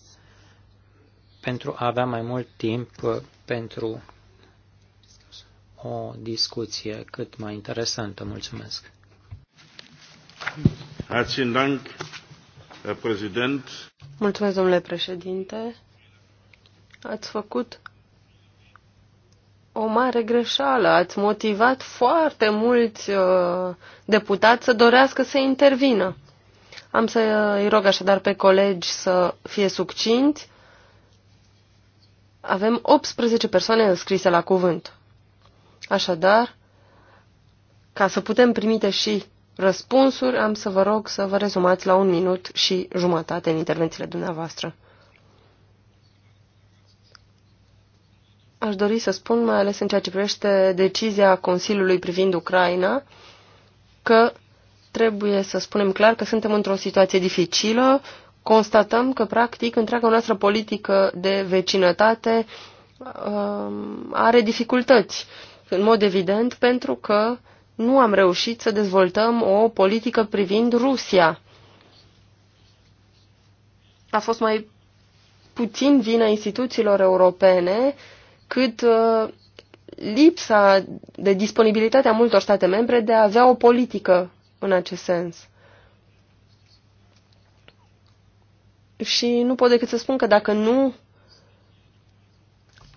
pentru a avea mai mult timp uh, pentru o discuție cât mai interesantă. Mulțumesc! Mulțumesc, domnule președinte. Ați făcut o mare greșeală. Ați motivat foarte mulți uh, deputați să dorească să intervină. Am să uh, îi rog așadar pe colegi să fie succinți avem 18 persoane înscrise la cuvânt. Așadar, ca să putem primite și răspunsuri, am să vă rog să vă rezumați la un minut și jumătate în intervențiile dumneavoastră. Aș dori să spun, mai ales în ceea ce privește decizia Consiliului privind Ucraina, că trebuie să spunem clar că suntem într-o situație dificilă, constatăm că, practic, întreaga noastră politică de vecinătate um, are dificultăți, în mod evident, pentru că nu am reușit să dezvoltăm o politică privind Rusia. A fost mai puțin vina instituțiilor europene cât uh, lipsa de disponibilitate a multor state membre de a avea o politică în acest sens. Și nu pot decât să spun că dacă nu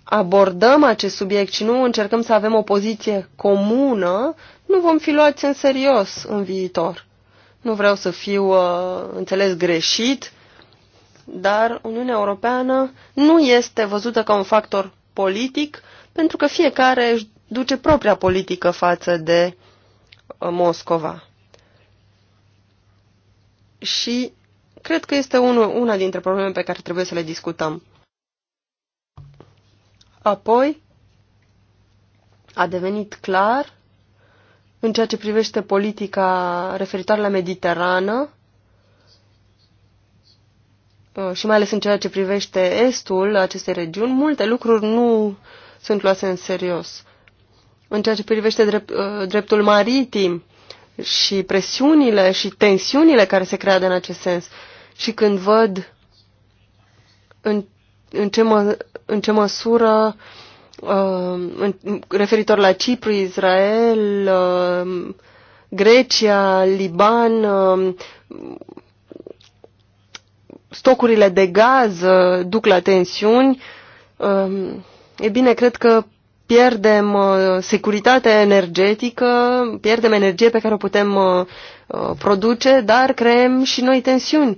abordăm acest subiect și nu încercăm să avem o poziție comună, nu vom fi luați în serios în viitor. Nu vreau să fiu uh, înțeles greșit, dar Uniunea Europeană nu este văzută ca un factor politic, pentru că fiecare își duce propria politică față de uh, Moscova. Și Cred că este una dintre problemele pe care trebuie să le discutăm. Apoi, a devenit clar în ceea ce privește politica referitoare la Mediterană uh, și mai ales în ceea ce privește estul acestei regiuni, multe lucruri nu sunt luate în serios. În ceea ce privește drept, uh, dreptul maritim și presiunile și tensiunile care se creează în acest sens, și când văd în, în, ce, mă, în ce măsură uh, în, referitor la Cipru, Israel, uh, Grecia, Liban, uh, stocurile de gaz uh, duc la tensiuni, uh, e bine, cred că pierdem uh, securitatea energetică, pierdem energie pe care o putem uh, uh produce, dar creăm și noi tensiuni. Uh,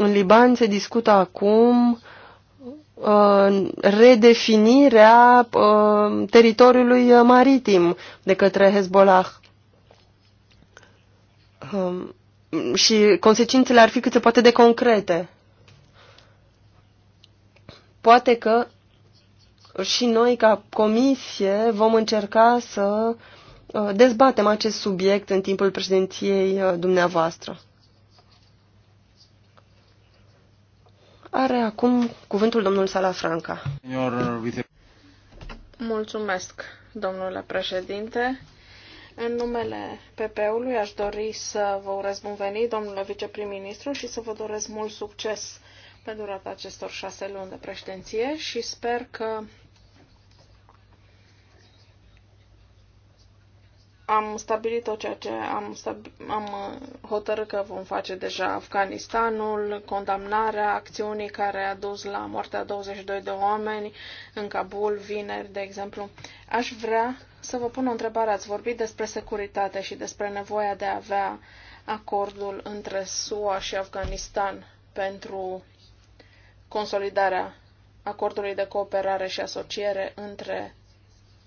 în Liban se discută acum uh, redefinirea uh, teritoriului maritim de către Hezbollah. Um, și consecințele ar fi cât se poate de concrete. Poate că și noi, ca comisie, vom încerca să uh, dezbatem acest subiect în timpul președinției dumneavoastră. Are acum cuvântul domnul Salafranca. Mulțumesc, domnule președinte. În numele PP-ului aș dori să vă urez bun venit, domnule viceprim-ministru, și să vă doresc mult succes pe durata acestor șase luni de președinție și sper că am stabilit tot ceea ce am, am uh, hotărât că vom face deja Afganistanul, condamnarea acțiunii care a dus la moartea 22 de oameni în Kabul vineri, de exemplu. Aș vrea să vă pun o întrebare. Ați vorbit despre securitate și despre nevoia de a avea acordul între SUA și Afganistan pentru consolidarea acordului de cooperare și asociere între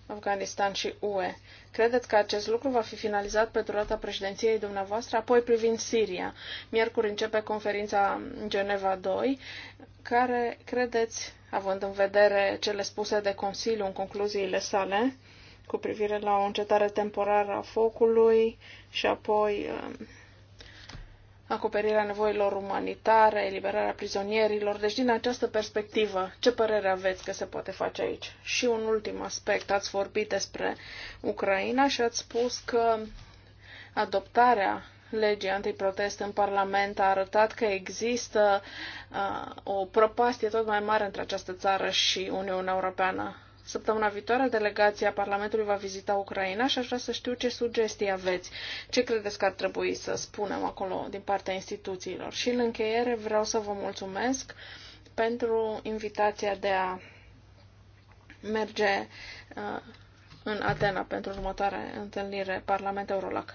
Afganistan și UE. Credeți că acest lucru va fi finalizat pe durata președinției dumneavoastră? Apoi privind Siria. Miercuri începe conferința Geneva 2, care credeți, având în vedere cele spuse de Consiliu în concluziile sale, cu privire la o încetare temporară a focului și apoi um, acoperirea nevoilor umanitare, eliberarea prizonierilor. Deci, din această perspectivă, ce părere aveți că se poate face aici? Și un ultim aspect, ați vorbit despre Ucraina și ați spus că adoptarea legii antiprotest în Parlament a arătat că există uh, o propastie tot mai mare între această țară și Uniunea Europeană. Săptămâna viitoare, delegația Parlamentului va vizita Ucraina și aș vrea să știu ce sugestii aveți. Ce credeți că ar trebui să spunem acolo din partea instituțiilor? Și în încheiere vreau să vă mulțumesc pentru invitația de a merge uh, în Atena pentru următoare întâlnire Parlament Eurolac.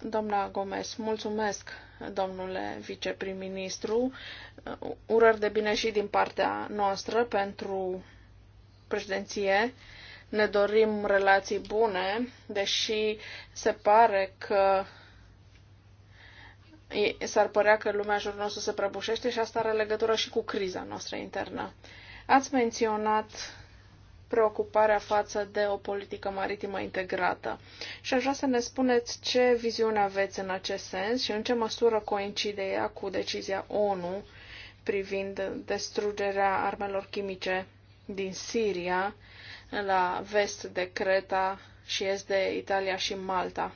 Doamna Gomez, mulțumesc, domnule viceprim-ministru. Uh, urări de bine și din partea noastră pentru președinție ne dorim relații bune, deși se pare că s-ar părea că lumea jurul nostru se prăbușește și asta are legătură și cu criza noastră internă. Ați menționat preocuparea față de o politică maritimă integrată. Și aș vrea să ne spuneți ce viziune aveți în acest sens și în ce măsură coincide ea cu decizia ONU privind destrugerea armelor chimice din Siria, la vest de Creta și est de Italia și Malta.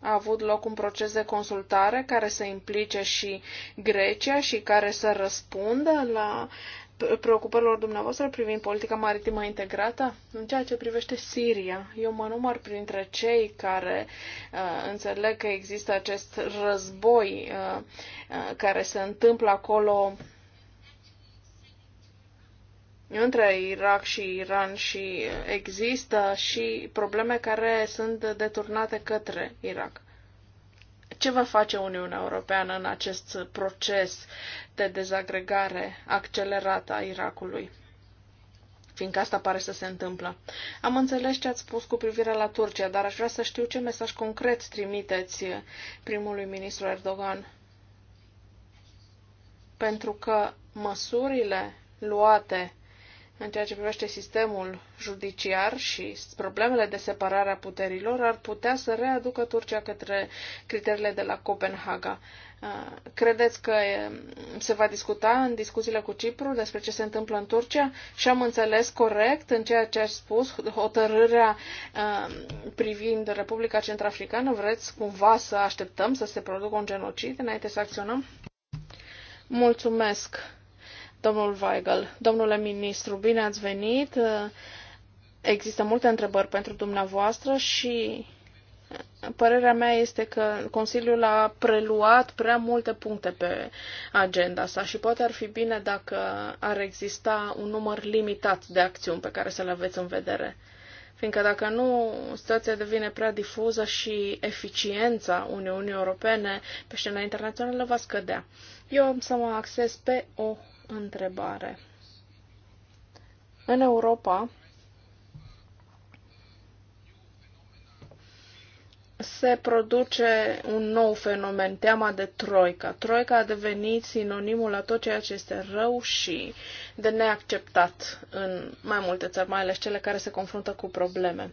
A avut loc un proces de consultare care să implice și Grecia și care să răspundă la preocupărilor dumneavoastră privind politica maritimă integrată? În ceea ce privește Siria, eu mă număr printre cei care uh, înțeleg că există acest război uh, uh, care se întâmplă acolo între Irak și Iran și există și probleme care sunt deturnate către Irak. Ce va face Uniunea Europeană în acest proces de dezagregare accelerată a Irakului? fiindcă asta pare să se întâmplă. Am înțeles ce ați spus cu privire la Turcia, dar aș vrea să știu ce mesaj concret trimiteți primului ministru Erdogan. Pentru că măsurile luate în ceea ce privește sistemul judiciar și problemele de separare a puterilor, ar putea să readucă Turcia către criteriile de la Copenhaga. Uh, credeți că se va discuta în discuțiile cu Cipru despre ce se întâmplă în Turcia? Și am înțeles corect în ceea ce ați spus, hotărârea uh, privind Republica Centrafricană, vreți cumva să așteptăm să se producă un genocid înainte să acționăm? Mulțumesc! Domnul Weigel, domnule ministru, bine ați venit. Există multe întrebări pentru dumneavoastră și Părerea mea este că Consiliul a preluat prea multe puncte pe agenda sa și poate ar fi bine dacă ar exista un număr limitat de acțiuni pe care să le aveți în vedere. Fiindcă dacă nu, situația devine prea difuză și eficiența Uniunii Europene pe scena internațională va scădea. Eu am să mă axez pe o întrebare. În Europa, se produce un nou fenomen, teama de troica. Troica a devenit sinonimul la tot ceea ce este rău și de neacceptat în mai multe țări, mai ales cele care se confruntă cu probleme.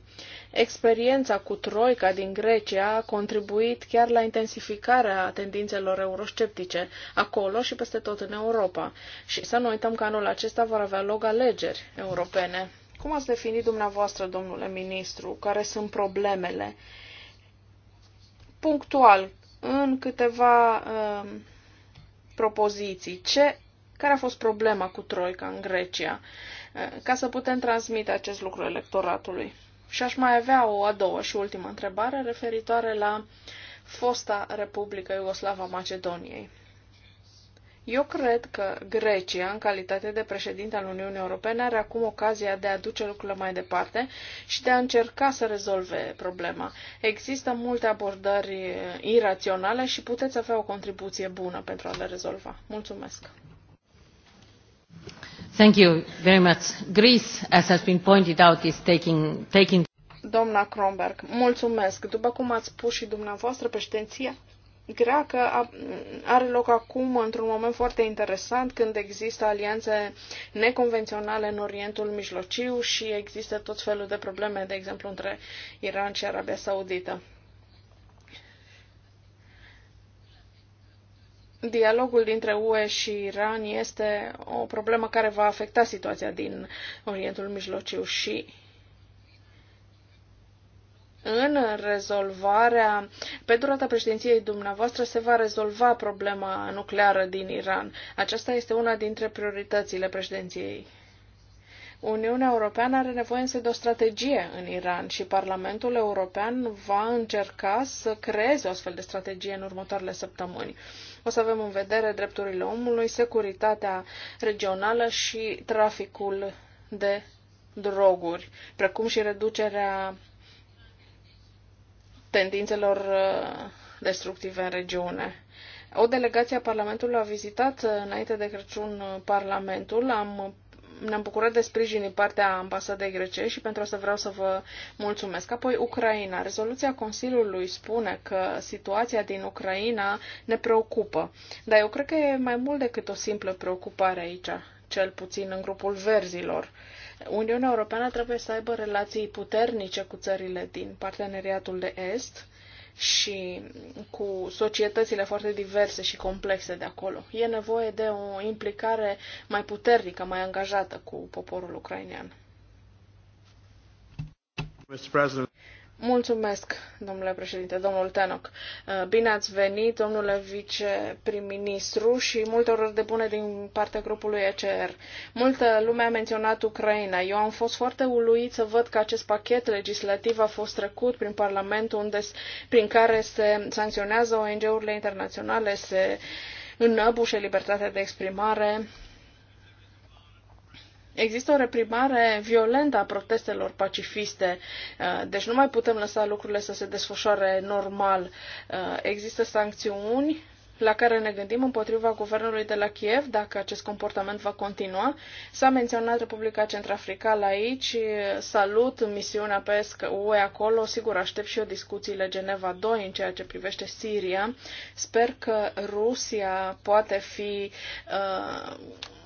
Experiența cu troica din Grecia a contribuit chiar la intensificarea tendințelor eurosceptice acolo și peste tot în Europa. Și să nu uităm că anul acesta vor avea loc alegeri europene. Cum ați definit dumneavoastră, domnule ministru, care sunt problemele punctual, în câteva uh, propoziții, ce, care a fost problema cu Troica în Grecia, uh, ca să putem transmite acest lucru electoratului. Și aș mai avea o a doua și ultimă întrebare referitoare la fosta Republică Iugoslava Macedoniei. Eu cred că Grecia, în calitate de președinte al Uniunii Europene, are acum ocazia de a duce lucrurile mai departe și de a încerca să rezolve problema. Există multe abordări iraționale și puteți avea o contribuție bună pentru a le rezolva. Mulțumesc! Thank you very much. Greece, as has been pointed out, is taking, taking... Doamna Kronberg, mulțumesc. După cum ați spus și dumneavoastră, președinția greacă are loc acum într-un moment foarte interesant când există alianțe neconvenționale în Orientul Mijlociu și există tot felul de probleme, de exemplu, între Iran și Arabia Saudită. Dialogul dintre UE și Iran este o problemă care va afecta situația din Orientul Mijlociu și în rezolvarea, pe durata președinției dumneavoastră se va rezolva problema nucleară din Iran. Aceasta este una dintre prioritățile președinției. Uniunea Europeană are nevoie însă de o strategie în Iran și Parlamentul European va încerca să creeze o astfel de strategie în următoarele săptămâni. O să avem în vedere drepturile omului, securitatea regională și traficul de droguri, precum și reducerea tendințelor uh, destructive în regiune. O delegație a Parlamentului a vizitat uh, înainte de Crăciun uh, Parlamentul. Am, ne-am bucurat de sprijin din partea ambasadei grece și pentru asta vreau să vă mulțumesc. Apoi, Ucraina. Rezoluția Consiliului spune că situația din Ucraina ne preocupă. Dar eu cred că e mai mult decât o simplă preocupare aici, cel puțin în grupul verzilor. Uh, Uniunea Europeană trebuie să aibă relații puternice cu țările din parteneriatul de est și cu societățile foarte diverse și complexe de acolo. E nevoie de o implicare mai puternică, mai angajată cu poporul ucrainean. Mulțumesc, domnule președinte, domnul Tenoc. Uh, bine ați venit, domnule viceprim-ministru și multe urări de bune din partea grupului ECR. Multă lume a menționat Ucraina. Eu am fost foarte uluit să văd că acest pachet legislativ a fost trecut prin Parlament, unde, prin care se sancționează ONG-urile internaționale, se înăbușe libertatea de exprimare, Există o reprimare violentă a protestelor pacifiste, uh, deci nu mai putem lăsa lucrurile să se desfășoare normal. Uh, există sancțiuni la care ne gândim împotriva guvernului de la Kiev, dacă acest comportament va continua. S-a menționat Republica Centrafricală aici, salut misiunea PESC UE acolo, sigur aștept și eu discuțiile Geneva 2 în ceea ce privește Siria. Sper că Rusia poate fi uh,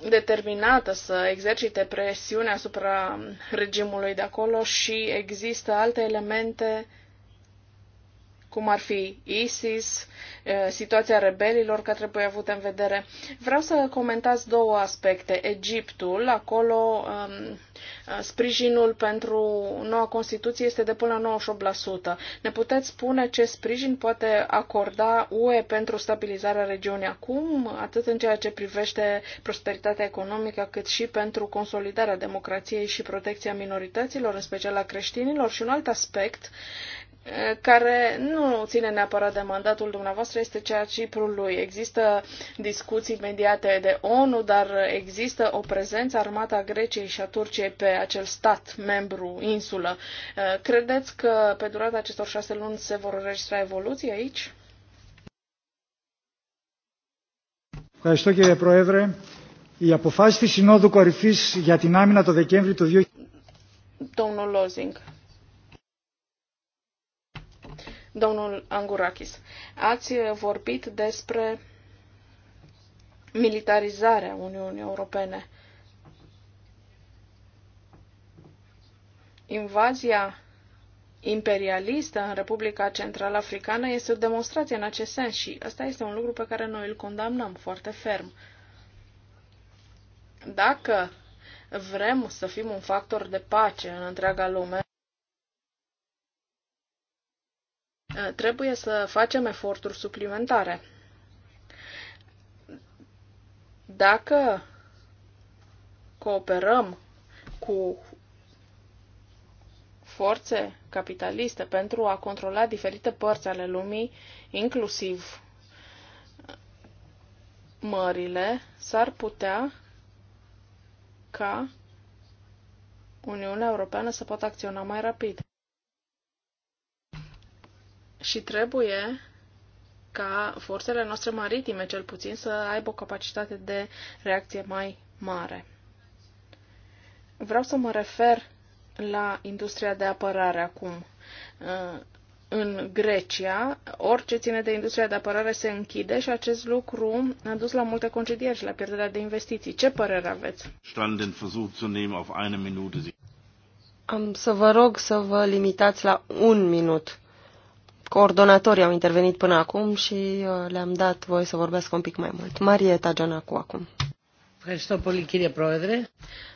determinată să exercite presiune asupra regimului de acolo și există alte elemente cum ar fi ISIS, eh, situația rebelilor care trebuie avut în vedere. Vreau să comentați două aspecte. Egiptul, acolo ehm, eh, sprijinul pentru noua Constituție este de până la 98%. Ne puteți spune ce sprijin poate acorda UE pentru stabilizarea regiunii acum, atât în ceea ce privește prosperitatea economică, cât și pentru consolidarea democrației și protecția minorităților, în special a creștinilor? Și un alt aspect care nu ține neapărat de mandatul dumneavoastră, este cea Ciprului. Există discuții mediate de ONU, dar există o prezență armată a Greciei și a Turciei pe acel stat membru, insulă. Uh, credeți că pe durata acestor șase luni se vor înregistra evoluții aici? Ευχαριστώ κύριε Πρόεδρε. Οι αποφάσεις της Συνόδου Κορυφής για την άμυνα το Δεκέμβρη του Domnul Lozing. Domnul Angurakis, ați vorbit despre militarizarea Uniunii Europene. Invazia imperialistă în Republica Central Africană este o demonstrație în acest sens și ăsta este un lucru pe care noi îl condamnăm foarte ferm. Dacă vrem să fim un factor de pace în întreaga lume, Eh, trebuie să facem eforturi suplimentare. Dacă cooperăm cu forțe capitaliste pentru a controla diferite părți ale lumii, inclusiv mările, s-ar putea ca Uniunea Europeană să poată acționa mai rapid și trebuie ca forțele noastre maritime, cel puțin, să aibă o capacitate de reacție mai mare. Vreau să mă refer la industria de apărare acum. Uh, în Grecia, orice ține de industria de apărare se închide și acest lucru a dus la multe concedieri și la pierderea de investiții. Ce părere aveți? Am să vă rog să vă limitați la un minut Coordonatorii au intervenit până acum și uh, le-am dat voie să vorbească un pic mai mult. Marieta Gianacu acum.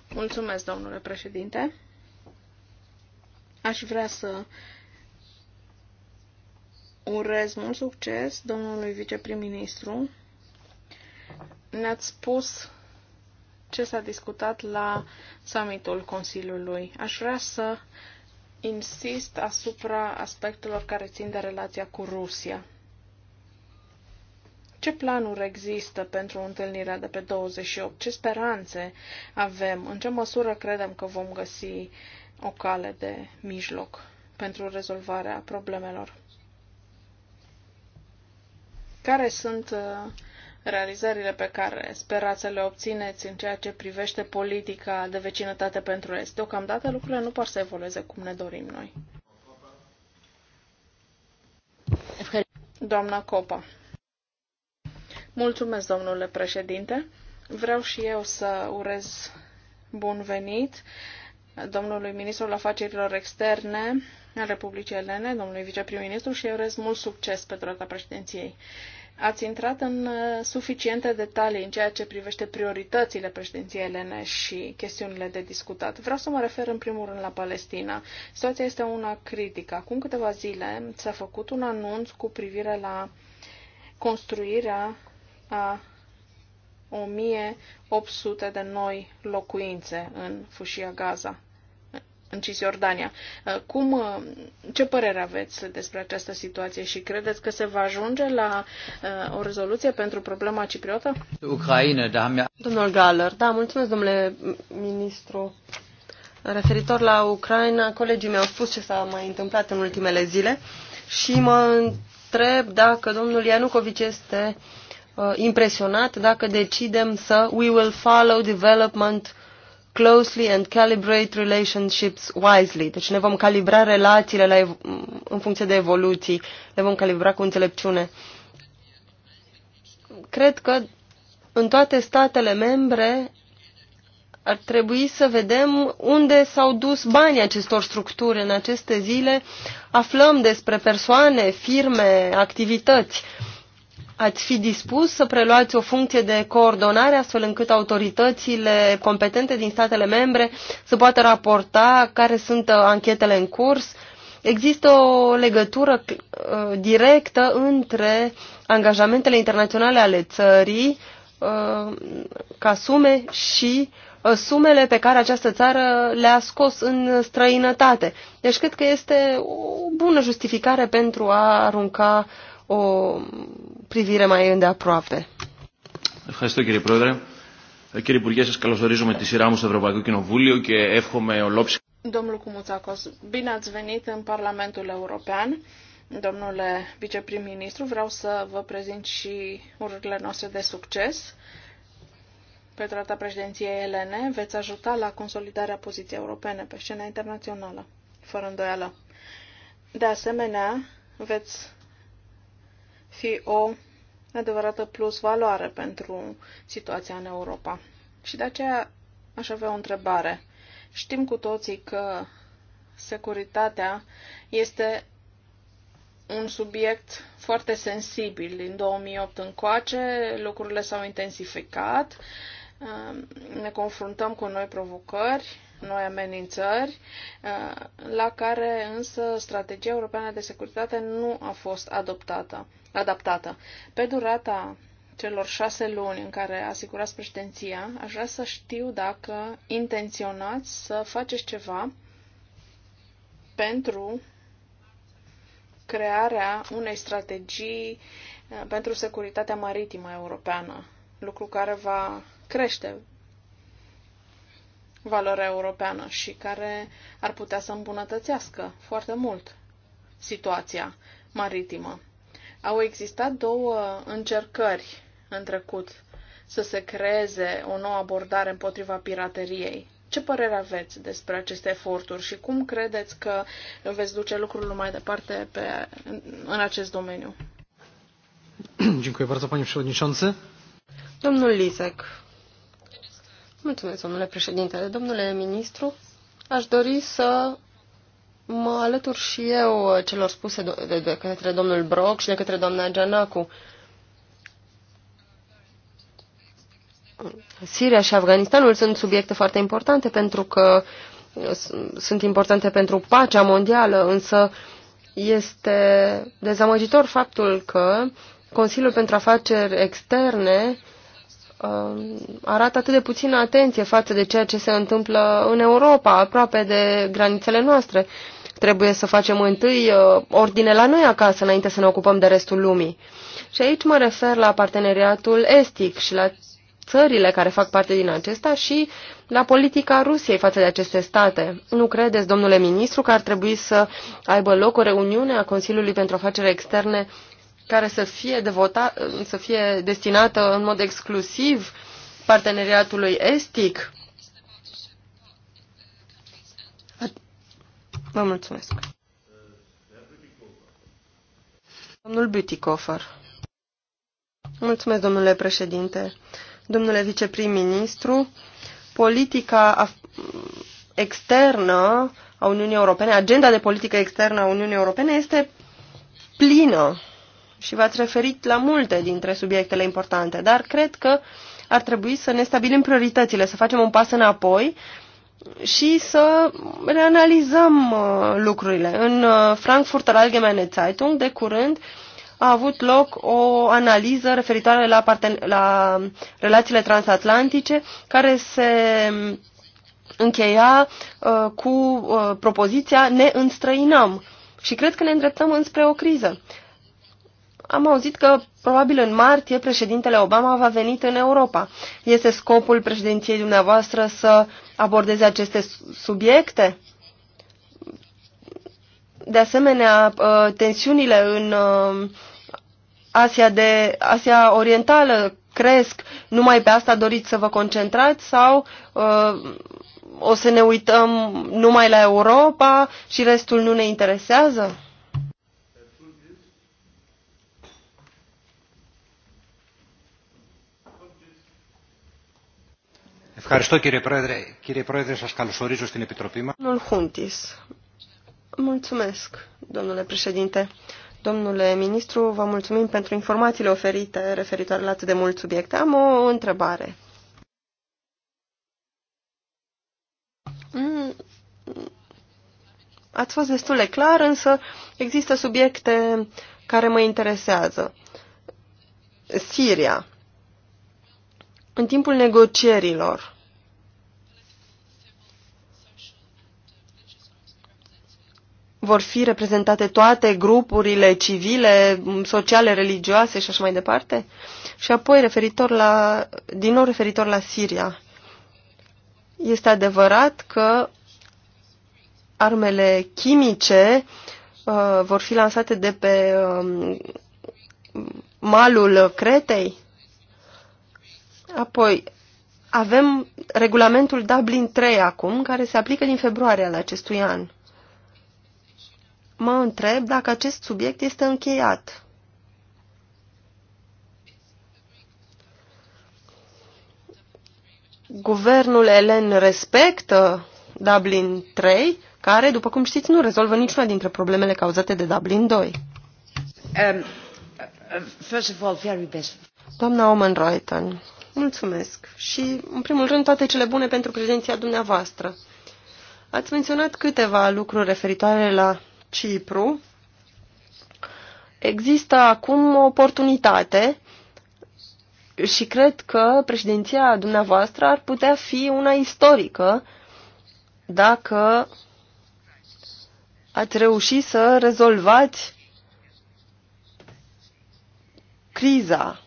Mulțumesc, domnule președinte. Aș vrea să urez mult succes domnului viceprim-ministru. Ne-ați spus ce s-a discutat la summitul Consiliului. Aș vrea să uh, insist asupra aspectelor care țin de relația cu Rusia. Ce planuri există pentru întâlnirea de pe 28? Ce speranțe avem? În ce măsură credem că vom găsi o cale de mijloc pentru rezolvarea problemelor? Care sunt uh, realizările pe care sperați să le obțineți în ceea ce privește politica de vecinătate pentru Est. Deocamdată lucrurile nu par să evolueze cum ne dorim noi. Doamna Copa. Mulțumesc, domnule președinte. Vreau și eu să urez bun venit domnului ministrul afacerilor externe al Republicii Elene, domnului viceprim-ministru și eu urez mult succes pe durata președinției. Ați intrat în uh, suficiente detalii în ceea ce privește prioritățile președinției elene și chestiunile de discutat. Vreau să mă refer în primul rând la Palestina. Situația este una critică. Acum câteva zile s-a făcut un anunț cu privire la construirea a 1800 de noi locuințe în fâșia Gaza în Cisjordania. Uh, cum, uh, ce părere aveți despre această situație și credeți că se va ajunge la uh, o rezoluție pentru problema cipriotă? Ucraina, da, Domnul Galler, da, mulțumesc, domnule ministru. Referitor la Ucraina, colegii mei au spus ce s-a mai întâmplat în ultimele zile și mă întreb dacă domnul Ianucovici este impresionat dacă decidem să we will follow development closely and calibrate relationships wisely. Deci ne vom calibra relațiile la în funcție de evoluții, le vom calibra cu înțelepciune. Cred că în toate statele membre ar trebui să vedem unde s-au dus banii acestor structuri. În aceste zile aflăm despre persoane, firme, activități. Uh, ați fi dispus să preluați o funcție de coordonare astfel încât autoritățile competente din statele membre să poată raporta care sunt uh, anchetele în curs? Există o legătură uh, directă între angajamentele internaționale ale țării uh, ca sume și sumele pe care această țară le-a scos în străinătate. Deci cred că este o bună justificare pentru a arunca o privire mai îndeaproape. Ευχαριστώ κύριε Πρόεδρε. Κύριε Υπουργέ, σας καλωσορίζω με τη σειρά μου στο Ευρωπαϊκό Κοινοβούλιο και εύχομαι ολόψυχα. Domnul Cumuțacos, bine ați venit în Parlamentul European. Domnule viceprim-ministru, vreau să vă prezint și ururile noastre de succes. Pe trata președinției elene veți ajuta la consolidarea poziției europene pe scena internațională, fără îndoială. De asemenea, veți fi o adevărată plus valoare pentru situația în Europa. Și de aceea aș avea o întrebare. Știm cu toții că securitatea este un subiect foarte sensibil. Din 2008 încoace, lucrurile s-au intensificat, ne confruntăm cu noi provocări noi amenințări, uh, la care însă strategia europeană de securitate nu a fost adoptată, adaptată. Pe durata celor șase luni în care asigurați președinția, aș vrea să știu dacă intenționați să faceți ceva pentru crearea unei strategii uh, pentru securitatea maritimă europeană, lucru care va crește valoarea europeană și care ar putea să îmbunătățească foarte mult situația maritimă. Au existat două încercări în trecut să se creeze o nouă abordare împotriva pirateriei. Ce părere aveți despre aceste eforturi și cum credeți că veți duce lucrurile mai departe pe, în acest domeniu? Dziękuję bardzo, panie przewodniczący. Domnul Lisek. Mulțumesc, domnule președinte. Domnule ministru, aș dori să mă alătur și eu celor spuse de, de către domnul Brock și de către doamna Gianacu. Siria și Afganistanul sunt subiecte foarte importante pentru că sunt importante pentru pacea mondială, însă este dezamăgitor faptul că Consiliul pentru Afaceri Externe Um, arată atât de puțină atenție față de ceea ce se întâmplă în Europa, aproape de granițele noastre. Trebuie să facem întâi uh, ordine la noi acasă, înainte să ne ocupăm de restul lumii. Și aici mă refer la parteneriatul estic și la țările care fac parte din acesta și la politica Rusiei față de aceste state. Nu credeți, domnule ministru, că ar trebui să aibă loc o reuniune a Consiliului pentru Afaceri Externe care să fie, devota, să fie destinată în mod exclusiv parteneriatului estic? Vă mulțumesc. Domnul Bütikofer. Mulțumesc, domnule președinte. Domnule viceprim-ministru, politica externă a Uniunii Europene, agenda de politică externă a Uniunii Europene este plină și v-ați referit la multe dintre subiectele importante, dar cred că ar trebui să ne stabilim prioritățile, să facem un pas înapoi și să reanalizăm uh, lucrurile. În uh, Frankfurter Allgemeine Zeitung, de curând, a avut loc o analiză referitoare la, la relațiile transatlantice care se încheia uh, cu uh, propoziția ne înstrăinăm și cred că ne îndreptăm înspre o criză am auzit că probabil în martie președintele Obama va veni în Europa. Este scopul președinției dumneavoastră să abordeze aceste subiecte? De asemenea, uh, tensiunile în uh, Asia, de, Asia Orientală cresc. Numai pe asta doriți să vă concentrați sau uh, o să ne uităm numai la Europa și restul nu ne interesează? Domnul Huntis. Mulțumesc, domnule președinte. Domnule ministru, vă mulțumim pentru informațiile oferite referitoare la atât de mult subiect. Am o întrebare. Mm. Ați fost destul de clar, însă există subiecte care mă interesează. Siria. În timpul negocierilor, vor fi reprezentate toate grupurile civile, sociale, religioase și așa mai departe? Și apoi, referitor la, din nou referitor la Siria, este adevărat că armele chimice uh, vor fi lansate de pe uh, malul Cretei? Apoi, avem regulamentul Dublin 3 acum, care se aplică din februarie al acestui an mă întreb dacă acest subiect este încheiat. Guvernul elen respectă Dublin 3, care, după cum știți, nu rezolvă niciuna dintre problemele cauzate de Dublin 2. Um, first of all, very best. Doamna Oman Reuton, mulțumesc și, în primul rând, toate cele bune pentru prezenția dumneavoastră. Ați menționat câteva lucruri referitoare la Cipru, există acum o oportunitate și cred că președinția dumneavoastră ar putea fi una istorică dacă ați reușit să rezolvați criza.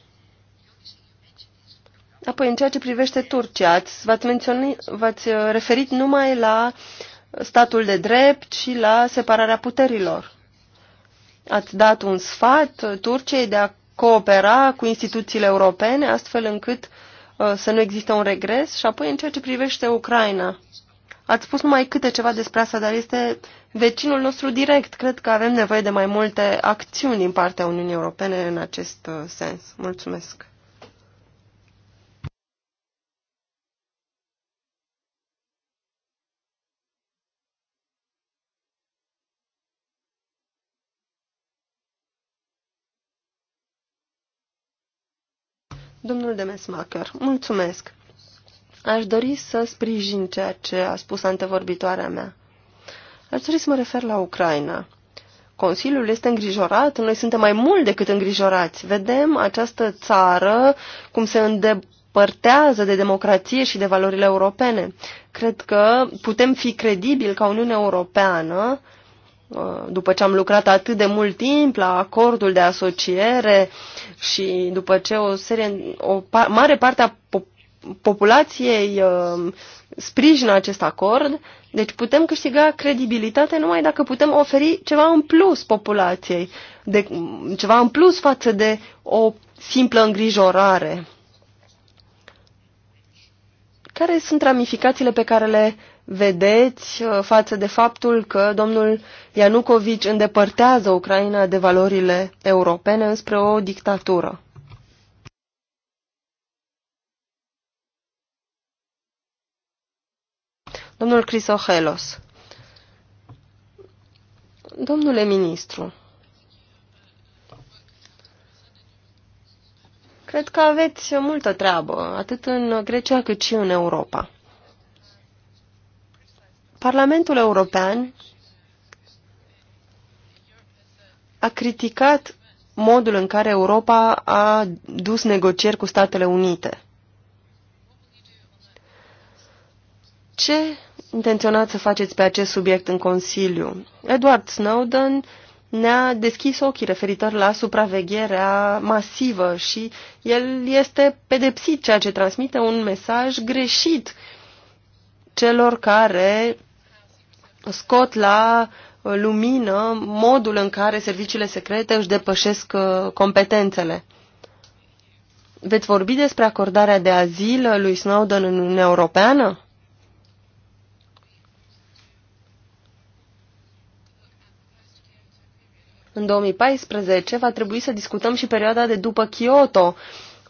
Apoi, în ceea ce privește Turcia, v-ați uh, referit numai la uh, statul de drept și la separarea puterilor. Ați dat un sfat Turciei de a coopera cu instituțiile europene, astfel încât uh, să nu există un regres? Și apoi, în ceea ce privește Ucraina, ați spus numai câte ceva despre asta, dar este vecinul nostru direct. Cred că avem nevoie de mai multe acțiuni din partea Uniunii Europene în acest uh, sens. Mulțumesc! Domnul Demesmacher, mulțumesc. Aș dori să sprijin ceea ce a spus antevorbitoarea mea. Aș dori să mă refer la Ucraina. Consiliul este îngrijorat, noi suntem mai mult decât îngrijorați. Vedem această țară cum se îndepărtează de democrație și de valorile europene. Cred că putem fi credibili ca Uniunea Europeană Uh, după ce am lucrat atât de mult timp la acordul de asociere și după ce o, serie, o mare parte a populației uh, sprijină acest acord, deci putem câștiga credibilitate numai dacă putem oferi ceva în plus populației, de, ceva în plus față de o simplă îngrijorare. Care sunt ramificațiile pe care le vedeți uh, față de faptul că domnul Ianucovici îndepărtează Ucraina de valorile europene înspre o dictatură? Domnul Crisohelos. Domnule ministru, cred că aveți multă treabă, atât în Grecia cât și în Europa. Parlamentul European a criticat modul în care Europa a dus negocieri cu Statele Unite. Ce intenționați să faceți pe acest subiect în Consiliu? Edward Snowden ne-a deschis ochii referitor la supravegherea masivă și el este pedepsit, ceea ce transmite un mesaj greșit celor care scot la uh, lumină modul în care serviciile secrete își depășesc uh, competențele. Veți vorbi despre acordarea de azil uh, lui Snowden în Uniunea Europeană? În 2014 va trebui să discutăm și perioada de după Kyoto.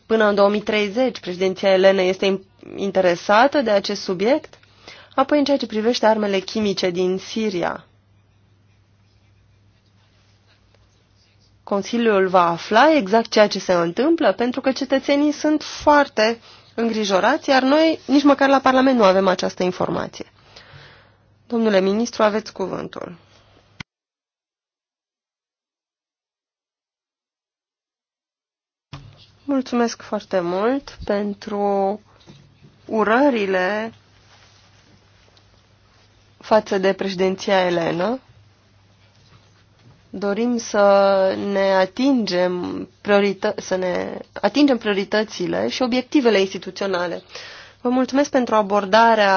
Până în 2030, președinția Elena este interesată de acest subiect? Apoi, în ceea ce privește armele chimice din Siria, Consiliul va afla exact ceea ce se întâmplă, pentru că cetățenii sunt foarte îngrijorați, iar noi nici măcar la Parlament nu avem această informație. Domnule ministru, aveți cuvântul. Mulțumesc foarte mult pentru urările față de președinția elenă. Dorim să ne atingem, să ne atingem prioritățile și obiectivele instituționale. Vă mulțumesc pentru abordarea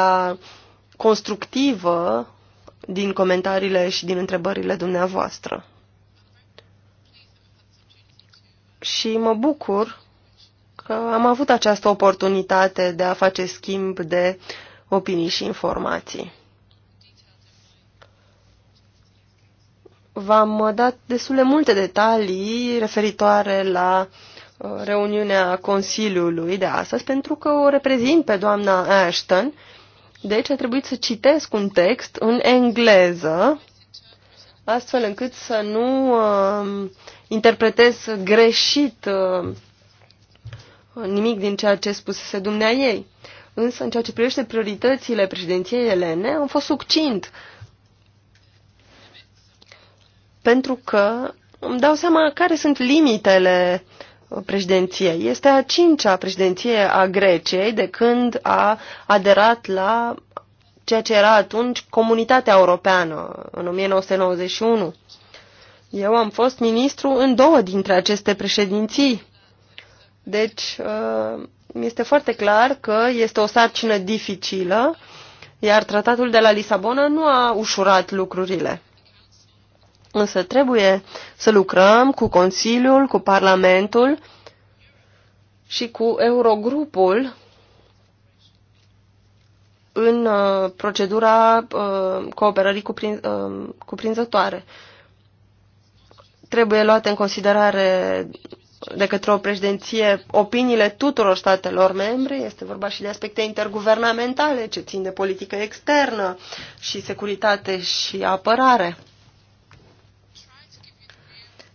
constructivă din comentariile și din întrebările dumneavoastră. Și mă bucur că am avut această oportunitate de a face schimb de opinii și informații. v-am uh, dat de multe detalii referitoare la uh, reuniunea Consiliului de astăzi, pentru că o reprezint pe doamna Ashton, deci a trebuit să citesc un text în engleză, astfel încât să nu uh, interpretez greșit uh, nimic din ceea ce spusese dumnea ei. Însă, în ceea ce privește prioritățile președinției elene, am fost succint uh, pentru că îmi dau seama care sunt limitele uh, președinției. Este a cincea președinție a Greciei de când a aderat la ceea ce era atunci Comunitatea Europeană în 1991. Eu am fost ministru în două dintre aceste președinții. Deci uh, mi este foarte clar că este o sarcină dificilă, iar tratatul de la Lisabona nu a ușurat lucrurile. Însă trebuie să lucrăm cu Consiliul, cu Parlamentul și cu Eurogrupul în uh, procedura uh, cooperării cuprin, uh, cuprinzătoare. Trebuie luate în considerare de către o președinție opiniile tuturor statelor membre. Este vorba și de aspecte interguvernamentale ce țin de politică externă și securitate și apărare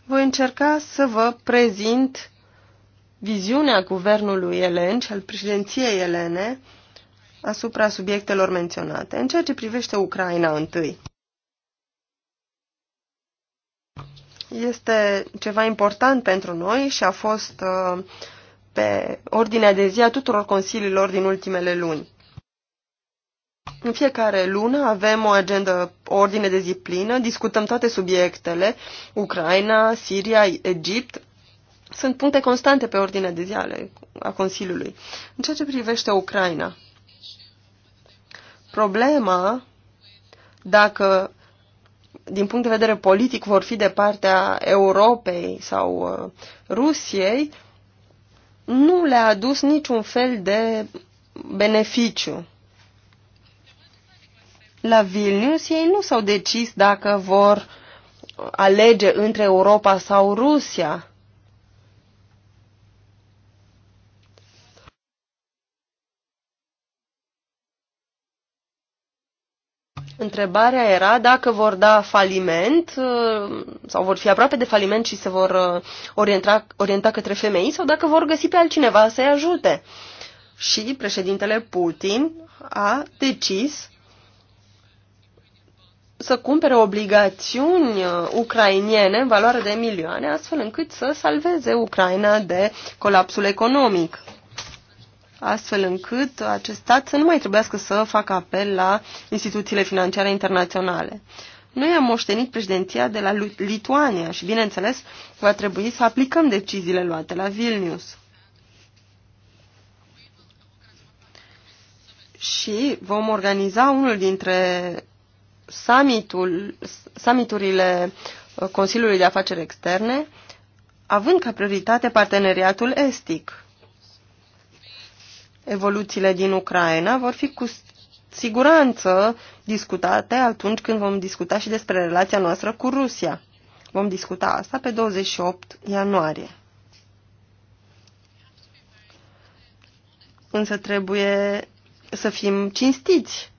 voi încerca să vă prezint viziunea guvernului elen și al președinției elene asupra subiectelor menționate, în ceea ce privește Ucraina întâi. Este ceva important pentru noi și a fost uh, pe ordinea de zi a tuturor consiliilor din ultimele luni. În fiecare lună avem o agendă, o ordine de zi plină, discutăm toate subiectele, Ucraina, Siria, Egipt. Sunt puncte constante pe ordinea de zi ale a Consiliului. În ceea ce privește Ucraina, problema dacă din punct de vedere politic vor fi de partea Europei sau uh, Rusiei, nu le-a adus niciun fel de beneficiu. La Vilnius ei nu s-au decis dacă vor alege între Europa sau Rusia. Întrebarea era dacă vor da faliment uh, sau vor fi aproape de faliment și se vor uh, orienta, orienta către femei sau dacă vor găsi pe altcineva să-i ajute. Și președintele Putin a decis să cumpere obligațiuni uh, ucrainiene în valoare de milioane, astfel încât să salveze Ucraina de colapsul economic. Astfel încât acest stat să nu mai trebuiască să facă apel la instituțiile financiare internaționale. Noi am moștenit președinția de la Lituania și, bineînțeles, va trebui să aplicăm deciziile luate la Vilnius. Și vom organiza unul dintre summitul, summiturile uh, Consiliului de Afaceri Externe, având ca prioritate parteneriatul estic. Evoluțiile din Ucraina vor fi cu siguranță discutate atunci când vom discuta și despre relația noastră cu Rusia. Vom discuta asta pe 28 ianuarie. Însă trebuie să fim cinstiți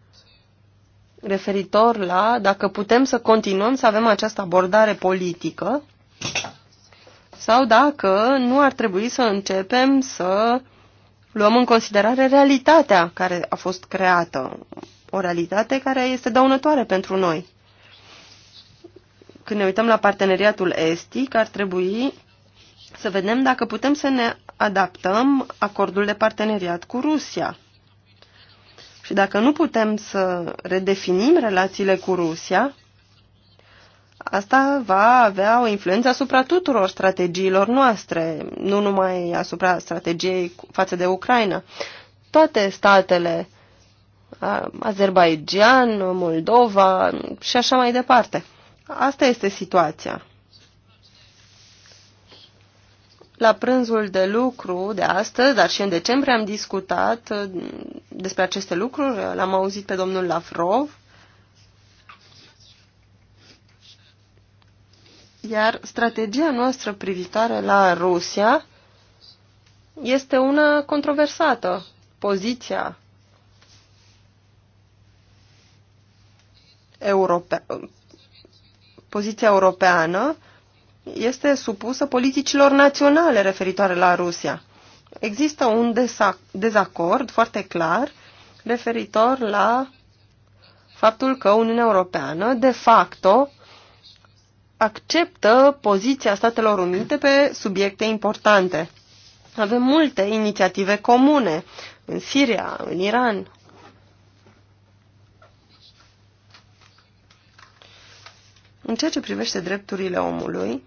referitor la dacă putem să continuăm să avem această abordare politică sau dacă nu ar trebui să începem să luăm în considerare realitatea care a fost creată, o realitate care este dăunătoare pentru noi. Când ne uităm la parteneriatul estic, ar trebui să vedem dacă putem să ne adaptăm acordul de parteneriat cu Rusia. Și dacă nu putem să redefinim relațiile cu Rusia, asta va avea o influență asupra tuturor strategiilor noastre, nu numai asupra strategiei față de Ucraina. Toate statele, Azerbaijan, Moldova și așa mai departe. Asta este situația. La prânzul de lucru de astăzi, dar și în decembrie, am discutat uh, despre aceste lucruri. L-am auzit pe domnul Lavrov. Iar strategia noastră privitoare la Rusia este una controversată. Poziția europeană, poziția europeană este supusă politicilor naționale referitoare la Rusia. Există un dezacord foarte clar referitor la faptul că Uniunea Europeană, de facto, acceptă poziția Statelor Unite pe subiecte importante. Avem multe inițiative comune în Siria, în Iran. În ceea ce privește drepturile omului,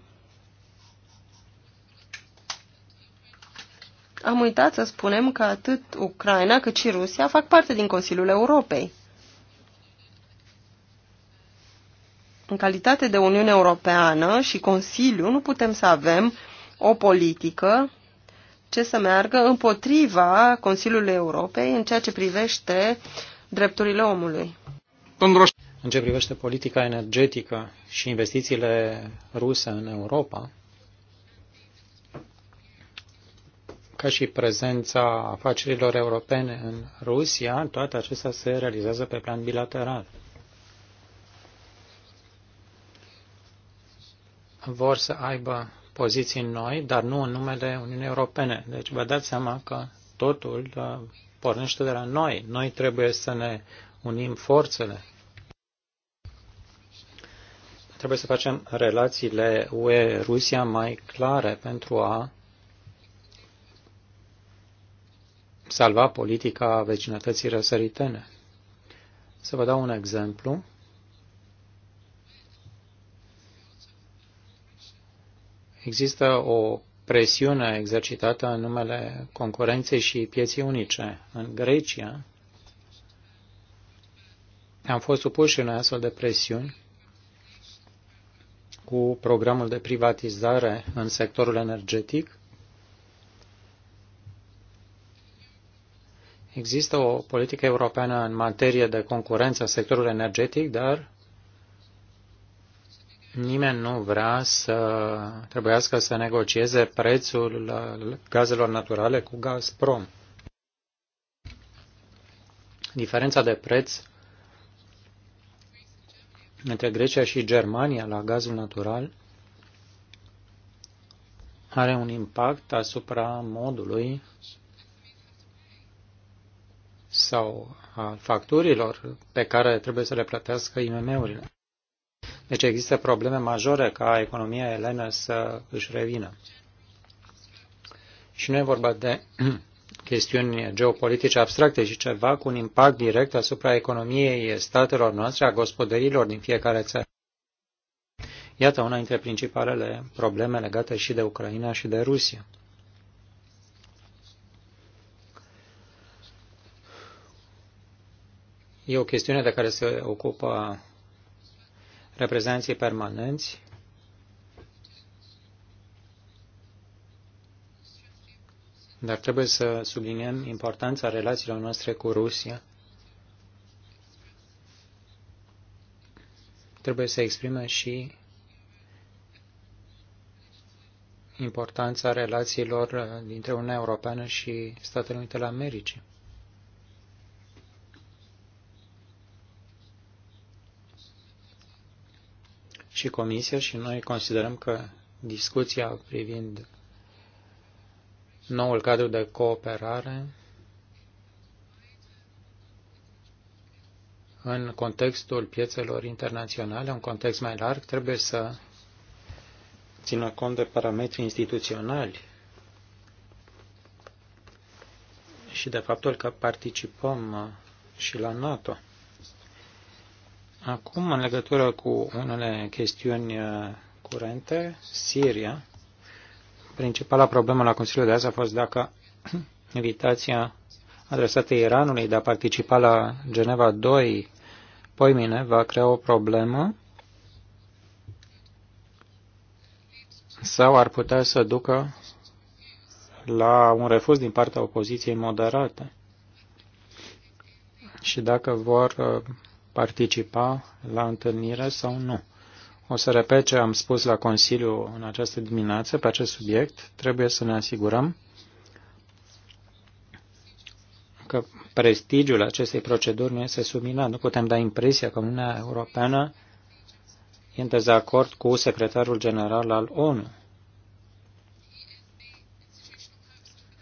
am uitat să spunem că atât Ucraina cât și Rusia fac parte din Consiliul Europei. În calitate de Uniune Europeană și Consiliu nu putem să avem o politică ce să meargă împotriva Consiliului Europei în ceea ce privește drepturile omului. În ce privește politica energetică și investițiile ruse în Europa, ca și prezența afacerilor europene în Rusia, toate acestea se realizează pe plan bilateral. Vor să aibă poziții noi, dar nu în numele Uniunii Europene. Deci vă dați seama că totul da, pornește de la noi. Noi trebuie să ne unim forțele. Trebuie să facem relațiile UE-Rusia mai clare pentru a salva politica vecinătății răsăritene. Să vă dau un exemplu. Există o presiune exercitată în numele concurenței și pieții unice. În Grecia am fost supuși în astfel de presiuni cu programul de privatizare în sectorul energetic Există o politică europeană în materie de concurență în sectorul energetic, dar nimeni nu vrea să trebuiască să negocieze prețul gazelor naturale cu Gazprom. Diferența de preț între Grecia și Germania la gazul natural are un impact asupra modului sau a facturilor pe care trebuie să le plătească IMM-urile. Deci există probleme majore ca economia elenă să își revină. Și nu e vorba de chestiuni geopolitice abstracte, și ceva cu un impact direct asupra economiei statelor noastre, a gospodărilor din fiecare țară. Iată una dintre principalele probleme legate și de Ucraina și de Rusia. E o chestiune de care se ocupă reprezentanții permanenți. Dar trebuie să subliniem importanța relațiilor noastre cu Rusia. Trebuie să exprime și importanța relațiilor dintre Uniunea Europeană și Statele Unite ale Americii. și Comisia și noi considerăm că discuția privind noul cadru de cooperare în contextul piețelor internaționale, un context mai larg, trebuie să țină cont de parametri instituționali și de faptul că participăm și la NATO. Acum, în legătură cu unele chestiuni uh, curente, Siria, principala problemă la Consiliul de azi a fost dacă invitația adresată Iranului de a participa la Geneva 2 poimine va crea o problemă sau ar putea să ducă la un refuz din partea opoziției moderate. Și dacă vor uh, participa la întâlnire sau nu. O să repet ce am spus la Consiliu în această dimineață pe acest subiect. Trebuie să ne asigurăm că prestigiul acestei proceduri nu este subminat. Nu putem da impresia că Uniunea Europeană e în dezacord cu secretarul general al ONU.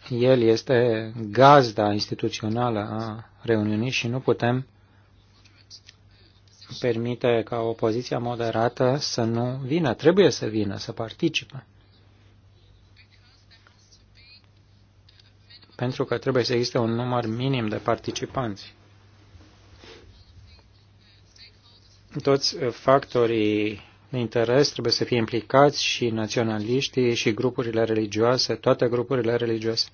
El este gazda instituțională a reuniunii și nu putem permite ca opoziția moderată să nu vină. Trebuie să vină, să participe. Pentru că trebuie să existe un număr minim de participanți. Toți factorii de interes trebuie să fie implicați și naționaliștii și grupurile religioase, toate grupurile religioase.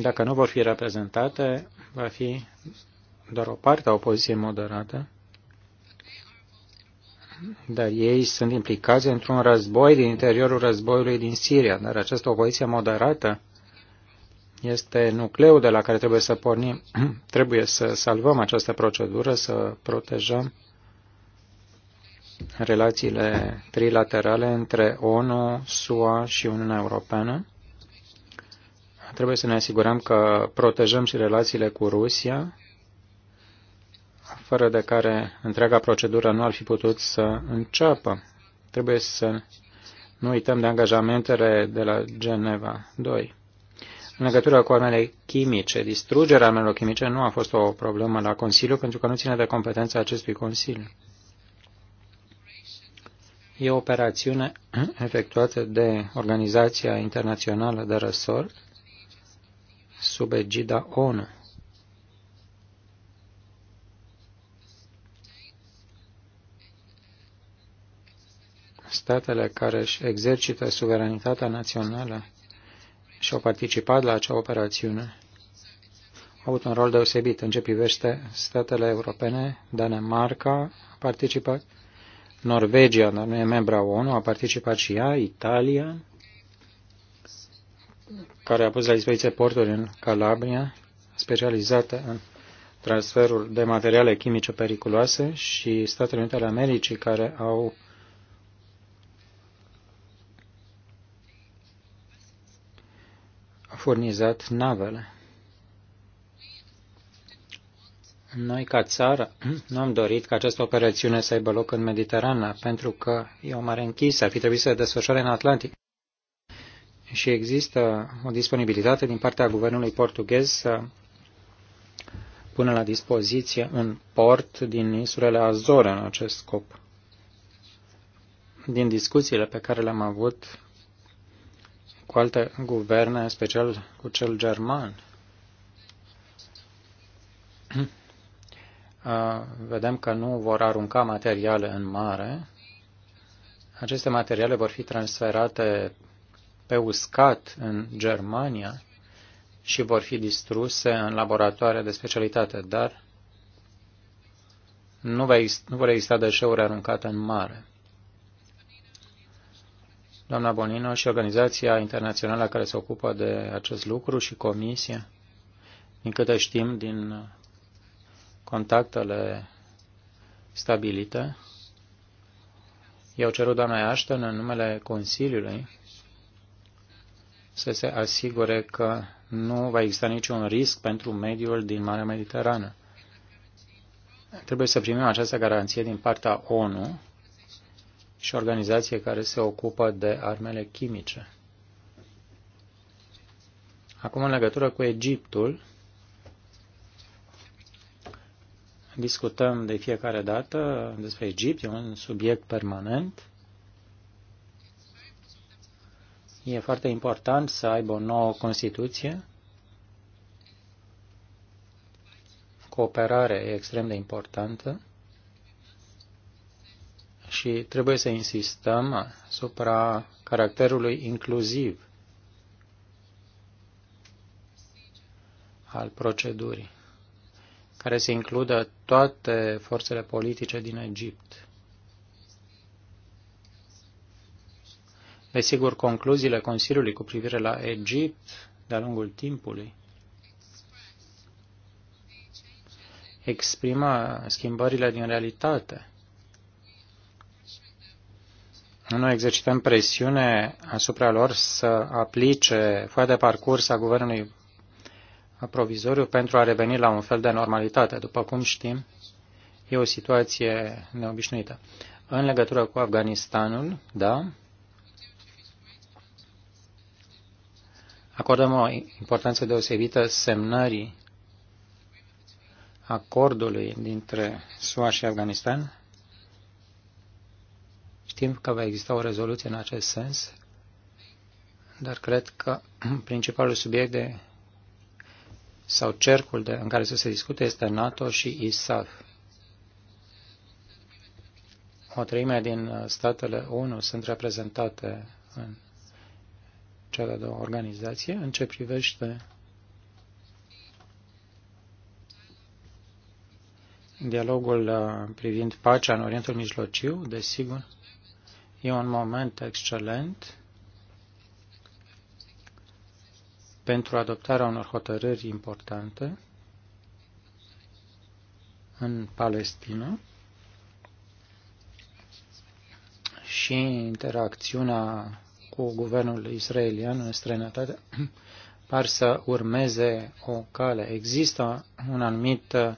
Dacă nu vor fi reprezentate, va fi doar o parte a opoziției moderată, dar ei sunt implicați într-un război din interiorul războiului din Siria, dar această opoziție moderată este nucleul de la care trebuie să pornim. trebuie să salvăm această procedură, să protejăm relațiile trilaterale între ONU, SUA și Uniunea Europeană. Trebuie să ne asigurăm că protejăm și relațiile cu Rusia fără de care întreaga procedură nu ar fi putut să înceapă. Trebuie să nu uităm de angajamentele de la Geneva 2. În legătură cu armele chimice, distrugerea armelor chimice nu a fost o problemă la Consiliu pentru că nu ține de competența acestui Consiliu. E o operațiune efectuată de Organizația Internațională de Răsort sub egida ONU. statele care își exercită suveranitatea națională și au participat la acea operațiune au avut un rol deosebit în ce privește statele europene. Danemarca a participat, Norvegia, dar nu e membra ONU, a participat și ea, Italia, care a pus la dispoziție porturi în Calabria, specializate în transferul de materiale chimice periculoase și Statele Unite ale Americii, care au furnizat navele. Noi, ca țară, nu am dorit ca această operațiune să aibă loc în Mediterana, pentru că e o mare închisă, ar fi trebuit să se desfășoare în Atlantic. Și există o disponibilitate din partea guvernului portughez să pună la dispoziție un port din insulele Azore în acest scop. Din discuțiile pe care le-am avut cu alte guverne, în special cu cel german. Vedem că nu vor arunca materiale în mare. Aceste materiale vor fi transferate pe uscat în Germania și vor fi distruse în laboratoare de specialitate, dar nu, nu vor exista deșeuri aruncate în mare doamna Bonino și organizația internațională care se ocupă de acest lucru și comisia, din câte știm din contactele stabilite, i-au cerut doamnei Ashton în numele Consiliului să se asigure că nu va exista niciun risc pentru mediul din Marea Mediterană. Trebuie să primim această garanție din partea ONU și organizație care se ocupă de armele chimice. Acum, în legătură cu Egiptul, discutăm de fiecare dată despre Egipt, e un subiect permanent. E foarte important să aibă o nouă Constituție. Cooperare e extrem de importantă și trebuie să insistăm asupra caracterului inclusiv al procedurii, care se includă toate forțele politice din Egipt. Desigur, concluziile Consiliului cu privire la Egipt de-a lungul timpului exprimă schimbările din realitate nu exercităm presiune asupra lor să aplice foaia de parcurs a guvernului provizoriu pentru a reveni la un fel de normalitate. După cum știm, e o situație neobișnuită. În legătură cu Afganistanul, da, acordăm o importanță deosebită semnării acordului dintre SUA și Afganistan Știm că va exista o rezoluție în acest sens, dar cred că principalul subiect de, sau cercul de, în care să se discute este NATO și ISAF. O treime din uh, statele ONU sunt reprezentate în cea de-a organizație în ce privește dialogul uh, privind pacea în Orientul Mijlociu, desigur, E un moment excelent pentru adoptarea unor hotărâri importante în Palestina și interacțiunea cu guvernul israelian în străinătate par să urmeze o cale. Există un anumit uh,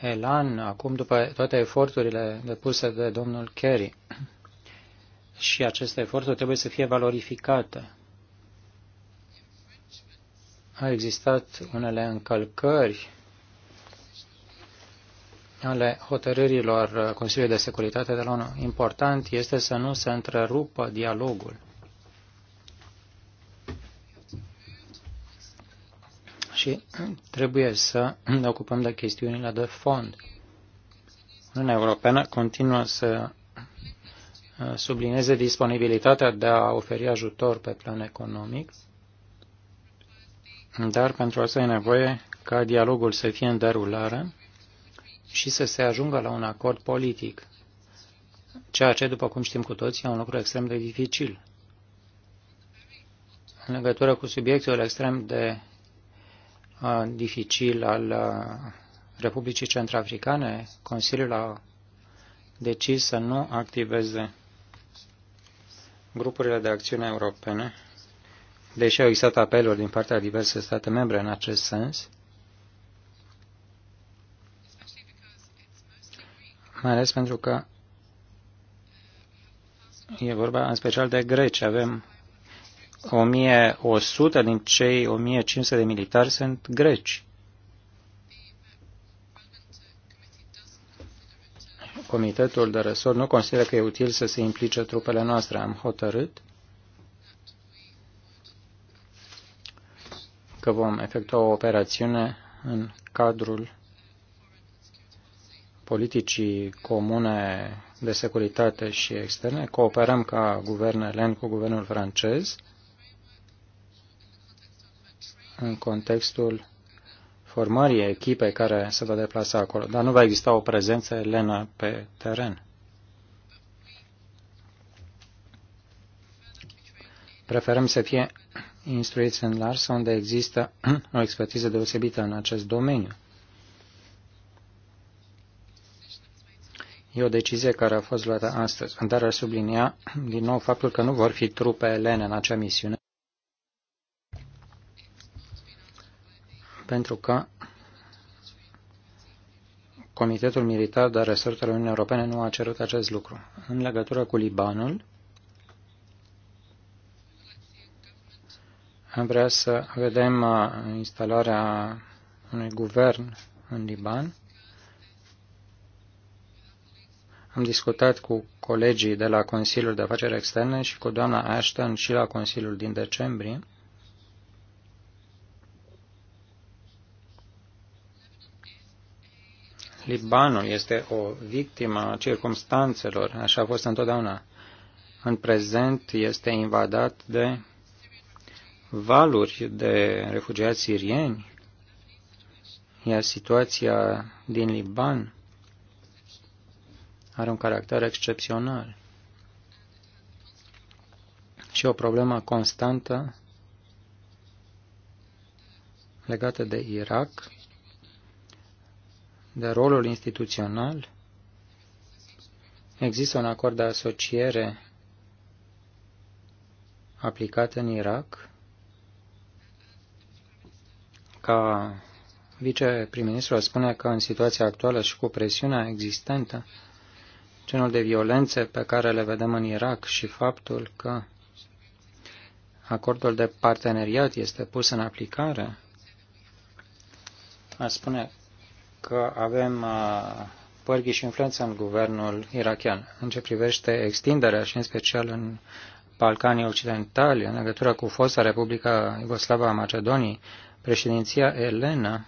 elan acum după toate eforturile depuse de domnul Kerry și aceste eforturi trebuie să fie valorificate. A existat unele încălcări ale hotărârilor Consiliului de Securitate de la ONU. Important este să nu se întrerupă dialogul. Și trebuie să ne ocupăm de chestiunile de fond. Uniunea Europeană continuă să sublinieze disponibilitatea de a oferi ajutor pe plan economic, dar pentru asta e nevoie ca dialogul să fie în derulare și să se ajungă la un acord politic, ceea ce, după cum știm cu toții, e un lucru extrem de dificil. În legătură cu subiectul extrem de uh, dificil al uh, Republicii Centrafricane, Consiliul a decis să nu activeze grupurile de acțiune europene, deși au existat apeluri din partea diverse state membre în acest sens, mai ales pentru că e vorba în special de greci. Avem 1100 din cei 1500 de militari sunt greci. comitetul de resort nu consideră că e util să se implice trupele noastre. Am hotărât că vom efectua o operațiune în cadrul politicii comune de securitate și externe. Cooperăm ca guvern elen cu guvernul francez în contextul formării echipei care se va deplasa acolo, dar nu va exista o prezență elenă pe teren. Preferăm să fie instruiți în Lars, unde există o expertiză deosebită în acest domeniu. E o decizie care a fost luată astăzi, dar ar sublinia din nou faptul că nu vor fi trupe elene în acea misiune. pentru că Comitetul Militar de Resortul Uniunii Europene nu a cerut acest lucru. În legătură cu Libanul, am vrea să vedem uh, instalarea unui guvern în Liban. Am discutat cu colegii de la Consiliul de Afaceri Externe și cu doamna Ashton și la Consiliul din decembrie Libanul este o victimă a circumstanțelor, așa a fost întotdeauna. În prezent este invadat de valuri de refugiați sirieni, iar situația din Liban are un caracter excepțional și o problemă constantă legată de Irak de rolul instituțional, există un acord de asociere aplicat în Irak ca viceprim-ministrul spune că în situația actuală și cu presiunea existentă, genul de violențe pe care le vedem în Irak și faptul că acordul de parteneriat este pus în aplicare, a spune că avem uh, pârghii și influență în guvernul irachian în ce privește extinderea și în special în Balcanii Occidentali, în legătură cu fosta Republica Iugoslavă a Macedoniei, președinția Elena,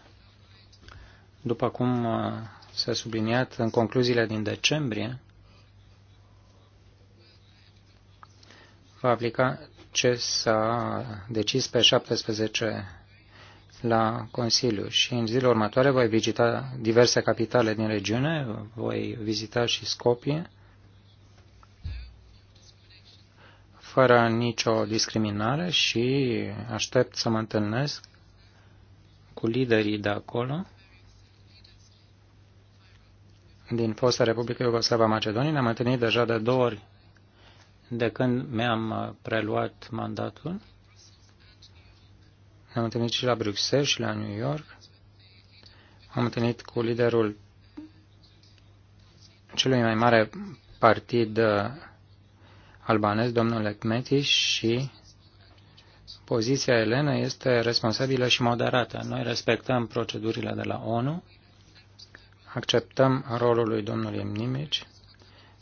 după cum uh, s-a subliniat în concluziile din decembrie, va aplica ce s-a decis pe 17 la Consiliu și în zilele următoare voi vizita diverse capitale din regiune, voi vizita și Scopie, fără nicio discriminare și aștept să mă întâlnesc cu liderii de acolo, din fosta Republică Iugoslava Macedoniei. Ne-am întâlnit deja de două ori de când mi-am preluat mandatul ne-am întâlnit și la Bruxelles și la New York. Am întâlnit cu liderul celui mai mare partid uh, albanez, domnul Ekmeti, și poziția Elena este responsabilă și moderată. Noi respectăm procedurile de la ONU, acceptăm rolul lui domnului Mnimici,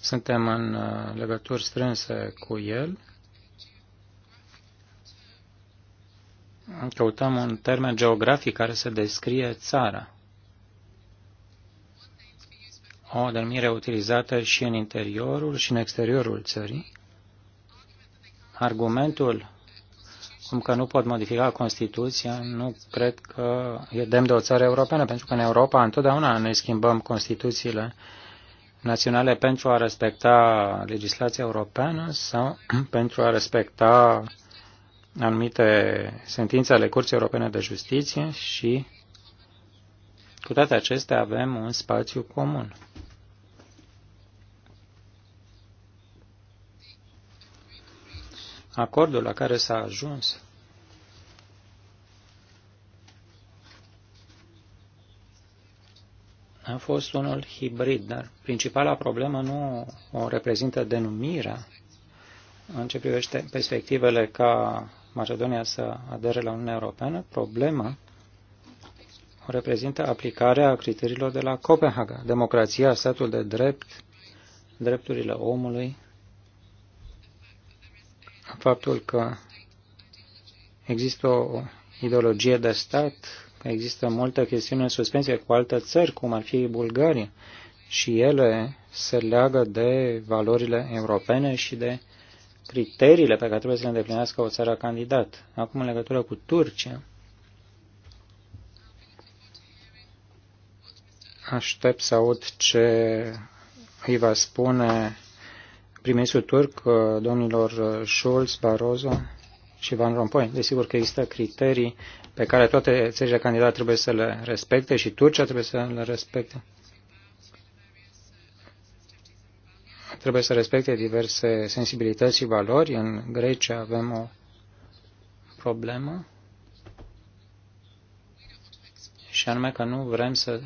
suntem în uh, legături strânse cu el căutăm un termen geografic care să descrie țara. O denumire utilizată și în interiorul și în exteriorul țării. Argumentul cum că nu pot modifica Constituția, nu cred că e demn de o țară europeană, pentru că în Europa întotdeauna ne schimbăm Constituțiile naționale pentru a respecta legislația europeană sau pentru a respecta anumite sentințe ale Curții Europene de Justiție și cu toate acestea avem un spațiu comun. Acordul la care s-a ajuns a fost unul hibrid, dar principala problemă nu o reprezintă denumirea în ce privește perspectivele ca Macedonia să adere la Uniunea Europeană, problema o reprezintă aplicarea criteriilor de la Copenhaga, democrația, statul de drept, drepturile omului, faptul că există o ideologie de stat, că există multe chestiuni în suspensie cu alte țări, cum ar fi Bulgaria, și ele se leagă de valorile europene și de criteriile pe care trebuie să le îndeplinească o țară candidat. Acum, în legătură cu Turcia, aștept să aud ce îi va spune primisul turc uh, domnilor Schulz, Barroso și Van Rompuy. Desigur că există criterii pe care toate țările candidate trebuie să le respecte și Turcia trebuie să le respecte. trebuie să respecte diverse sensibilități și valori. În Grecia avem o problemă și anume că nu vrem să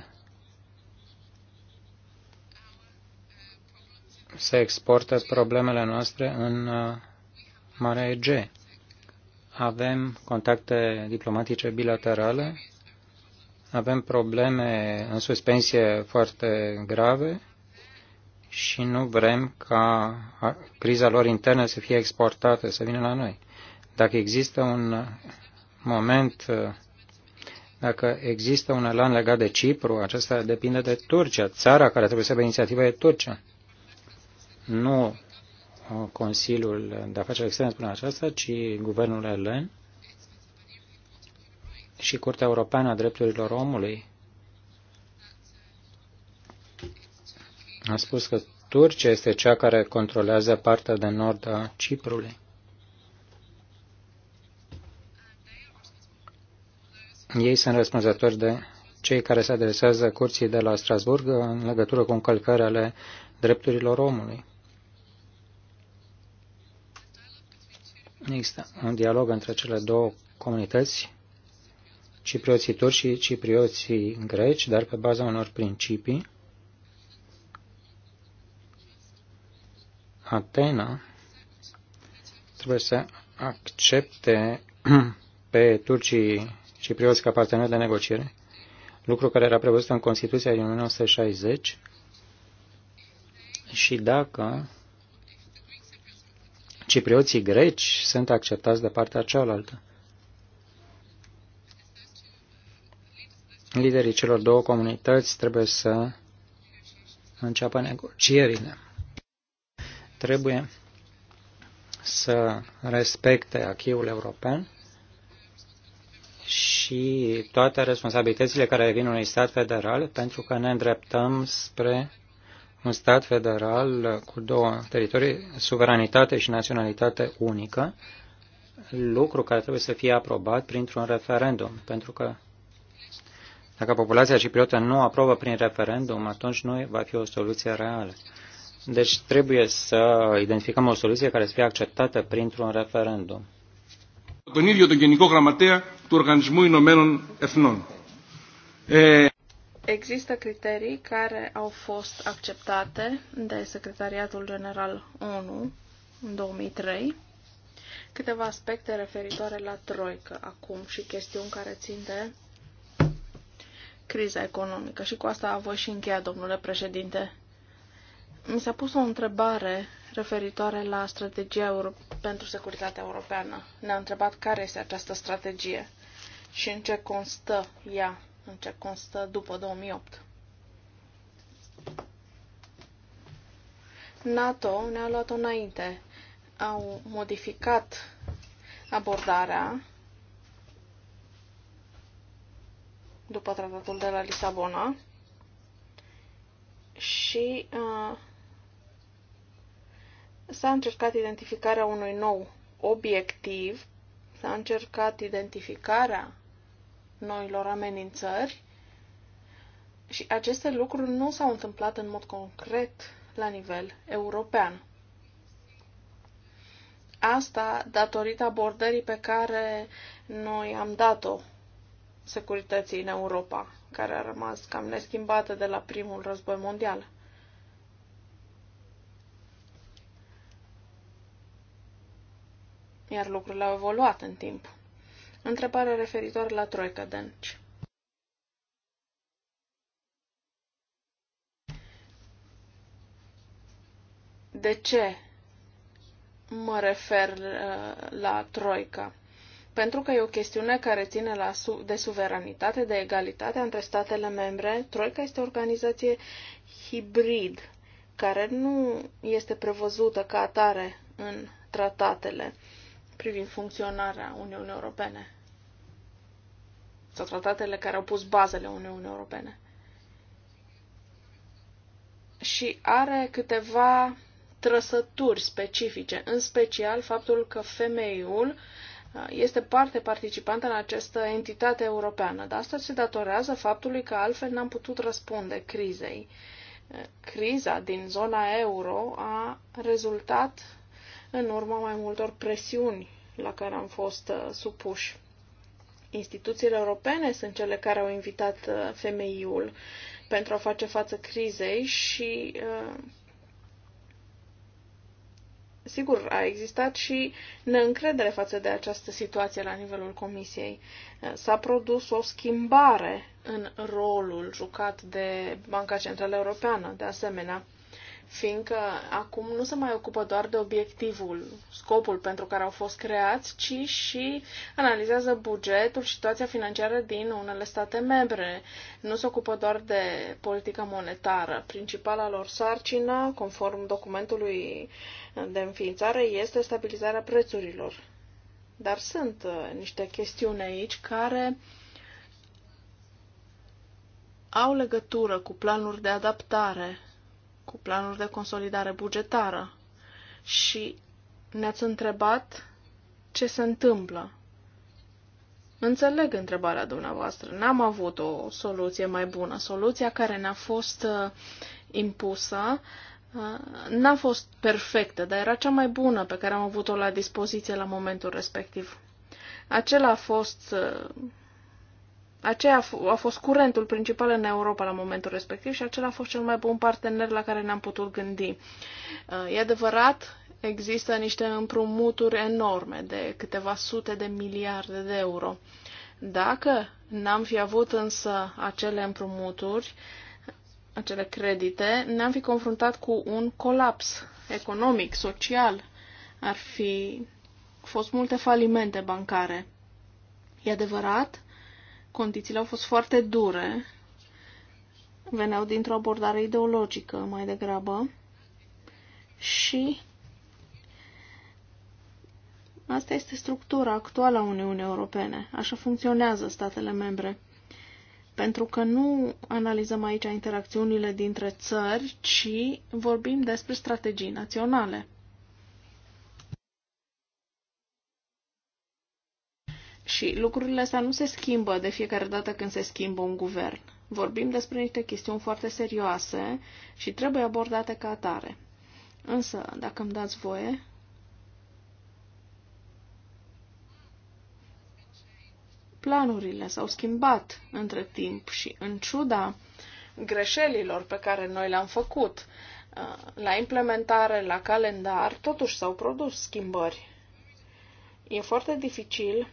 se exportă problemele noastre în uh, Marea Ege. Avem contacte diplomatice bilaterale, avem probleme în suspensie foarte grave și nu vrem ca criza lor internă să fie exportată, să vină la noi. Dacă există un moment, dacă există un elan legat de Cipru, acesta depinde de Turcia. Țara care trebuie să aibă inițiativa e Turcia. Nu uh, Consiliul de Afaceri Externe spune aceasta, ci Guvernul Elen și Curtea Europeană a Drepturilor Omului a spus că Turcia este cea care controlează partea de nord a Ciprului. Ei sunt răspunzători de cei care se adresează curții de la Strasburg în legătură cu încălcări ale drepturilor omului. Există un dialog între cele două comunități, ciprioții turci și ciprioții greci, dar pe baza unor principii Atena trebuie să accepte pe turcii ciprioți ca parteneri de negociere, lucru care era prevăzut în Constituția din 1960, și dacă ciprioții greci sunt acceptați de partea cealaltă. Liderii celor două comunități trebuie să înceapă negocierile trebuie să respecte achiul european și toate responsabilitățile care vin unui stat federal, pentru că ne îndreptăm spre un stat federal cu două teritorii, suveranitate și naționalitate unică, lucru care trebuie să fie aprobat printr-un referendum, pentru că dacă populația cipriotă nu aprobă prin referendum, atunci nu va fi o soluție reală. Deci trebuie să identificăm o soluție care să fie acceptată printr-un referendum. Τον ίδιο τον Γενικό Γραμματέα του Οργανισμού Ηνωμένων Εθνών. Există criterii care au fost acceptate de Secretariatul General ONU în 2003, câteva aspecte referitoare la troică acum și chestiuni care țin de criza economică. Și cu asta voi și încheia, domnule președinte. Mi s-a pus o întrebare referitoare la strategia Euro- pentru securitatea europeană. Ne-a întrebat care este această strategie și în ce constă ea, în ce constă după 2008. NATO ne-a luat înainte. Au modificat abordarea după tratatul de la Lisabona și uh, S-a încercat identificarea unui nou obiectiv, s-a încercat identificarea noilor amenințări și aceste lucruri nu s-au întâmplat în mod concret la nivel european. Asta datorită abordării pe care noi am dat-o securității în Europa, care a rămas cam neschimbată de la primul război mondial. iar lucrurile au evoluat în timp. Întrebare referitoare la Troica, deci. De ce mă refer uh, la Troica? Pentru că e o chestiune care ține la su- de suveranitate, de egalitate între statele membre. Troica este o organizație hibrid, care nu este prevăzută ca atare în tratatele privind funcționarea Uniunii Europene sau tratatele care au pus bazele Uniunii Europene. Și are câteva trăsături specifice, în special faptul că femeiul uh, este parte participantă în această entitate europeană. Dar asta se datorează faptului că altfel n-am putut răspunde crizei. Uh, criza din zona euro a rezultat în urma mai multor presiuni la care am fost uh, supuși. Instituțiile europene sunt cele care au invitat uh, femeiul pentru a face față crizei și uh, sigur, a existat și neîncredere față de această situație la nivelul comisiei. S-a produs o schimbare în rolul jucat de Banca Centrală Europeană, de asemenea fiindcă acum nu se mai ocupă doar de obiectivul, scopul pentru care au fost creați, ci și analizează bugetul, situația financiară din unele state membre. Nu se ocupă doar de politică monetară. Principala lor sarcină, conform documentului de înființare, este stabilizarea prețurilor. Dar sunt uh, niște chestiuni aici care au legătură cu planuri de adaptare cu planuri de consolidare bugetară și ne-ați întrebat ce se întâmplă. Înțeleg întrebarea dumneavoastră. N-am avut o soluție mai bună. Soluția care ne-a fost uh, impusă uh, n-a fost perfectă, dar era cea mai bună pe care am avut-o la dispoziție la momentul respectiv. Acela a fost uh, aceea a fost curentul principal în Europa la momentul respectiv și acela a fost cel mai bun partener la care ne-am putut gândi. Uh, e adevărat, există niște împrumuturi enorme de câteva sute de miliarde de euro. Dacă n-am fi avut însă acele împrumuturi, acele credite, ne-am fi confruntat cu un colaps economic, social. Ar fi fost multe falimente bancare. E adevărat Condițiile au fost foarte dure, veneau dintr-o abordare ideologică mai degrabă și asta este structura actuală a Uniunii Europene. Așa funcționează statele membre. Pentru că nu analizăm aici interacțiunile dintre țări, ci vorbim despre strategii naționale. Și lucrurile astea nu se schimbă de fiecare dată când se schimbă un guvern. Vorbim despre niște chestiuni foarte serioase și trebuie abordate ca atare. Însă, dacă îmi dați voie, planurile s-au schimbat între timp și în ciuda greșelilor pe care noi le-am făcut uh, la implementare, la calendar, totuși s-au produs schimbări. E foarte dificil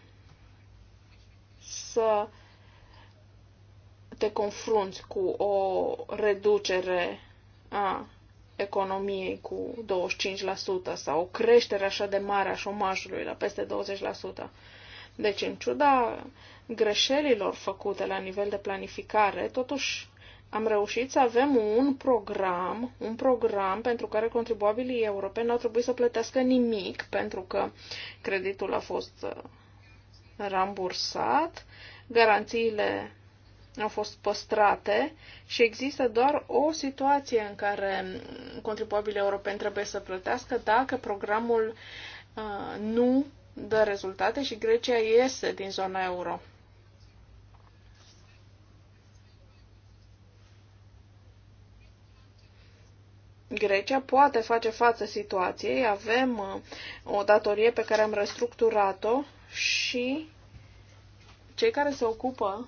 să te confrunți cu o reducere a economiei cu 25% sau o creștere așa de mare a șomajului la peste 20%. Deci, în ciuda greșelilor făcute la nivel de planificare, totuși am reușit să avem un program, un program pentru care contribuabilii europeni nu au trebuit să plătească nimic, pentru că creditul a fost uh, rambursat, garanțiile au fost păstrate și există doar o situație în care contribuabilii europeni trebuie să plătească dacă programul uh, nu dă rezultate și Grecia iese din zona euro. Grecia poate face față situației, avem uh, o datorie pe care am restructurat-o și cei care se ocupă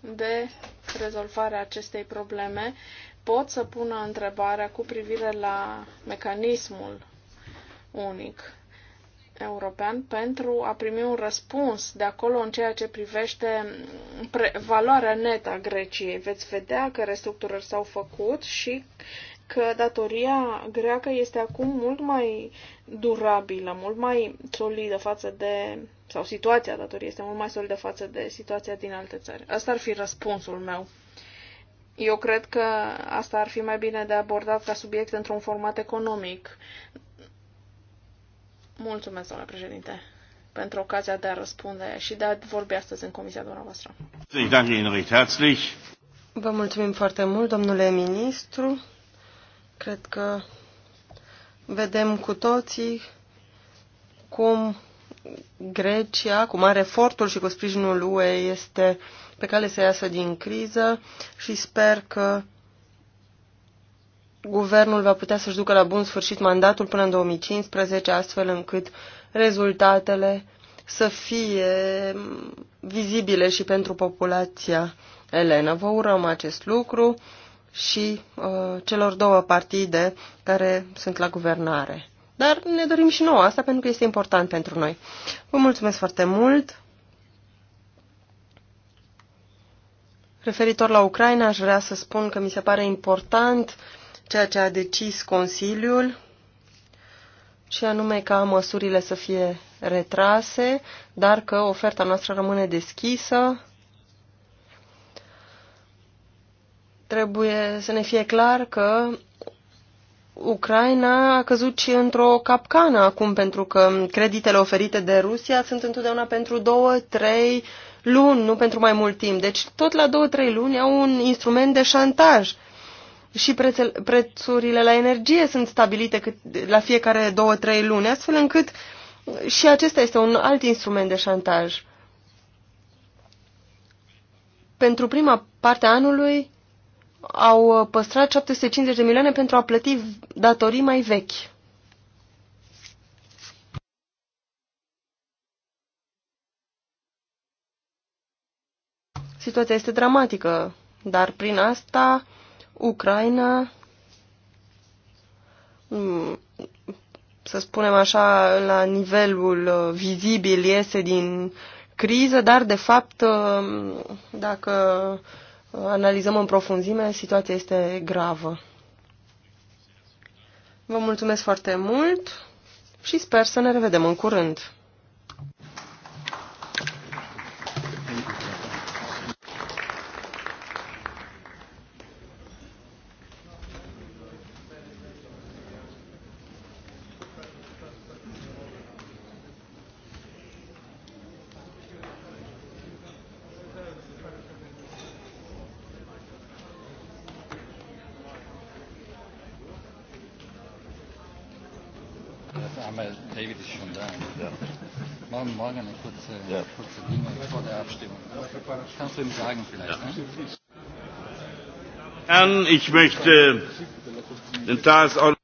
de rezolvarea acestei probleme pot să pună întrebarea cu privire la mecanismul unic european pentru a primi un răspuns de acolo în ceea ce privește valoarea netă a Greciei. Veți vedea că restructurări s-au făcut și că datoria greacă este acum mult mai durabilă, mult mai solidă față de sau situația datoriei este mult mai solidă față de situația din alte țări. Asta ar fi răspunsul meu. Eu cred că asta ar fi mai bine de abordat ca subiect într-un format economic. Mulțumesc, doamna președinte, pentru ocazia de a răspunde și de a vorbi astăzi în comisia dumneavoastră. Vă mulțumim foarte mult, domnule ministru. Cred că vedem cu toții cum Grecia, cu mare efortul și cu sprijinul UE, este pe cale să iasă din criză și sper că guvernul va putea să-și ducă la bun sfârșit mandatul până în 2015, astfel încât rezultatele să fie vizibile și pentru populația elenă. Vă urăm acest lucru și uh, celor două partide care sunt la guvernare. Dar ne dorim și nouă asta pentru că este important pentru noi. Vă mulțumesc foarte mult! Referitor la Ucraina, aș vrea să spun că mi se pare important ceea ce a decis Consiliul, și anume ca măsurile să fie retrase, dar că oferta noastră rămâne deschisă. Trebuie să ne fie clar că Ucraina a căzut și într-o capcană acum, pentru că creditele oferite de Rusia sunt întotdeauna pentru două, trei luni, nu pentru mai mult timp. Deci tot la două, trei luni au un instrument de șantaj. Și prețurile la energie sunt stabilite cât, la fiecare două, trei luni, astfel încât și acesta este un alt instrument de șantaj. Pentru prima parte a anului, au uh, păstrat 750 de milioane pentru a plăti datorii mai vechi. Situația este dramatică, dar prin asta Ucraina, mm, să spunem așa, la nivelul uh, vizibil iese din criză, dar de fapt uh, dacă analizăm în profunzime, situația este gravă. Vă mulțumesc foarte mult și sper să ne revedem în curând. kurze, ja. kurze Dinge vor der Abstimmung. Kannst du ihm sagen vielleicht? Ja. Ne? Ich möchte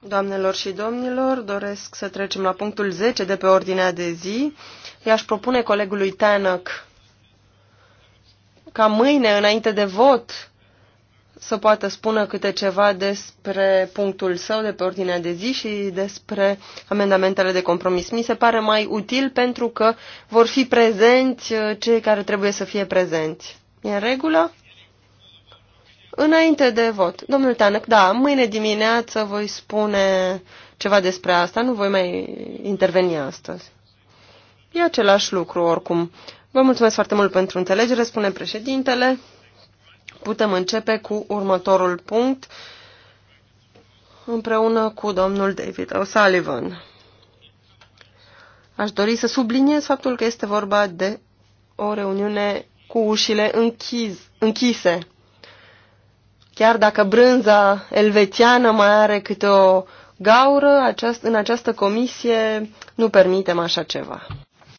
Doamnelor și domnilor, doresc să trecem la punctul 10 de pe ordinea de zi. I-aș propune colegului Tanăc ca mâine, înainte de vot, să poată spune câte ceva despre punctul său de pe ordinea de zi și despre amendamentele de compromis. Mi se pare mai util pentru că vor fi prezenți uh, cei care trebuie să fie prezenți. E în regulă? Înainte de vot. Domnul Tanăc, da, mâine dimineață voi spune ceva despre asta, nu voi mai interveni astăzi. E același lucru oricum. Vă mulțumesc foarte mult pentru înțelegere, spune președintele putem începe cu următorul punct împreună cu domnul David O'Sullivan. Aș dori să subliniez faptul că este vorba de o reuniune cu ușile închis, închise. Chiar dacă brânza elvețiană mai are câte o gaură, aceast, în această comisie nu permitem așa ceva.